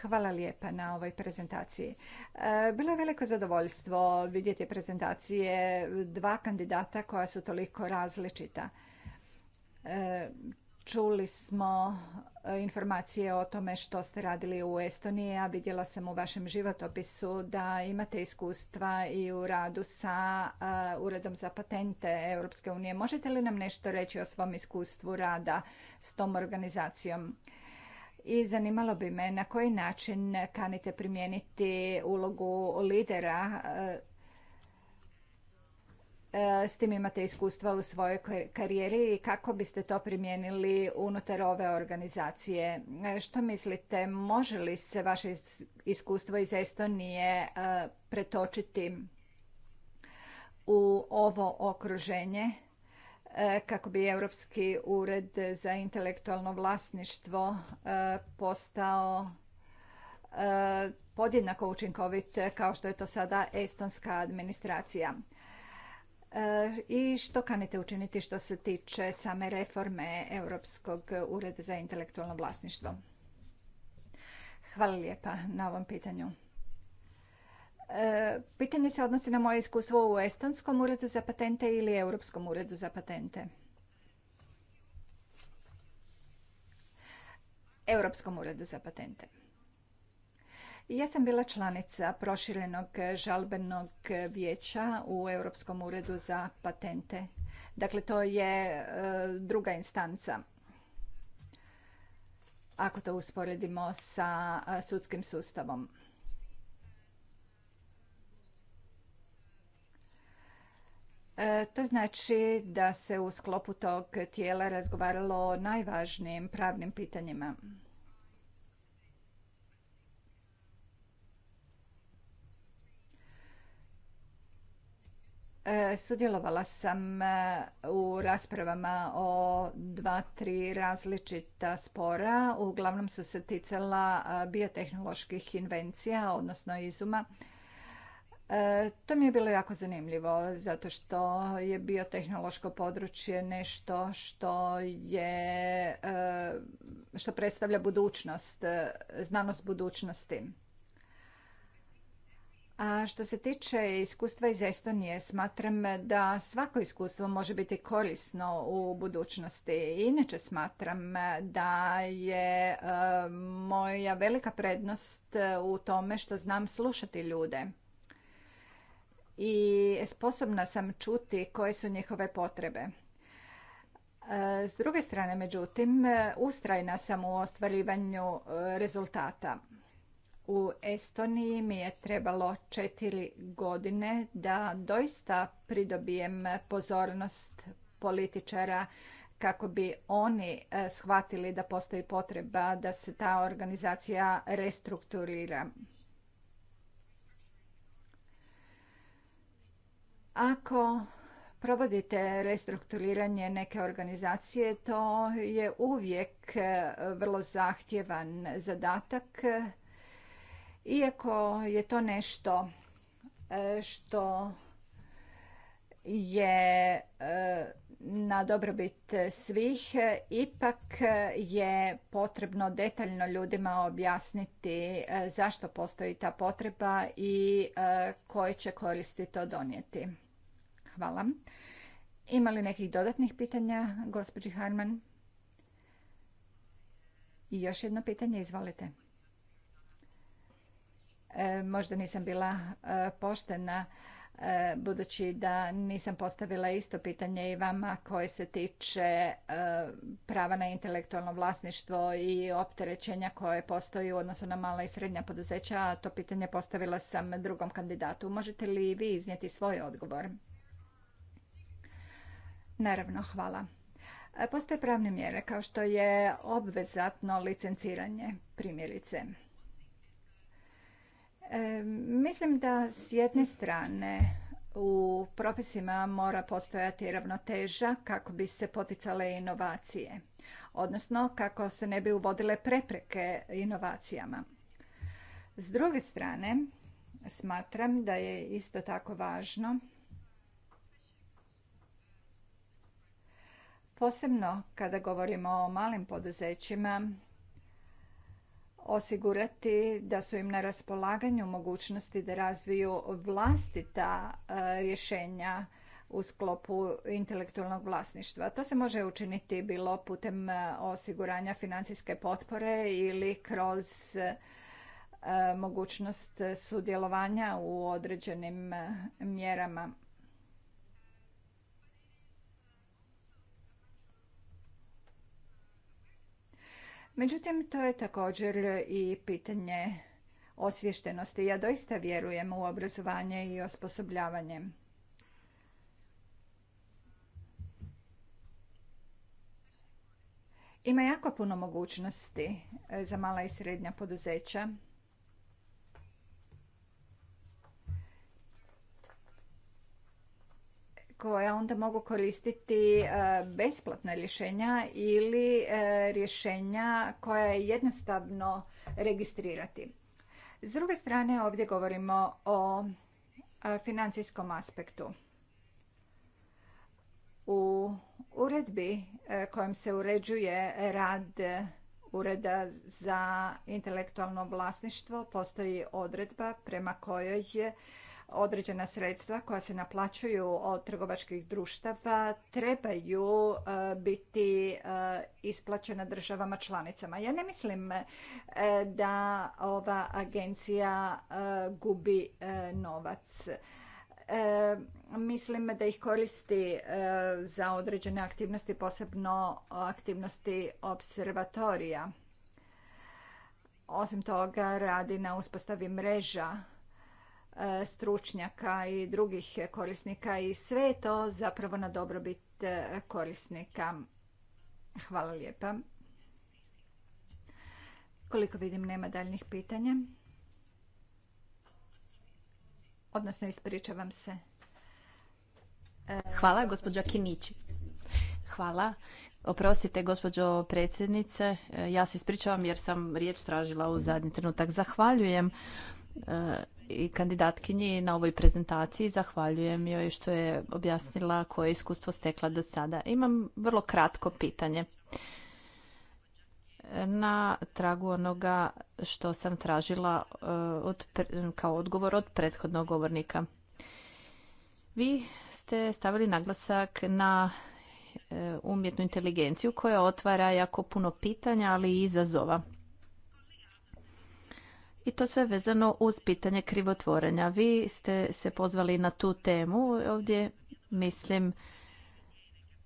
Hvala lijepa na ovoj prezentaciji. E, bilo je veliko zadovoljstvo vidjeti prezentacije dva kandidata koja su toliko različita. E, Čuli smo e, informacije o tome što ste radili u Estoniji, a vidjela sam u vašem životopisu da imate iskustva i u radu sa e, Uredom za patente Europske unije. Možete li nam nešto reći o svom iskustvu rada s tom organizacijom? I zanimalo bi me na koji način kanite primijeniti ulogu lidera e, E, s tim imate iskustva u svojoj karijeri i kako biste to primijenili unutar ove organizacije. E, što mislite, može li se vaše iskustvo iz Estonije e, pretočiti u ovo okruženje kako bi Europski ured za intelektualno vlasništvo postao podjednako učinkovit kao što je to sada estonska administracija. E, i što kanite učiniti što se tiče same reforme Europskog ureda za intelektualno vlasništvo? Hvala lijepa na ovom pitanju. E, pitanje se odnosi na moje iskustvo u Estonskom uredu za patente ili Europskom uredu za patente. Europskom uredu za patente. Ja sam bila članica proširenog žalbenog vijeća u Europskom uredu za patente. Dakle, to je e, druga instanca. Ako to usporedimo sa e, sudskim sustavom. E, to znači da se u sklopu tog tijela razgovaralo o najvažnijim pravnim pitanjima. E, sudjelovala sam e, u raspravama o dva, tri različita spora. Uglavnom su se ticala e, biotehnoloških invencija, odnosno izuma. To mi je bilo jako zanimljivo, zato što je biotehnološko područje nešto što je, što predstavlja budućnost, znanost budućnosti. A što se tiče iskustva iz Estonije, smatram da svako iskustvo može biti korisno u budućnosti. Inače smatram da je e, moja velika prednost u tome što znam slušati ljude. I sposobna sam čuti koje su njihove potrebe. E, s druge strane, međutim, ustrajna sam u ostvarivanju e, rezultata u Estoniji mi je trebalo četiri godine da doista pridobijem pozornost političara kako bi oni e, shvatili da postoji potreba da se ta organizacija restrukturira. Ako provodite restrukturiranje neke organizacije, to je uvijek e, vrlo zahtjevan zadatak iako je to nešto e, što je e, na dobrobit svih, e, ipak je potrebno detaljno ljudima objasniti zašto postoji ta potreba i koje će koristi to donijeti. Hvala. Ima li nekih dodatnih pitanja, gospođi Harman? još jedno pitanje, izvolite. E, možda nisam bila e, poštena e, budući da nisam postavila isto pitanje i vama koje se tiče prava na intelektualno vlasništvo i opterećenja koje postoji u odnosu na mala i srednja poduzeća, a to pitanje postavila sam drugom kandidatu. Možete li vi iznijeti svoj odgovor? Naravno, hvala. Postoje pravne mjere kao što je obvezatno licenciranje primjerice. Mislim da s jedne strane u propisima mora postojati ravnoteža kako bi se poticale inovacije, odnosno kako se ne bi uvodile prepreke inovacijama. S druge strane, smatram da je isto tako važno posebno kada govorimo o malim poduzećima osigurati da su im na raspolaganju mogućnosti da razviju vlastita e, rješenja u sklopu intelektualnog vlasništva. To se može učiniti bilo putem e, osiguranja financijske potpore ili kroz e, mogućnost sudjelovanja u određenim mjerama. Međutim, to je također i pitanje osviještenosti. Ja doista vjerujem u obrazovanje i osposobljavanje. Ima jako puno mogućnosti za mala i srednja poduzeća koja onda mogu koristiti e, besplatna rješenja ili e, rješenja koja je jednostavno registrirati. S druge strane ovdje govorimo o e, financijskom aspektu. U uredbi kojom se uređuje rad Ureda za intelektualno vlasništvo postoji odredba prema kojoj je određena sredstva koja se naplaćuju od trgovačkih društava trebaju e, biti e, isplaćena državama članicama. Ja ne mislim e, da ova agencija gubi novac. Mislim da ih koristi za određene aktivnosti, posebno aktivnosti observatorija. Osim toga radi na uspostavi mreža E, stručnjaka i drugih korisnika i sve to zapravo na dobrobit e, korisnika. Hvala lijepa. Koliko vidim nema daljnih pitanja. Odnosno ispričavam se. E, Hvala, gospođa Kinići. Hvala. Oprostite, gospođo predsjednice. Ja se ispričavam jer sam riječ tražila u zadnji trenutak. Zahvaljujem i kandidatkinji na ovoj prezentaciji. Zahvaljujem joj što je objasnila koje iskustvo stekla do sada. Imam vrlo kratko pitanje. Na tragu onoga što sam tražila e, od, kao odgovor od prethodnog govornika. Vi ste stavili naglasak na e, umjetnu inteligenciju koja otvara jako puno pitanja, ali i izazova i to sve vezano uz pitanje krivotvorenja. Vi ste se pozvali na tu temu. Ovdje mislim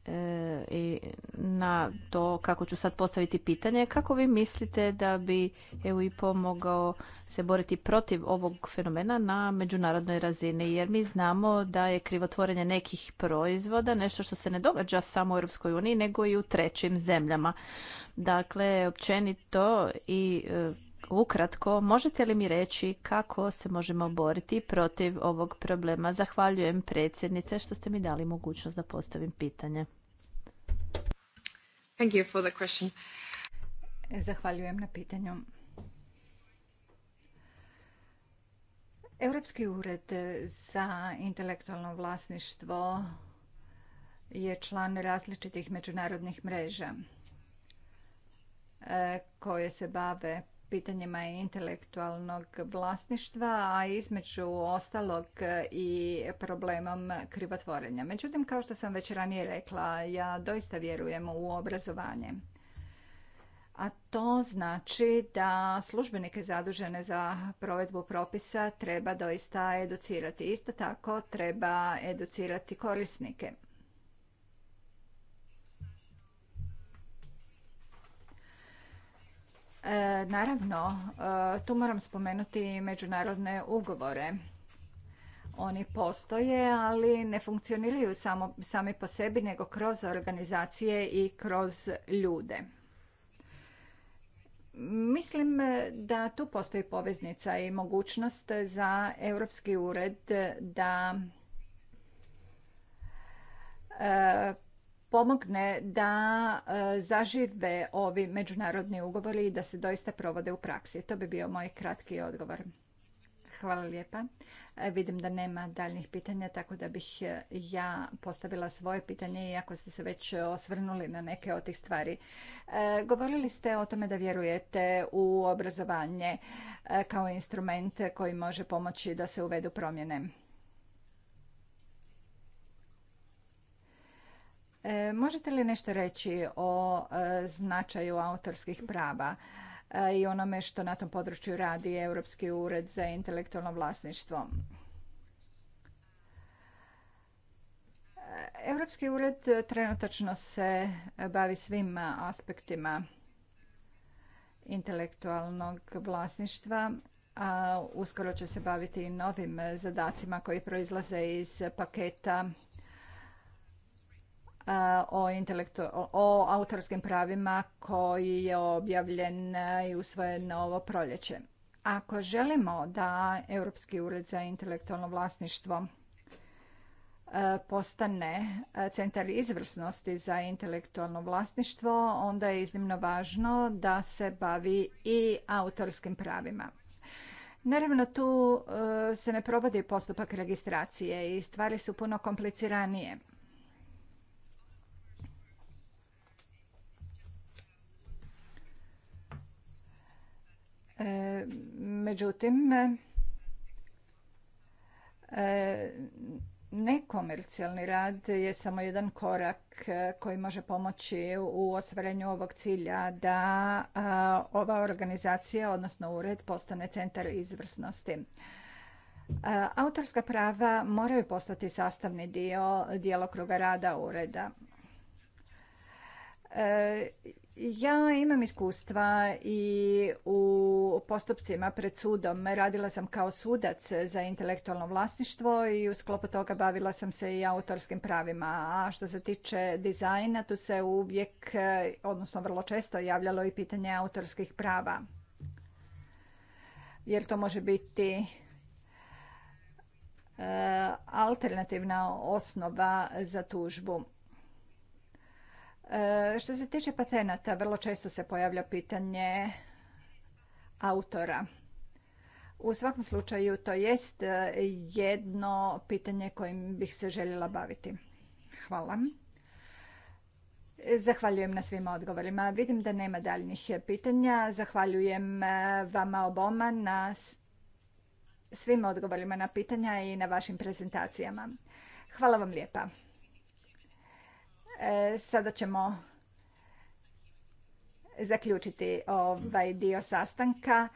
e, i na to kako ću sad postaviti pitanje. Kako vi mislite da bi EU i pomogao se boriti protiv ovog fenomena na međunarodnoj razini? Jer mi znamo da je krivotvorenje nekih proizvoda nešto što se ne događa samo u EU, nego i u trećim zemljama. Dakle, općenito i e, ukratko, možete li mi reći kako se možemo boriti protiv ovog problema? Zahvaljujem predsjednice što ste mi dali mogućnost da postavim pitanje. Thank you for the question. Zahvaljujem na pitanju. Europski ured za intelektualno vlasništvo je član različitih međunarodnih mreža e, koje se bave pitanjima intelektualnog vlasništva, a između ostalog i problemom krivotvorenja. Međutim, kao što sam već ranije rekla, ja doista vjerujem u obrazovanje. A to znači da službenike zadužene za provedbu propisa treba doista educirati. Isto tako treba educirati korisnike. E, naravno, e, tu moram spomenuti međunarodne ugovore. Oni postoje, ali ne funkcioniraju samo, sami po sebi, nego kroz organizacije i kroz ljude. Mislim da tu postoji poveznica i mogućnost za Europski ured da e, pomogne da e, zažive ovi međunarodni ugovori i da se doista provode u praksi. To bi bio moj kratki odgovor. Hvala lijepa. E, vidim da nema daljnih pitanja, tako da bih e, ja postavila svoje pitanje, iako ste se već osvrnuli na neke od tih stvari. Govorili ste o tome da vjerujete u obrazovanje kao instrument koji može pomoći da se uvedu promjene. E, možete li nešto reći o e, značaju autorskih prava e, i onome što na tom području radi Europski ured za intelektualno vlasništvo? Europski ured trenutačno se bavi svim aspektima intelektualnog vlasništva, a uskoro će se baviti i novim zadacima koji proizlaze iz paketa o, o autorskim pravima koji je objavljen i usvojen ovo proljeće. Ako želimo da Europski ured za intelektualno vlasništvo postane centar izvrsnosti za intelektualno vlasništvo, onda je iznimno važno da se bavi i autorskim pravima. Naravno, tu se ne provodi postupak registracije i stvari su puno kompliciranije. E, međutim, e, nekomercijalni rad je samo jedan korak e, koji može pomoći u ostvarenju ovog cilja da ova organizacija, odnosno ured, postane centar izvrsnosti. Autorska prava moraju postati sastavni dio dijelokruga rada ureda ja imam iskustva i u postupcima pred sudom. Radila sam kao sudac za intelektualno vlasništvo i u sklopu toga bavila sam se i autorskim pravima. A što se tiče dizajna, tu se uvijek, eh, odnosno vrlo često javljalo i pitanje autorskih prava. Jer to može biti eh, alternativna osnova za tužbu. E, što se tiče patenata, vrlo često se pojavlja pitanje autora. U svakom slučaju to jest e, jedno pitanje kojim bih se željela baviti. Hvala. Zahvaljujem na svima odgovorima. Vidim da nema daljnjih pitanja. Zahvaljujem e, vama oboma na svim odgovorima na pitanja i na vašim prezentacijama. Hvala vam lijepa. E, sada ćemo zaključiti ovaj dio sastanka.